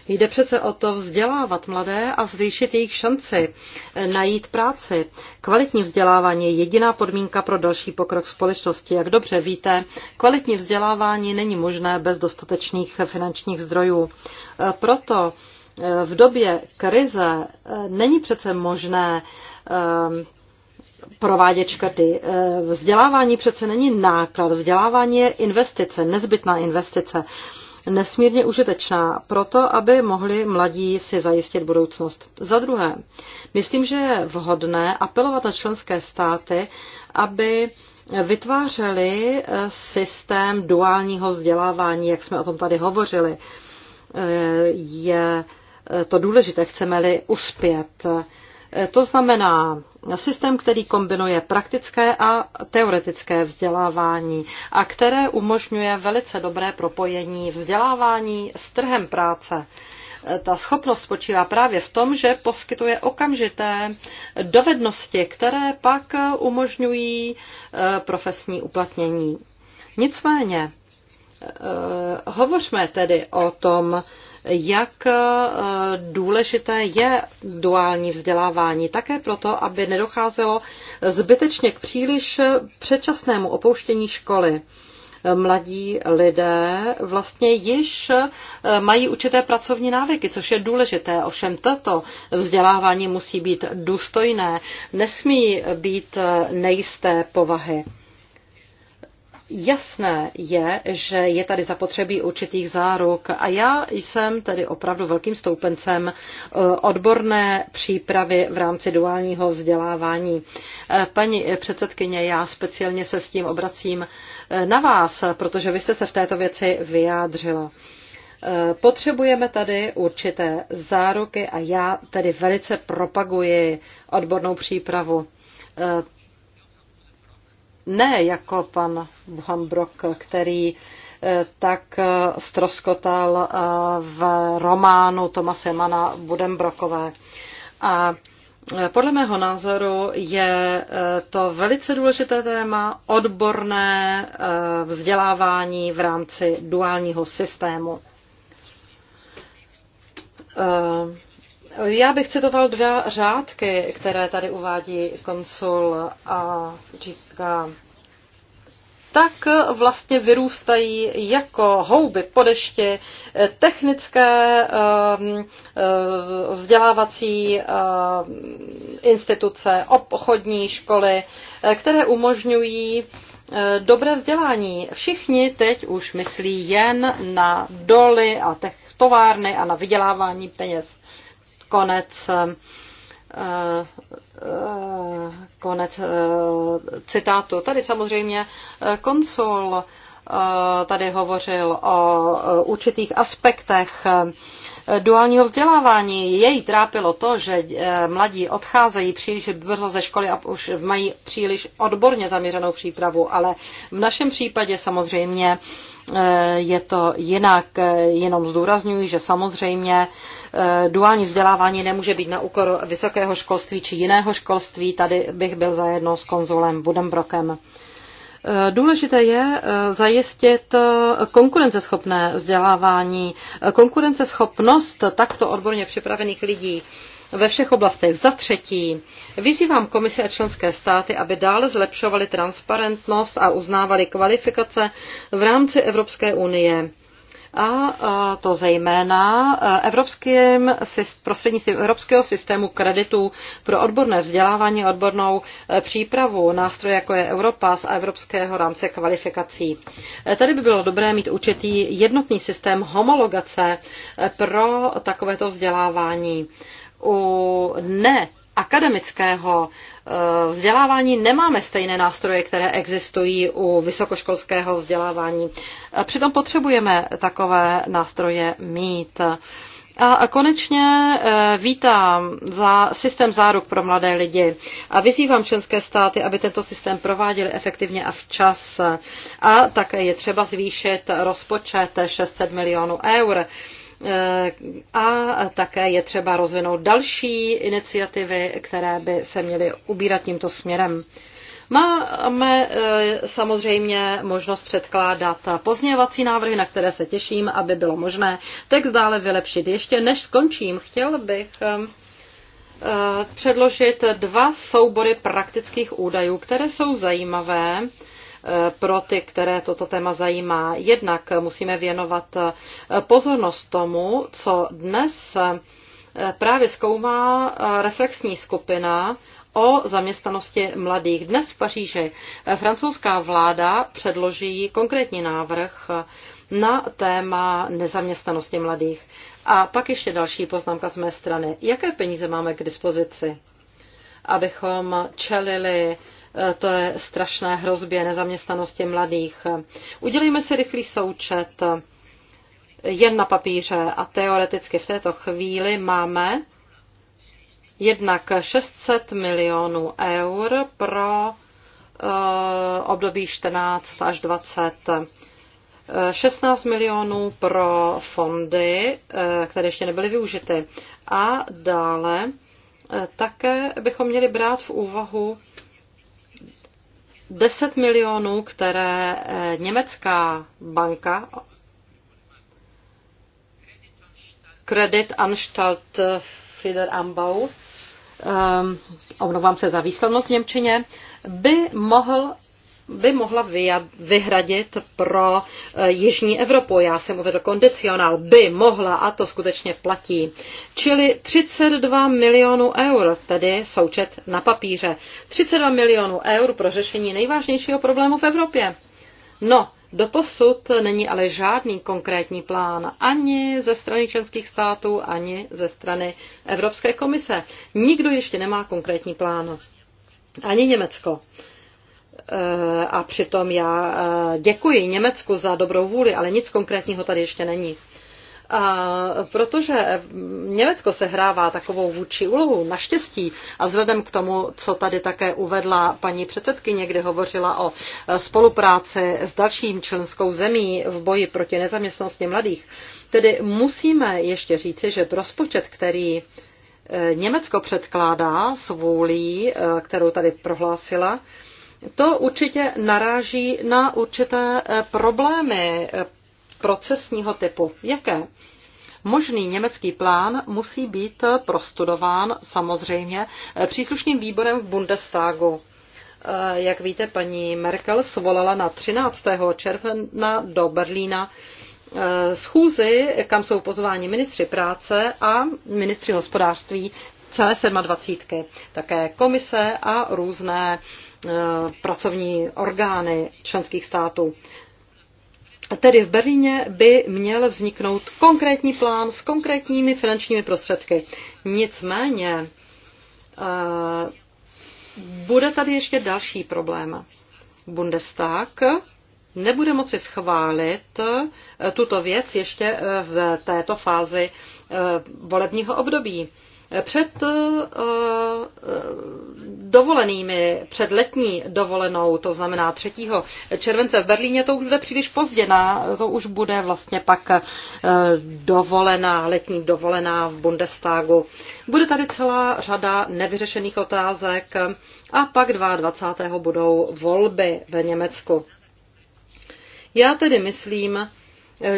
Jde přece o to vzdělávat mladé a zvýšit jejich šanci najít práci. Kvalitní vzdělávání je jediná podmínka pro další pokrok společnosti. Jak dobře víte, kvalitní vzdělávání není možné bez dostatečných finančních zdrojů. Proto eh, v době krize eh, není přece možné ehm, provádět škrty. Eh, vzdělávání přece není náklad, vzdělávání je investice, nezbytná investice nesmírně užitečná pro to, aby mohli mladí si zajistit budoucnost. Za druhé, myslím, že je vhodné apelovat na členské státy, aby vytvářeli eh, systém duálního vzdělávání, jak jsme o tom tady hovořili. Eh, je eh, to důležité, chceme-li uspět to znamená systém, který kombinuje praktické a teoretické vzdělávání a které umožňuje velice dobré propojení vzdělávání s trhem práce ta schopnost spočívá právě v tom, že poskytuje okamžité dovednosti, které pak umožňují eh, profesní uplatnění. Nicméně, eh, hovořme tedy o tom jak eh, důležité je duální vzdělávání. Také proto, aby nedocházelo zbytečně k příliš předčasnému opouštění školy mladí lidé vlastně již eh, mají určité pracovní návyky, což je důležité. Ovšem toto vzdělávání musí být důstojné, nesmí být nejisté povahy. Jasné je, že je tady zapotřebí určitých záruk a já jsem tedy opravdu velkým stoupencem eh, odborné přípravy v rámci duálního vzdělávání. Eh, paní předsedkyně, já speciálně se s tím obracím eh, na vás, protože vy jste se v této věci vyjádřila. Potřebujeme tady určité záruky a já tedy velice propaguji odbornou přípravu ne jako pan Hambrok, který eh, tak stroskotal eh, eh, v románu Tomase Mana Budembrokové. A podle mého názoru je to velice důležité téma odborné vzdělávání v rámci duálního systému já bych citoval dva řádky, které tady uvádí konsul a říká, tak vlastně vyrůstají jako houby po dešti technické ehm, ehm, vzdělávací ehm, instituce, obchodní školy, které umožňují eh, dobré vzdělání. Všichni teď už myslí jen na doly a tech továrny a na vydělávání peněz. Konec eh, eh, konec eh, citátu. Tady samozřejmě konsul tady hovořil o určitých aspektech duálního vzdělávání. Jej trápilo to, že eh, mladí odcházejí příliš brzo ze školy a už mají příliš odborně zaměřenou přípravu, ale v našem případě samozřejmě eh, je to jinak. Eh, jenom zdůrazňuji, že samozřejmě duální vzdělávání nemůže být na úkor vysokého školství či jiného školství. Tady bych byl zajedno s konzulem Budembrokem. Eh, důležité je eh, zajistit eh, konkurenceschopné vzdělávání, konkurenceschopnost takto odborně připravených lidí ve všech oblastech. Za třetí, vyzývám komisi a členské státy, aby dále zlepšovaly transparentnost a uznávaly kvalifikace v rámci Evropské unie a to zejména e, evropským, prostřednictvím evropského systému kreditů pro odborné vzdělávání, odbornou e, přípravu, nástroje jako je Europass a evropského rámce kvalifikací. E, tady by bylo dobré mít určitý jednotný systém homologace pro takovéto vzdělávání. U ne akademického Eh, vzdělávání nemáme stejné nástroje, které existují u vysokoškolského vzdělávání. Eh, přitom potřebujeme takové nástroje mít. A konečně eh, vítám za systém záruk pro mladé lidi a vyzývám členské státy, aby tento systém prováděli efektivně a včas. A také je třeba zvýšit rozpočet 600 milionů eur a také je třeba rozvinout další iniciativy, které by se měly ubírat tímto směrem. Máme eh, samozřejmě možnost předkládat pozměňovací návrhy, na které se těším, aby bylo možné text dále vylepšit. Ještě než skončím, chtěl bych eh, eh, předložit dva soubory praktických údajů, které jsou zajímavé pro ty, které toto téma zajímá. Jednak musíme věnovat pozornost tomu, co dnes eh, právě zkoumá eh, reflexní skupina o zaměstnanosti mladých. Dnes v Paříži eh, francouzská vláda předloží konkrétní návrh na téma nezaměstnanosti mladých. A pak ještě další poznámka z mé strany. Jaké peníze máme k dispozici, abychom čelili E, to je strašné hrozbě nezaměstnanosti mladých. Udělejme si rychlý součet e, jen na papíře a teoreticky v této chvíli máme jednak 600 milionů eur pro e, období 14 až 20. 16 milionů pro fondy, které ještě nebyly využity. A dále také bychom měli brát v úvahu 10 milionů, které eh, německá banka Kreditanstalt Fider Ambau, um, omlouvám se za výslovnost v Němčině, by mohl by mohla vyhradit pro eh, Jižní Evropu. Já jsem uvedl kondicionál, by mohla a to skutečně platí. Čili 32 milionů eur, tedy součet na papíře. 32 milionů eur pro řešení nejvážnějšího problému v Evropě. No, Doposud není ale žádný konkrétní plán ani ze strany členských států, ani ze strany Evropské komise. Nikdo ještě nemá konkrétní plán. Ani Německo. Eh, a přitom já eh, děkuji Německu za dobrou vůli, ale nic konkrétního tady ještě není. A protože eh, Německo se hrává takovou vůči úlohu, naštěstí, a vzhledem k tomu, co tady také uvedla paní předsedkyně, kde hovořila o spolupráci s dalším členskou zemí v boji proti nezaměstnanosti mladých, tedy musíme ještě říci, že rozpočet, který Německo předkládá svůlí, kterou tady prohlásila, to určitě naráží na určité eh, problémy eh, procesního typu. Jaké? Možný německý plán musí být eh, prostudován samozřejmě příslušným výborem v Bundestagu. Jak víte, paní Merkel svolala na 13. června do Berlína schůzy, kam jsou pozváni ministři práce a ministři hospodářství celé 27. Také komise a různé e, pracovní orgány členských států. Tedy v Berlíně by měl vzniknout konkrétní plán s konkrétními finančními prostředky. Nicméně e, bude tady ještě další problém. Bundestag nebude moci schválit e, tuto věc ještě v této fázi volebního období. Před eh, eh, dovolenými, před letní dovolenou, to znamená 3. července v Berlíně, to už bude příliš pozdě, na, to už bude vlastně pak eh, dovolená, letní dovolená v Bundestagu. Bude tady celá řada nevyřešených otázek a pak 22. budou volby ve Německu. Já tedy myslím,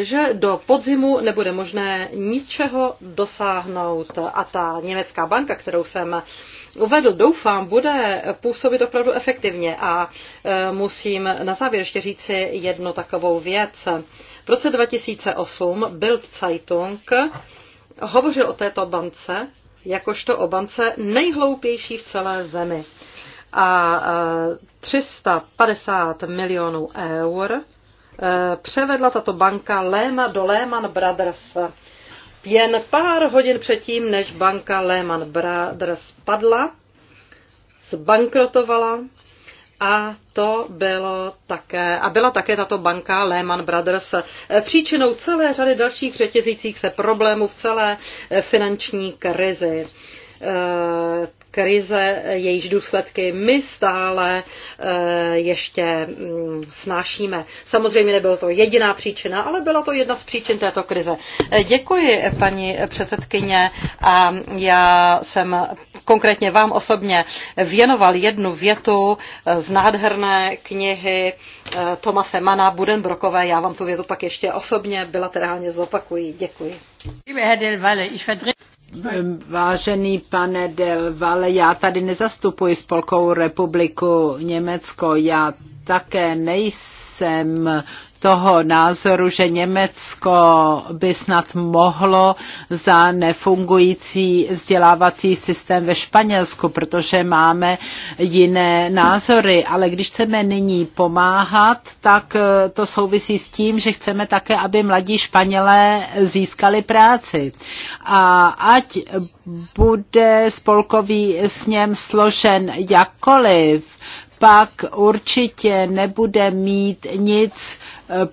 že do podzimu nebude možné ničeho dosáhnout. A ta německá banka, kterou jsem uvedl, doufám, bude působit opravdu efektivně. A e, musím na závěr ještě říci jednu takovou věc. V roce 2008 Bild Zeitung hovořil o této bance jakožto o bance nejhloupější v celé zemi. A 350 e, milionů eur Eh, převedla tato banka Lehman do Lehman Brothers. Jen pár hodin předtím, než banka Lehman Brothers padla, zbankrotovala a to bylo také, a byla také tato banka Lehman Brothers eh, příčinou celé řady dalších řetězících se problémů v celé eh, finanční krizi. Eh, krize, jejíž důsledky my stále eh, ještě mm, snášíme. Samozřejmě nebyla to jediná příčina, ale byla to jedna z příčin této krize. Eh, děkuji, paní předsedkyně, a já jsem konkrétně vám osobně věnoval jednu větu z nádherné knihy Tomase Mana Budenbrokové. Já vám tu větu pak ještě osobně bilaterálně zopakuji. Děkuji. Vážený pane Del Valle, já tady nezastupuji Spolkovou republiku Německo, já také nejsem toho názoru, že Německo by snad mohlo za nefungující vzdělávací systém ve Španělsku, protože máme jiné názory. Ale když chceme nyní pomáhat, tak eh, to souvisí s tím, že chceme také, aby mladí Španělé získali práci. A ať bude spolkový sněm složen jakkoliv, pak určitě nebude mít nic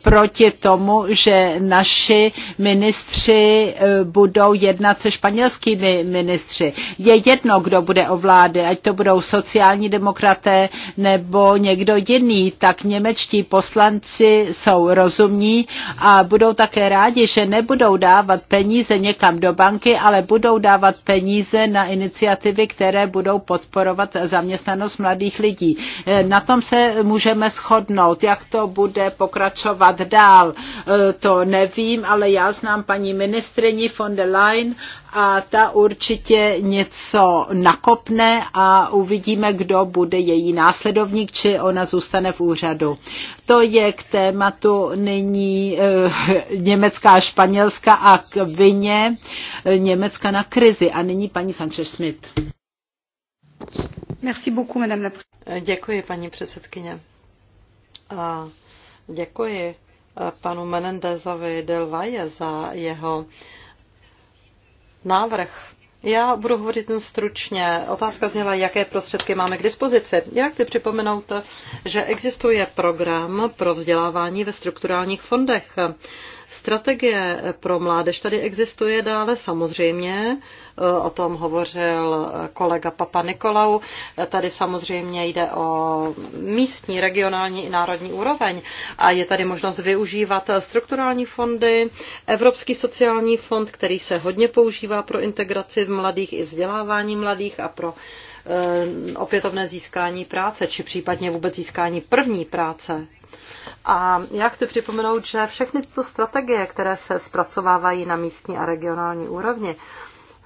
proti tomu, že naši ministři eh, budou jednat se španělskými ministři. Je jedno, kdo bude ovládat, ať to budou sociální demokraté nebo někdo jiný, tak němečtí poslanci jsou rozumní a budou také rádi, že nebudou dávat peníze někam do banky, ale budou dávat peníze na iniciativy, které budou podporovat zaměstnanost mladých lidí. Eh, na tom se můžeme shodnout, jak to bude pokračovat pokračovat dál. E, to nevím, ale já znám paní ministrini von der Leyen a ta určitě něco nakopne a uvidíme, kdo bude její následovník, či ona zůstane v úřadu. To je k tématu nyní e, Německá a a k vině e, Německa na krizi. A nyní paní Sanchez-Smith. Merci beaucoup, madame la Děkuji, paní předsedkyně. A Děkuji eh, panu Menendezovi del Valle za jeho návrh. Já budu hovořit jen stručně. Otázka zněla, jaké prostředky máme k dispozici. Já chci připomenout, že existuje program pro vzdělávání ve strukturálních fondech. Strategie pro mládež tady existuje dále samozřejmě o tom hovořil kolega Papa Nikolau. Tady samozřejmě jde o místní, regionální i národní úroveň a je tady možnost využívat strukturální fondy, Evropský sociální fond, který se hodně používá pro integraci mladých i vzdělávání mladých a pro eh, opětovné získání práce, či případně vůbec získání první práce. A já chci připomenout, že všechny tyto strategie, které se zpracovávají na místní a regionální úrovni,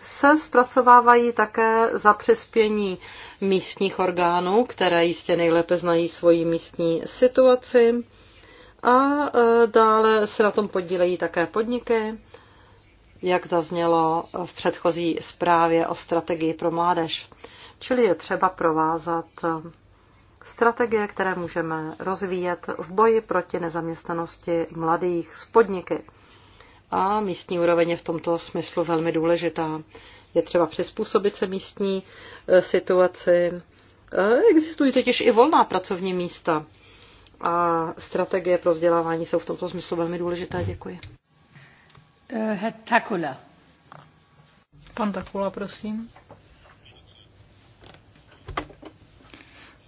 se zpracovávají také za přispění místních orgánů, které jistě nejlépe znají svoji místní situaci. A e, dále se na tom podílejí také podniky, jak zaznělo v předchozí zprávě o strategii pro mládež. Čili je třeba provázat strategie, které můžeme rozvíjet v boji proti nezaměstnanosti mladých s podniky a místní úroveň je v tomto smyslu velmi důležitá. Je třeba přizpůsobit se místní eh, situaci. Eh, existují totiž i volná pracovní místa a strategie pro vzdělávání jsou v tomto smyslu velmi důležité. Děkuji. Eh, Takula. Pan Takula, prosím.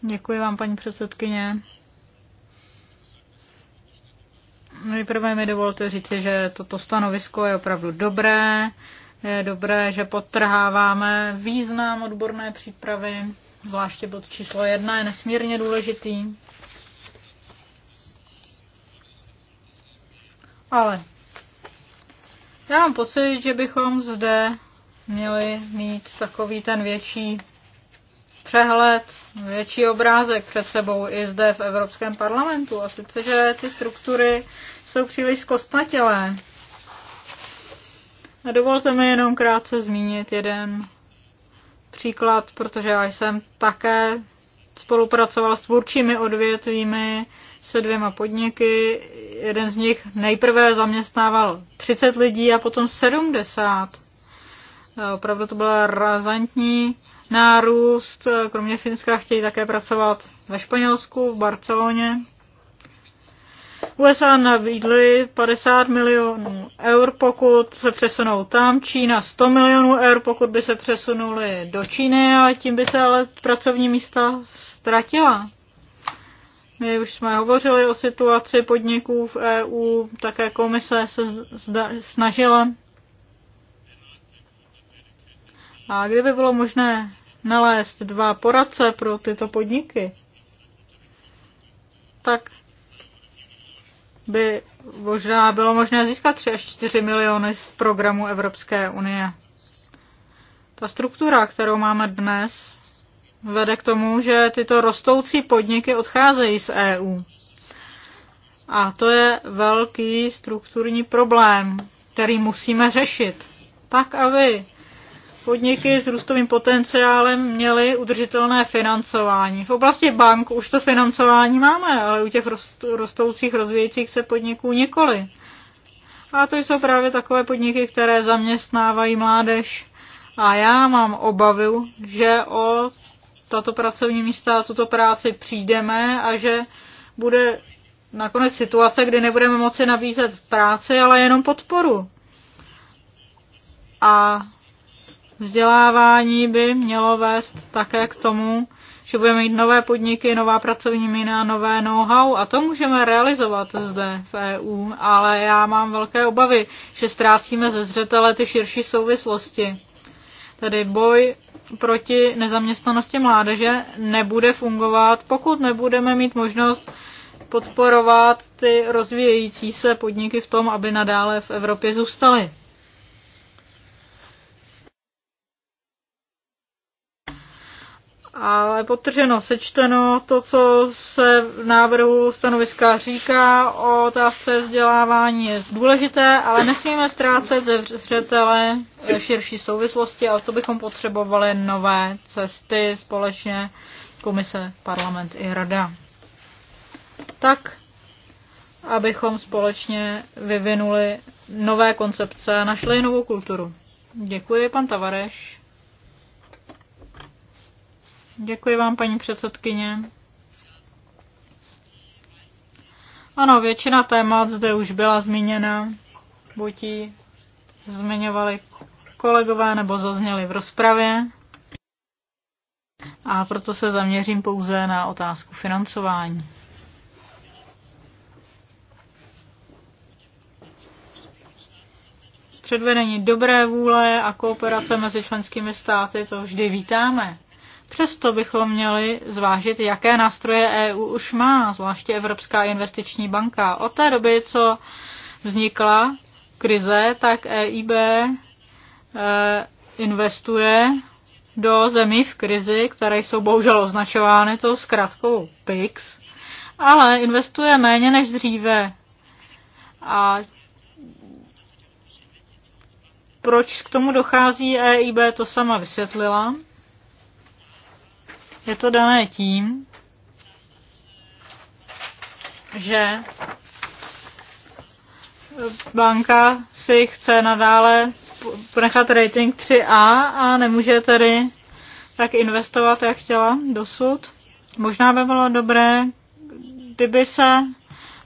Děkuji vám, paní předsedkyně. Nejprve mi dovolte říci, že toto stanovisko je opravdu dobré. Je dobré, že podtrháváme význam odborné přípravy, zvláště bod číslo jedna je nesmírně důležitý. Ale já mám pocit, že bychom zde měli mít takový ten větší přehled, větší obrázek před sebou i zde v Evropském parlamentu. A sice, že ty struktury jsou příliš zkostnatělé. A dovolte mi jenom krátce zmínit jeden příklad, protože já jsem také spolupracoval s tvůrčími odvětvími se dvěma podniky. Jeden z nich nejprve zaměstnával 30 lidí a potom 70. Opravdu to byla razantní nárůst. Kromě Finska chtějí také pracovat ve Španělsku, v Barceloně. USA nabídly 50 milionů eur, pokud se přesunou tam, Čína 100 milionů eur, pokud by se přesunuli do Číny, a tím by se ale pracovní místa ztratila. My už jsme hovořili o situaci podniků v EU, také komise se snažila a kdyby bylo možné nalézt dva poradce pro tyto podniky, tak by možná bylo možné získat 3 až 4 miliony z programu Evropské unie. Ta struktura, kterou máme dnes, vede k tomu, že tyto rostoucí podniky odcházejí z EU. A to je velký strukturní problém, který musíme řešit, tak aby podniky s růstovým potenciálem měly udržitelné financování. V oblasti bank už to financování máme, ale u těch rostoucích, rozvíjejících se podniků nikoli. A to jsou právě takové podniky, které zaměstnávají mládež. A já mám obavy, že o tato pracovní místa a tuto práci přijdeme a že bude nakonec situace, kdy nebudeme moci nabízet práci, ale jenom podporu. A Vzdělávání by mělo vést také k tomu, že budeme mít nové podniky, nová pracovní mína, nové know-how a to můžeme realizovat zde v EU, ale já mám velké obavy, že ztrácíme ze zřetele ty širší souvislosti. Tedy boj proti nezaměstnanosti mládeže nebude fungovat, pokud nebudeme mít možnost podporovat ty rozvíjející se podniky v tom, aby nadále v Evropě zůstaly. ale potrženo, sečteno to, co se v návrhu stanoviska říká o otázce vzdělávání, je důležité, ale nesmíme ztrácet ze zřetele širší souvislosti a to bychom potřebovali nové cesty společně komise, parlament i rada. Tak, abychom společně vyvinuli nové koncepce a našli novou kulturu. Děkuji, pan Tavareš. Děkuji vám, paní předsedkyně. Ano, většina témat zde už byla zmíněna, buď ji zmiňovali kolegové nebo zazněli v rozpravě. A proto se zaměřím pouze na otázku financování. Předvedení dobré vůle a kooperace mezi členskými státy to vždy vítáme. Přesto bychom měli zvážit, jaké nástroje EU už má, zvláště Evropská investiční banka. Od té doby, co vznikla krize, tak EIB eh, investuje do zemí v krizi, které jsou bohužel označovány tou zkratkou PIX, ale investuje méně než dříve. A proč k tomu dochází EIB, to sama vysvětlila. Je to dané tím, že banka si chce nadále ponechat rating 3A a nemůže tedy tak investovat, jak chtěla dosud. Možná by bylo dobré, kdyby se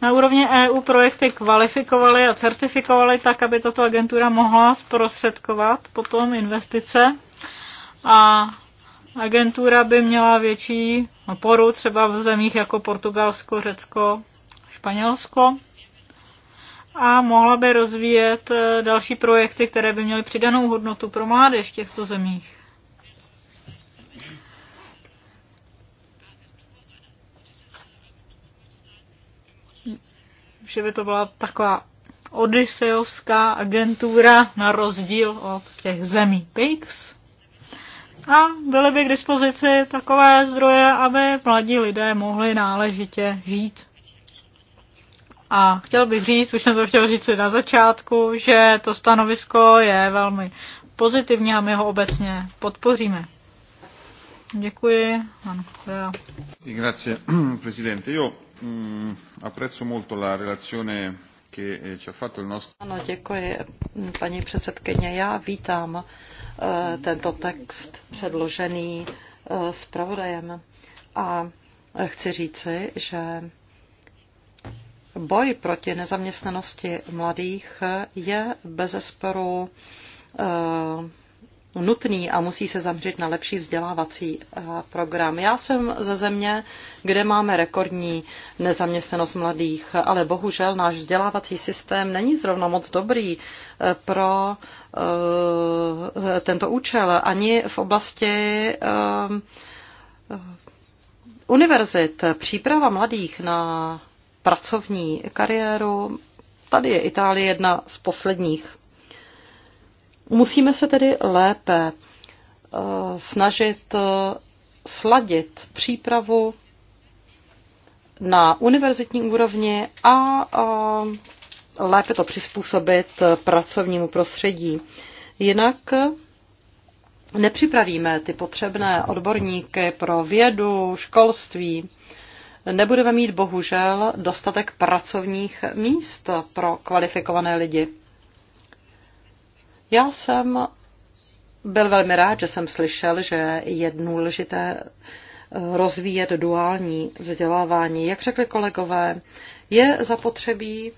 na úrovni EU projekty kvalifikovaly a certifikovaly tak, aby tato agentura mohla zprostředkovat potom investice a agentura by měla větší oporu třeba v zemích jako Portugalsko, Řecko, Španělsko a mohla by rozvíjet eh, další projekty, které by měly přidanou hodnotu pro mládež v těchto zemích. Že by to byla taková Odysseovská agentura na rozdíl od těch zemí pigs a byly by k dispozici takové zdroje, aby mladí lidé mohli náležitě žít. A chtěl bych říct, už jsem to chtěl říct na začátku, že to stanovisko je velmi pozitivní a my ho obecně podpoříme. Děkuji. Ano, Grazie, Presidente. Io mm, apprezzo molto la relazione Eh, ano, děkuji, paní předsedkyně. Já vítám eh, tento text předložený eh, zpravodajem a chci říci, že boj proti nezaměstnanosti mladých je bezesporu nutný a musí se zaměřit na lepší vzdělávací eh, program. Já jsem ze země, kde máme rekordní nezaměstnanost mladých, ale bohužel náš vzdělávací systém není zrovna moc dobrý eh, pro eh, tento účel ani v oblasti univerzit. Příprava mladých na pracovní kariéru, tady je Itálie jedna z posledních Musíme se tedy lépe eh, snažit eh, sladit přípravu na univerzitní úrovni a eh, lépe to přizpůsobit pracovnímu prostředí. Jinak nepřipravíme ty potřebné odborníky pro vědu, školství. Nebudeme mít bohužel dostatek pracovních míst pro kvalifikované lidi. Já jsem byl velmi rád, že jsem slyšel, že je důležité eh, rozvíjet duální vzdělávání. Jak řekli kolegové, je zapotřebí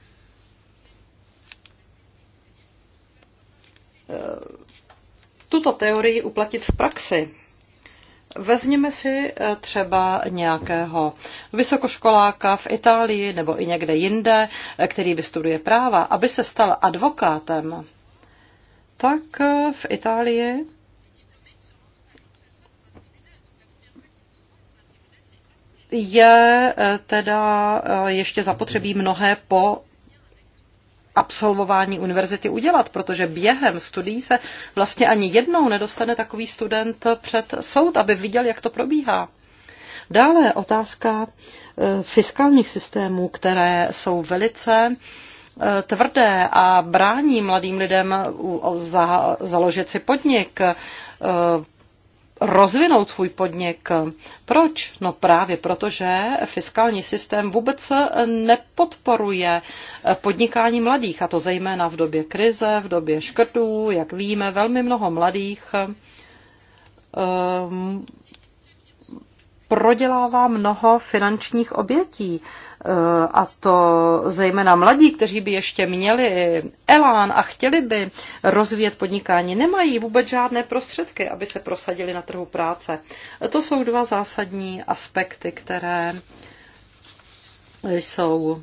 eh, tuto teorii uplatit v praxi. Vezměme si eh, třeba nějakého vysokoškoláka v Itálii nebo i někde jinde, který vystuduje práva, aby se stal advokátem tak v Itálii je eh, teda eh, ještě zapotřebí mnohé po absolvování univerzity udělat, protože během studií se vlastně ani jednou nedostane takový student před soud, aby viděl, jak to probíhá. Dále otázka eh, fiskálních systémů, které jsou velice Eh, tvrdé a brání mladým lidem založit si podnik, eh, rozvinout svůj podnik. Proč? No právě proto, že fiskální systém vůbec nepodporuje podnikání mladých, a to zejména v době krize, v době škrtů, jak víme, velmi mnoho mladých eh, prodělává mnoho finančních obětí. Eh, a to zejména mladí, kteří by ještě měli elán a chtěli by rozvíjet podnikání, nemají vůbec žádné prostředky, aby se prosadili na trhu práce. To jsou dva zásadní aspekty, které jsou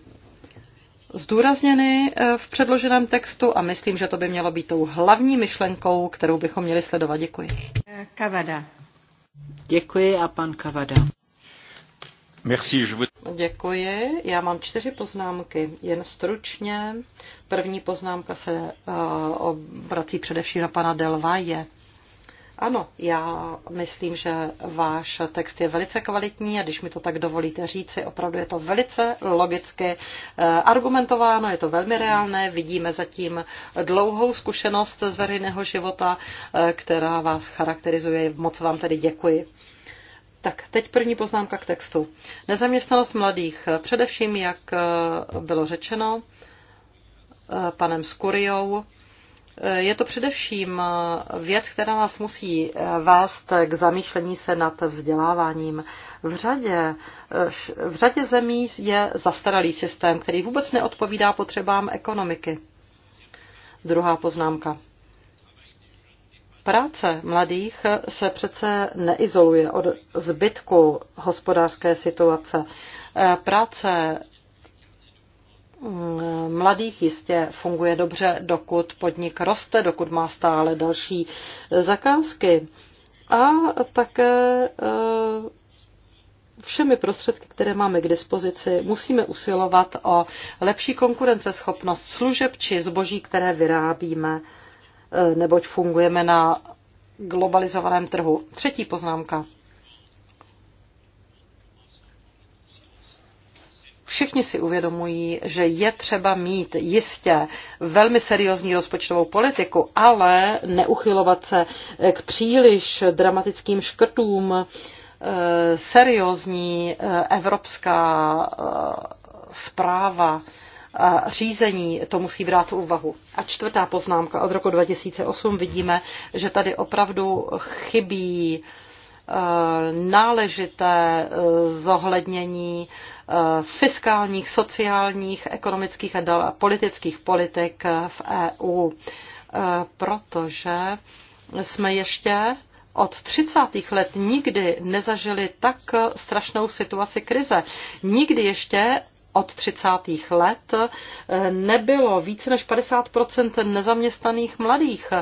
zdůrazněny eh, v předloženém textu a myslím, že to by mělo být tou hlavní myšlenkou, kterou bychom měli sledovat. Děkuji. Kavada. Děkuji a pan Kavada. Merci, Děkuji. Já mám čtyři poznámky, jen stručně. První poznámka se uh, obrací především na pana Delvaje. Ano, já myslím, že váš text je velice kvalitní a když mi to tak dovolíte říci, opravdu je to velice logicky eh, argumentováno, je to velmi reálné, vidíme zatím dlouhou zkušenost z veřejného života, eh, která vás charakterizuje. Moc vám tedy děkuji. Tak, teď první poznámka k textu. Nezaměstnanost mladých, především, jak eh, bylo řečeno panem Skuriou, je to především eh, věc, která nás musí eh, vést k zamýšlení se nad vzděláváním. V řadě, eh, v řadě zemí je zastaralý systém, který vůbec neodpovídá potřebám ekonomiky. Druhá poznámka. Práce mladých se přece neizoluje od zbytku hospodářské situace. Práce Mm, mladých jistě funguje dobře, dokud podnik roste, dokud má stále další eh, zakázky. A také eh, všemi prostředky, které máme k dispozici, musíme usilovat o lepší konkurenceschopnost služeb či zboží, které vyrábíme, eh, neboť fungujeme na globalizovaném trhu. Třetí poznámka. Všichni si uvědomují, že je třeba mít jistě velmi seriózní rozpočtovou politiku, ale neuchylovat se eh, k příliš dramatickým škrtům. Eh, seriózní eh, evropská zpráva a řízení to musí brát v úvahu. A čtvrtá poznámka od roku 2008 vidíme, že tady opravdu chybí náležité zohlednění Eh, fiskálních, sociálních, ekonomických a politických politik eh, v EU, eh, protože jsme ještě od 30. let nikdy nezažili tak strašnou situaci krize. Nikdy ještě od 30. let nebylo více než 50 nezaměstnaných mladých.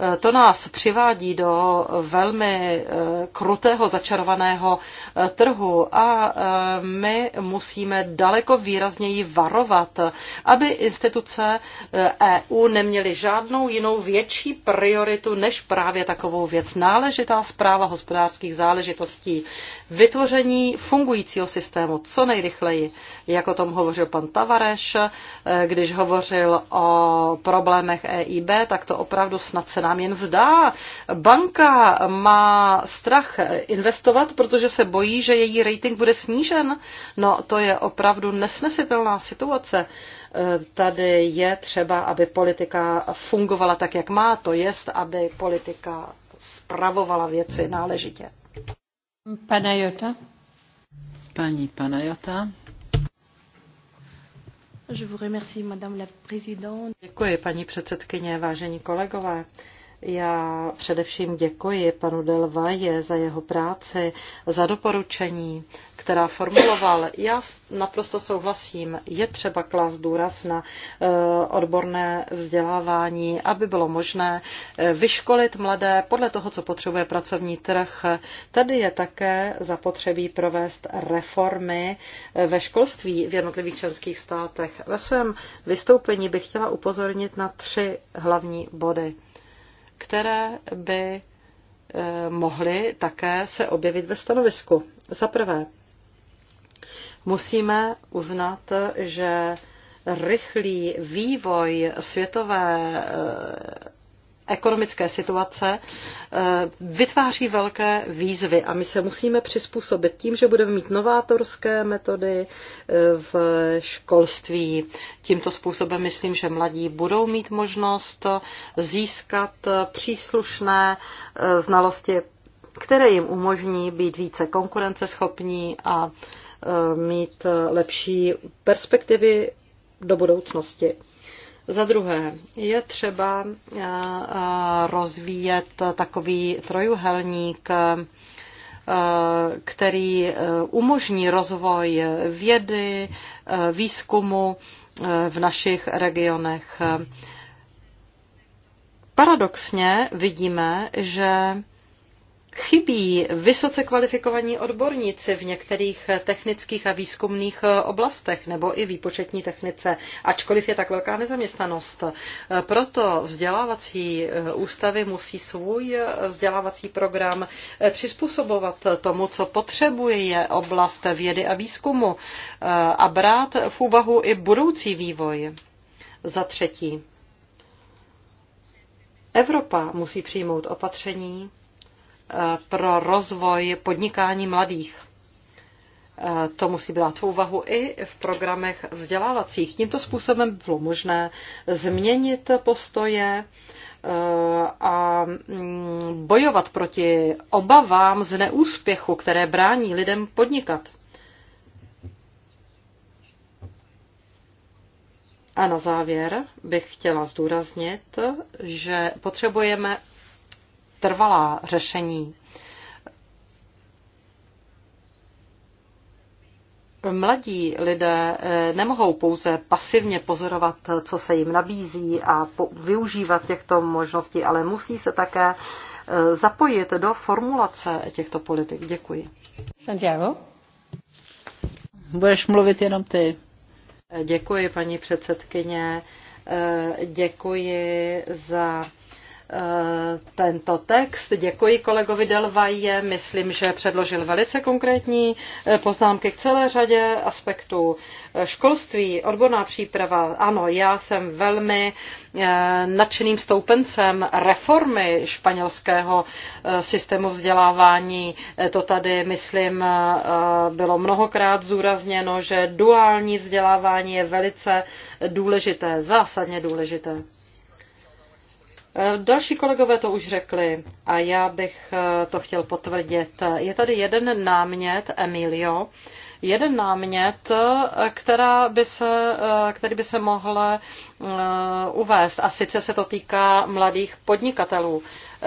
Eh, to nás přivádí do velmi eh, krutého začarovaného eh, trhu a my musíme daleko výrazněji varovat, aby instituce EU e neměly žádnou jinou větší prioritu než právě takovou věc. Náležitá zpráva hospodářských záležitostí, vytvoření fungujícího systému co nejrychleji, jak o tom hovořil pan Tavareš, když hovořil o problémech EIB, tak to opravdu snad se nám jen zdá. Banka má strach investovat, protože se bojí, že její rating bude snížen. No to je opravdu nesnesitelná situace. E, tady je třeba, aby politika fungovala tak, jak má, to jest, aby politika spravovala věci náležitě. Pana Jota. Paní Jota. Je vous remercie, madame la présidente. Děkuji, paní předsedkyně, vážení kolegové. Já především děkuji panu Delvaje za jeho práci, za doporučení, která formuloval. Já naprosto souhlasím, je třeba klást důraz na eh, odborné vzdělávání, aby bylo možné eh, vyškolit mladé podle toho, co potřebuje pracovní trh. Tady je také zapotřebí provést reformy eh, ve školství v jednotlivých členských státech. Ve svém vystoupení bych chtěla upozornit na tři hlavní body které by eh, mohly také se objevit ve stanovisku. Za prvé, musíme uznat, že rychlý vývoj světové eh, ekonomické situace eh, vytváří velké výzvy a my se musíme přizpůsobit tím, že budeme mít novátorské metody eh, v školství. Tímto způsobem myslím, že mladí budou mít možnost získat příslušné eh, znalosti, které jim umožní být více konkurenceschopní a mít lepší perspektivy do budoucnosti. Za druhé, je třeba eh, eh, rozvíjet takový trojuhelník, eh, který umožní rozvoj vědy, výzkumu v našich regionech. Paradoxně vidíme, že Chybí vysoce kvalifikovaní odborníci v některých technických a výzkumných oblastech nebo i výpočetní technice, ačkoliv je tak velká nezaměstnanost. Proto vzdělávací eh, ústavy musí svůj eh, vzdělávací program eh, přizpůsobovat tomu, co potřebuje je oblast vědy a výzkumu a brát v úvahu i budoucí vývoj. Za třetí. Evropa musí přijmout opatření, Eh, pro rozvoj podnikání mladých. Eh, to musí brát v úvahu i v programech vzdělávacích. Tímto způsobem bylo možné změnit postoje eh, a mm, bojovat proti obavám z neúspěchu, které brání lidem podnikat. A na závěr bych chtěla zdůraznit, že potřebujeme trvalá řešení. Mladí lidé eh, nemohou pouze pasivně pozorovat, co se jim nabízí a využívat těchto možností, ale musí se také eh, zapojit do formulace těchto politik. Děkuji. Santiago? Budeš mluvit jenom ty. Eh, děkuji, paní předsedkyně. Děkuji za Eh, tento text. Děkuji kolegovi Delvaje, myslím, že předložil velice konkrétní eh, poznámky k celé řadě aspektů. Eh, školství, odborná příprava, ano, já jsem velmi nadšeným stoupencem reformy španělského systému vzdělávání. To tady, myslím, bylo mnohokrát zúrazněno, že duální vzdělávání je velice důležité, zásadně důležité. Eh, další kolegové to už řekli a já bych eh, to chtěl potvrdit. Je tady jeden námět, Emilio, jeden námět, eh, která by se, který by se mohl uvést. A sice se to týká mladých podnikatelů.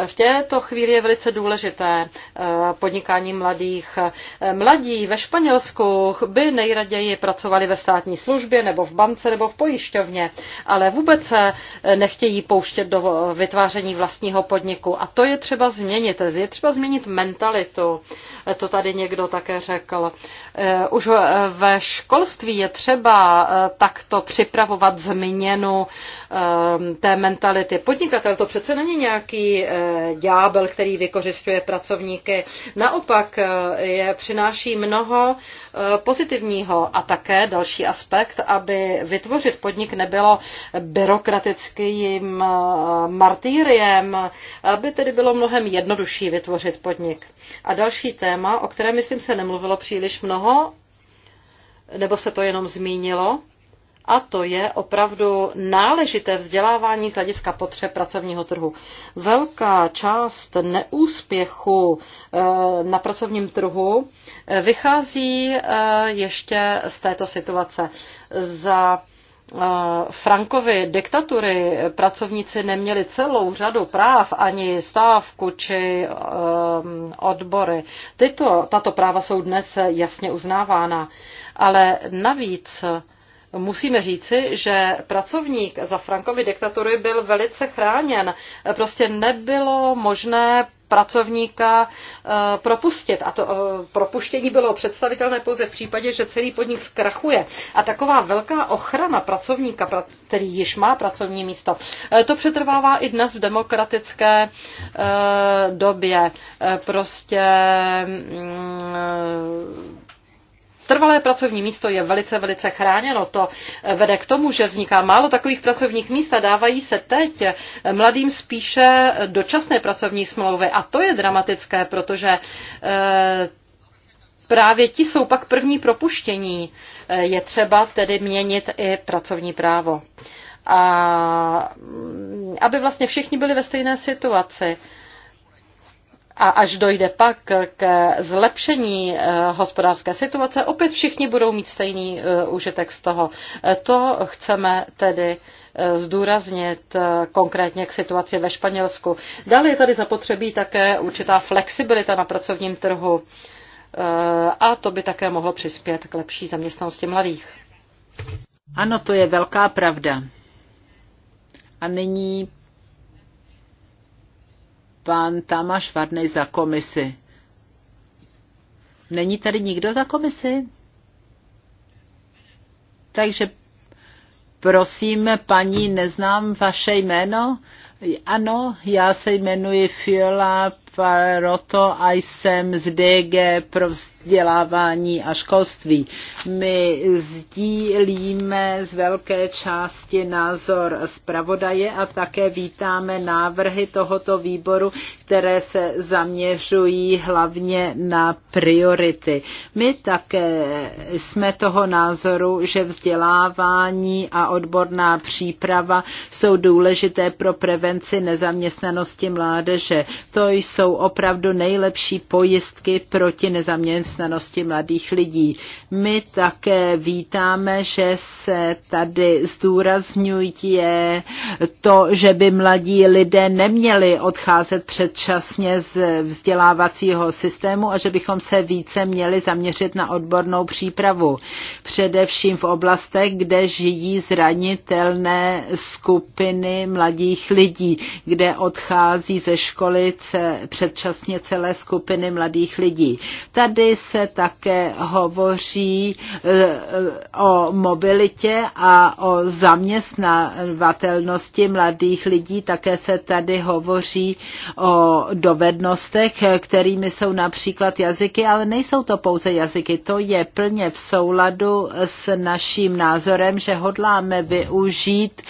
V této chvíli je velice důležité eh, podnikání mladých. Eh, mladí ve Španělsku by nejraději pracovali ve státní službě nebo v bance nebo v pojišťovně, ale vůbec se eh, nechtějí pouštět do vytváření vlastního podniku. A to je třeba změnit. Je třeba změnit mentalitu. To tady někdo také řekl. Už ve školství je třeba takto připravovat změnu té mentality. Podnikatel to přece není nějaký ďábel, který vykořišťuje pracovníky. Naopak eh, je přináší mnoho eh, pozitivního a také další aspekt, aby vytvořit podnik nebylo byrokratickým eh, martýriem, aby tedy bylo mnohem jednodušší vytvořit podnik. A další téma, o kterém myslím se nemluvilo příliš mnoho, nebo se to jenom zmínilo, a to je opravdu náležité vzdělávání z hlediska potřeb pracovního trhu. Velká část neúspěchu eh, na pracovním trhu eh, vychází eh, ještě z této situace. Za Frankovy diktatury pracovníci neměli celou řadu práv, ani stávku či um, odbory. Tyto, tato práva jsou dnes jasně uznávána, ale navíc uh, Musíme říci, že pracovník za Frankovy diktatury byl velice chráněn. Prostě nebylo možné pracovníka eh, propustit. A to eh, propuštění bylo představitelné pouze v případě, že celý podnik zkrachuje. A taková velká ochrana pracovníka, který již má pracovní místo, eh, to přetrvává i dnes v demokratické době. Prostě mm, Trvalé pracovní místo je velice, velice chráněno. To eh, vede k tomu, že vzniká málo takových pracovních míst a dávají se teď eh, mladým spíše eh, dočasné pracovní smlouvy. A to je dramatické, protože právě ti jsou pak první propuštění. Je třeba tedy měnit i pracovní právo. A mm, aby vlastně všichni byli ve stejné situaci a až dojde pak k zlepšení eh, hospodářské situace, opět všichni budou mít stejný eh, užitek z toho. Eh, to chceme tedy zdůraznit konkrétně k situaci ve Španělsku. Dále je tady zapotřebí také určitá flexibilita na pracovním trhu a to by také mohlo přispět k lepší zaměstnanosti mladých. Ano, to je velká pravda. A nyní pan Tamáš Varnej za komisi. Není tady nikdo za komisi? Takže prosím, paní, neznám vaše jméno. Ano, já se jmenuji Fiola Paroto a jsem z DG pro vzdělávání a školství. My sdílíme z velké části názor zpravodaje a také vítáme návrhy tohoto výboru, které se zaměřují hlavně na priority. My také jsme toho názoru, že vzdělávání a odborná příprava jsou důležité pro prevenci nezaměstnanosti mládeže. To jsou opravdu nejlepší pojistky proti nezaměstnanosti zaměstnanosti mladých lidí. My také vítáme, že se tady zdůrazňuje to, že by mladí lidé neměli odcházet předčasně z vzdělávacího systému a že bychom se více měli zaměřit na odbornou přípravu. Především v oblastech, kde žijí zranitelné skupiny mladých lidí, kde odchází ze školy předčasně celé skupiny mladých lidí. Tady se také hovoří e, e, o mobilitě a o zaměstnavatelnosti mladých lidí. Také se tady hovoří o dovednostech, kterými jsou například jazyky, ale nejsou to pouze jazyky. To je plně v souladu s naším názorem, že hodláme využít e,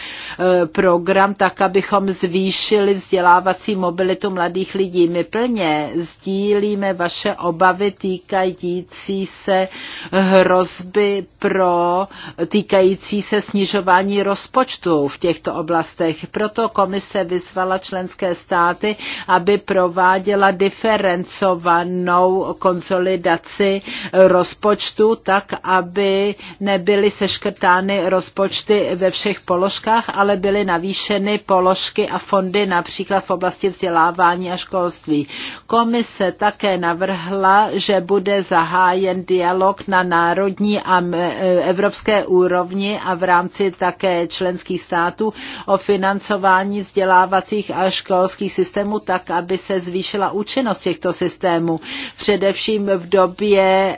program tak, abychom zvýšili vzdělávací mobilitu mladých lidí. My plně sdílíme vaše obavy týkající týkající se hrozby pro týkající se snižování rozpočtu v těchto oblastech. Proto komise vyzvala členské státy, aby prováděla diferencovanou konsolidaci rozpočtu tak, aby nebyly seškrtány rozpočty ve všech položkách, ale byly navýšeny položky a fondy například v oblasti vzdělávání a školství. Komise také navrhla, že bude bude zahájen dialog na národní a e, evropské úrovni a v rámci také členských států o financování vzdělávacích a školských systémů tak, aby se zvýšila účinnost těchto systémů. Především v době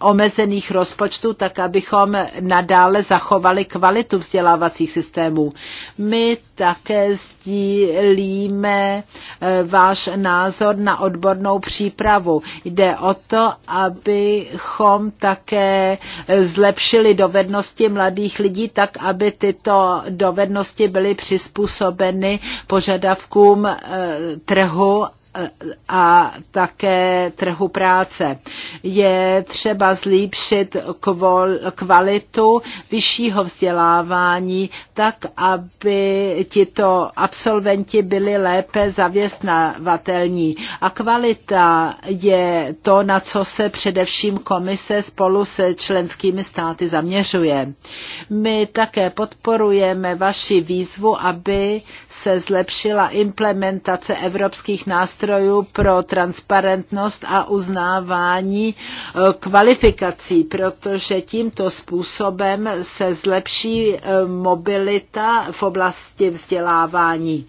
omezených rozpočtů, tak abychom nadále zachovali kvalitu vzdělávacích systémů. My také sdílíme eh, váš názor na odbornou přípravu. Jde o to, abychom také zlepšili dovednosti mladých lidí tak, aby tyto dovednosti byly přizpůsobeny požadavkům eh, trhu a také trhu práce. Je třeba zlepšit kvalitu vyššího vzdělávání tak, aby tito absolventi byli lépe zavěstnavatelní. A kvalita je to, na co se především komise spolu se členskými státy zaměřuje. My také podporujeme vaši výzvu, aby se zlepšila implementace evropských nástrojů nástrojů pro transparentnost a uznávání e, kvalifikací, protože tímto způsobem se zlepší e, mobilita v oblasti vzdělávání.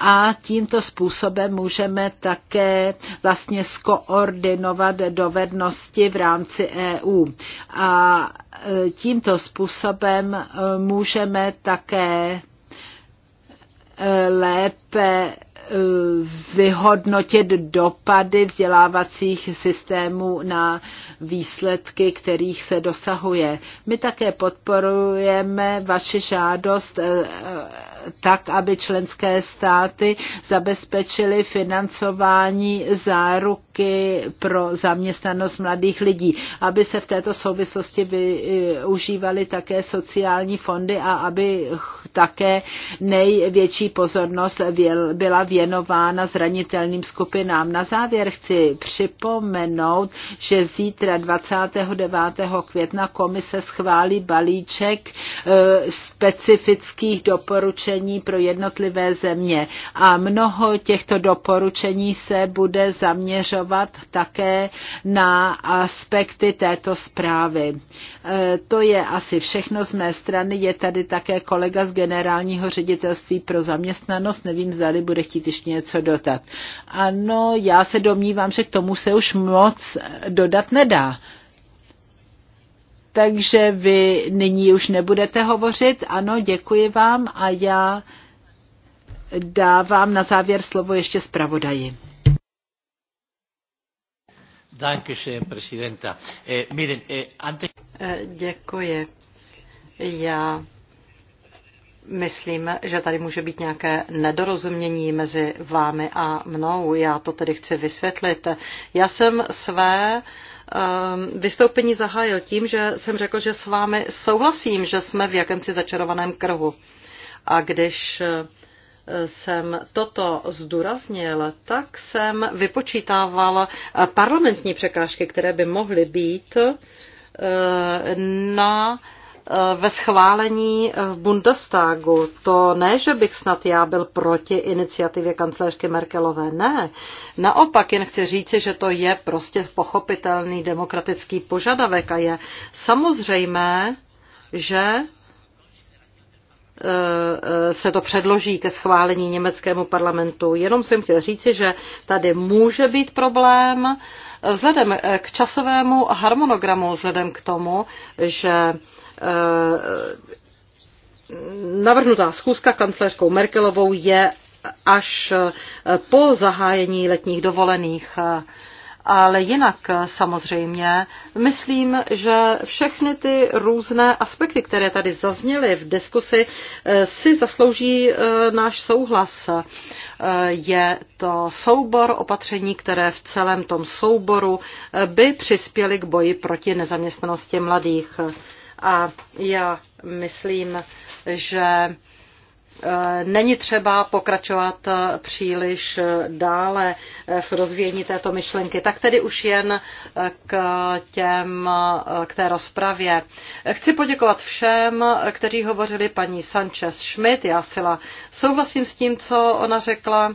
A tímto způsobem můžeme také vlastně skoordinovat dovednosti v rámci EU. A e, tímto způsobem můžeme také lépe vyhodnotit dopady vzdělávacích systémů na výsledky, kterých se dosahuje. My také podporujeme vaši žádost eh, tak, aby členské státy zabezpečily financování záruky pro zaměstnanost mladých lidí, aby se v této souvislosti využívaly také sociální fondy a aby také největší pozornost byla věnována zranitelným skupinám. Na závěr chci připomenout, že zítra 29. května komise schválí balíček eh, specifických doporučení doporučení pro jednotlivé země. A mnoho těchto doporučení se bude zaměřovat také na aspekty této zprávy. E, to je asi všechno z mé strany. Je tady také kolega z generálního ředitelství pro zaměstnanost. Nevím, zdali bude chtít ještě něco dotat. Ano, já se domnívám, že k tomu se už moc dodat nedá. Takže vy nyní už nebudete hovořit. Ano, děkuji vám a já dávám na závěr slovo ještě zpravodaji. Eh, eh, eh, děkuji. Já myslím, že tady může být nějaké nedorozumění mezi vámi a mnou. Já to tedy chci vysvětlit. Já jsem své Ehm, vystoupení zahájil tím, že jsem řekl, že s vámi souhlasím, že jsme v jakémsi začarovaném krhu. A když eh, jsem toto zdůraznil, tak jsem vypočítával eh, parlamentní překážky, které by mohly být eh, na ve schválení v Bundestagu. To ne, že bych snad já byl proti iniciativě kancléřky Merkelové, ne. Naopak jen chci říci, že to je prostě pochopitelný demokratický požadavek a je samozřejmé, že eh, se to předloží ke schválení německému parlamentu. Jenom jsem chtěl říci, že tady může být problém eh, vzhledem eh, k časovému harmonogramu, vzhledem k tomu, že Eh, navrhnutá schůzka kancléřkou Merkelovou je až eh, po zahájení letních dovolených. Eh, ale jinak samozřejmě myslím, že všechny ty různé aspekty, které tady zazněly v diskusi, si zaslouží náš souhlas. Je to soubor opatření, které v celém tom souboru by přispěly k boji proti nezaměstnanosti mladých. A já myslím, že e, není třeba pokračovat e, příliš e, dále v rozvíjení této myšlenky. Tak tedy už jen k, těm, k té rozpravě. Chci poděkovat všem, kteří hovořili paní Sanchez Schmidt. Já zcela souhlasím s tím, co ona řekla.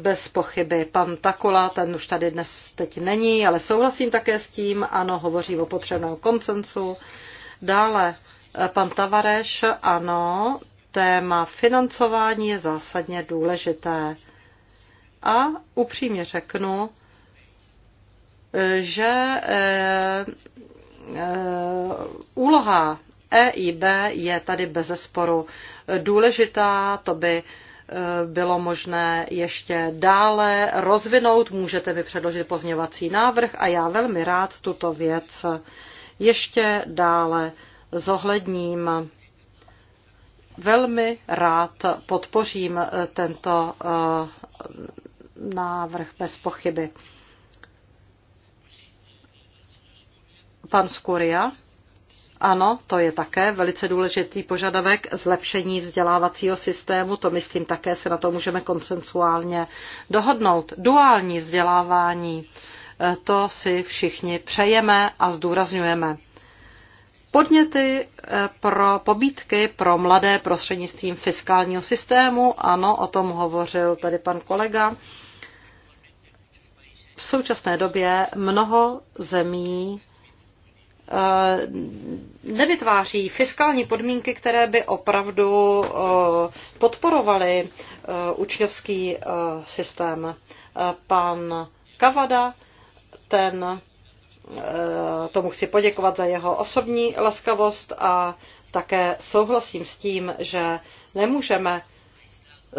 Bez pochyby pan Takula, ten už tady dnes teď není, ale souhlasím také s tím, ano, hovoří o potřebném koncensu Dále eh, pan Tavareš, ano, téma financování je zásadně důležité. A upřímně řeknu, eh, že eh, úloha EIB je tady bez zesporu důležitá, to by bylo možné ještě dále rozvinout. Můžete mi předložit pozměvací návrh a já velmi rád tuto věc ještě dále zohledním. Velmi rád podpořím eh, tento eh, návrh bez pochyby. Pan Skuria. Ano, to je také velice důležitý požadavek zlepšení vzdělávacího systému, to myslím také se na to můžeme konsensuálně dohodnout. Duální vzdělávání to si všichni přejeme a zdůrazňujeme. Podněty eh, pro pobítky pro mladé prostřednictvím fiskálního systému, ano, o tom hovořil tady pan kolega. V současné době mnoho zemí eh, nevytváří fiskální podmínky, které by opravdu eh, podporovaly učňovský systém. Pan Kavada ten, eh, tomu chci poděkovat za jeho osobní laskavost a také souhlasím s tím, že nemůžeme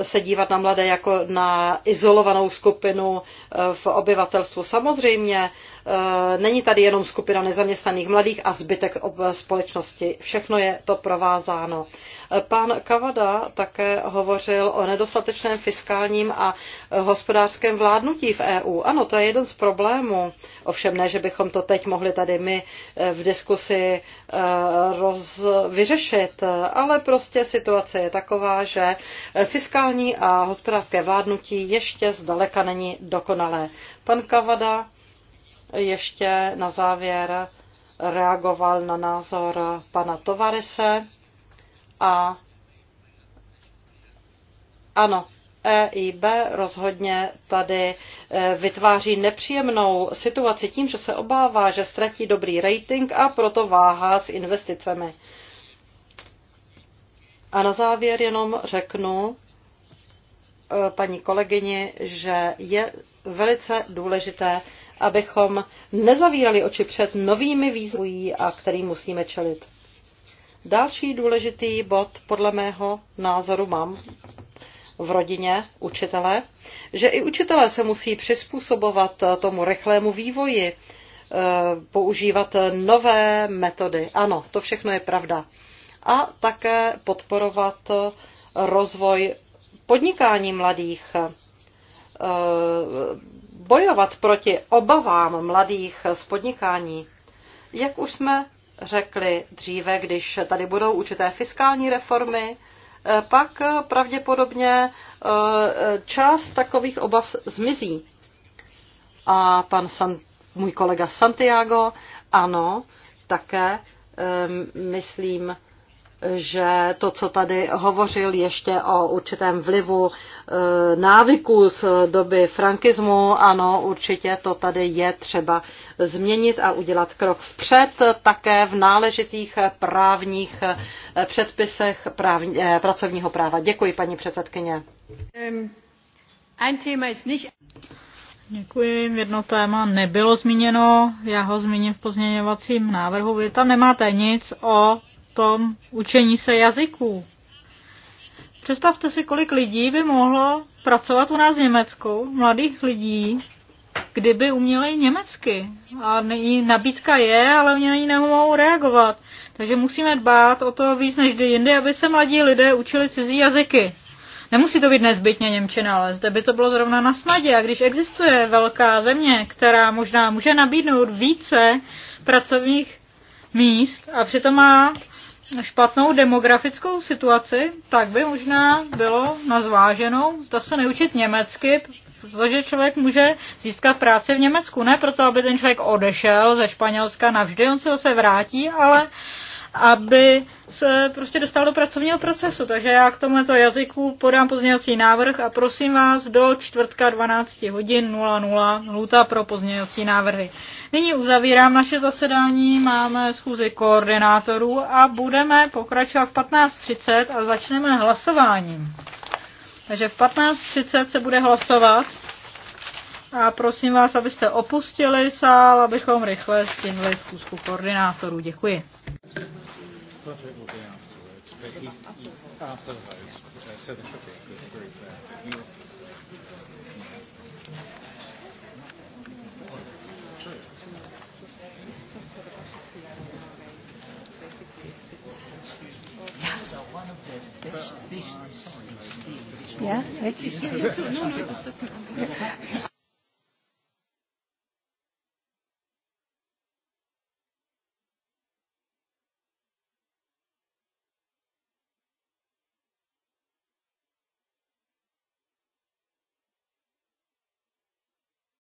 se dívat na mladé jako na izolovanou skupinu eh, v obyvatelstvu. Samozřejmě Eh, není tady jenom skupina nezaměstnaných mladých a zbytek společnosti. Všechno je to provázáno. Eh, pan Kavada také hovořil o nedostatečném fiskálním a eh, hospodářském vládnutí v EU. Ano, to je jeden z problémů. Ovšem ne, že bychom to teď mohli tady my v diskusi roz, vyřešit, ale prostě situace je taková, že fiskální a hospodářské vládnutí ještě zdaleka není dokonalé. Pan Kavada ještě na závěr reagoval na názor pana Tovarise a ano, EIB rozhodně tady e, vytváří nepříjemnou situaci tím, že se obává, že ztratí dobrý rating a proto váhá s investicemi. A na závěr jenom řeknu e, paní kolegyni, že je velice důležité abychom nezavírali oči před novými výzvy, a kterým musíme čelit. Další důležitý bod podle mého názoru mám v rodině učitele, že i učitelé se musí přizpůsobovat tomu rychlému vývoji, eh, používat nové metody. Ano, to všechno je pravda. A také podporovat rozvoj podnikání mladých, eh, bojovat proti obavám mladých z podnikání, jak už jsme řekli dříve, když tady budou určité fiskální reformy, eh, pak pravděpodobně eh, část takových obav zmizí. A pan San, můj kolega Santiago, ano, také eh, myslím, že to, co tady hovořil ještě o určitém vlivu e, návyků z doby frankismu, ano, určitě to tady je třeba změnit a udělat krok vpřed také v náležitých právních e, předpisech práv, e, pracovního práva. Děkuji, paní předsedkyně. Děkuji. Jedno téma nebylo zmíněno, já ho zmíním v pozměňovacím návrhu. Vy tam nemáte nic o tom učení se jazyků. Představte si, kolik lidí by mohlo pracovat u nás v Německu, mladých lidí, kdyby uměli německy. A její nabídka je, ale oni na ní nemohou reagovat. Takže musíme dbát o to víc než jindy, aby se mladí lidé učili cizí jazyky. Nemusí to být nezbytně Němčina, ale zde by to bylo zrovna na snadě. A když existuje velká země, která možná může nabídnout více pracovních míst a přitom má špatnou demografickou situaci, tak by možná bylo na zváženou, zda se neučit německy, protože člověk může získat práci v Německu. Ne proto, aby ten člověk odešel ze Španělska navždy, on se ho se vrátí, ale aby se prostě dostal do pracovního procesu. Takže já k tomuto jazyku podám pozměňovací návrh a prosím vás do čtvrtka 12 hodin 00 lhuta pro pozměňovací návrhy. Nyní uzavírám naše zasedání, máme schůzi koordinátorů a budeme pokračovat v 15.30 a začneme hlasováním. Takže v 15.30 se bude hlasovat. A prosím vás, abyste opustili sál, abychom rychle stihli zkusku koordinátorů. Děkuji. Yeah, no, no, it's, it's, it's, it's, it's, it's, it's,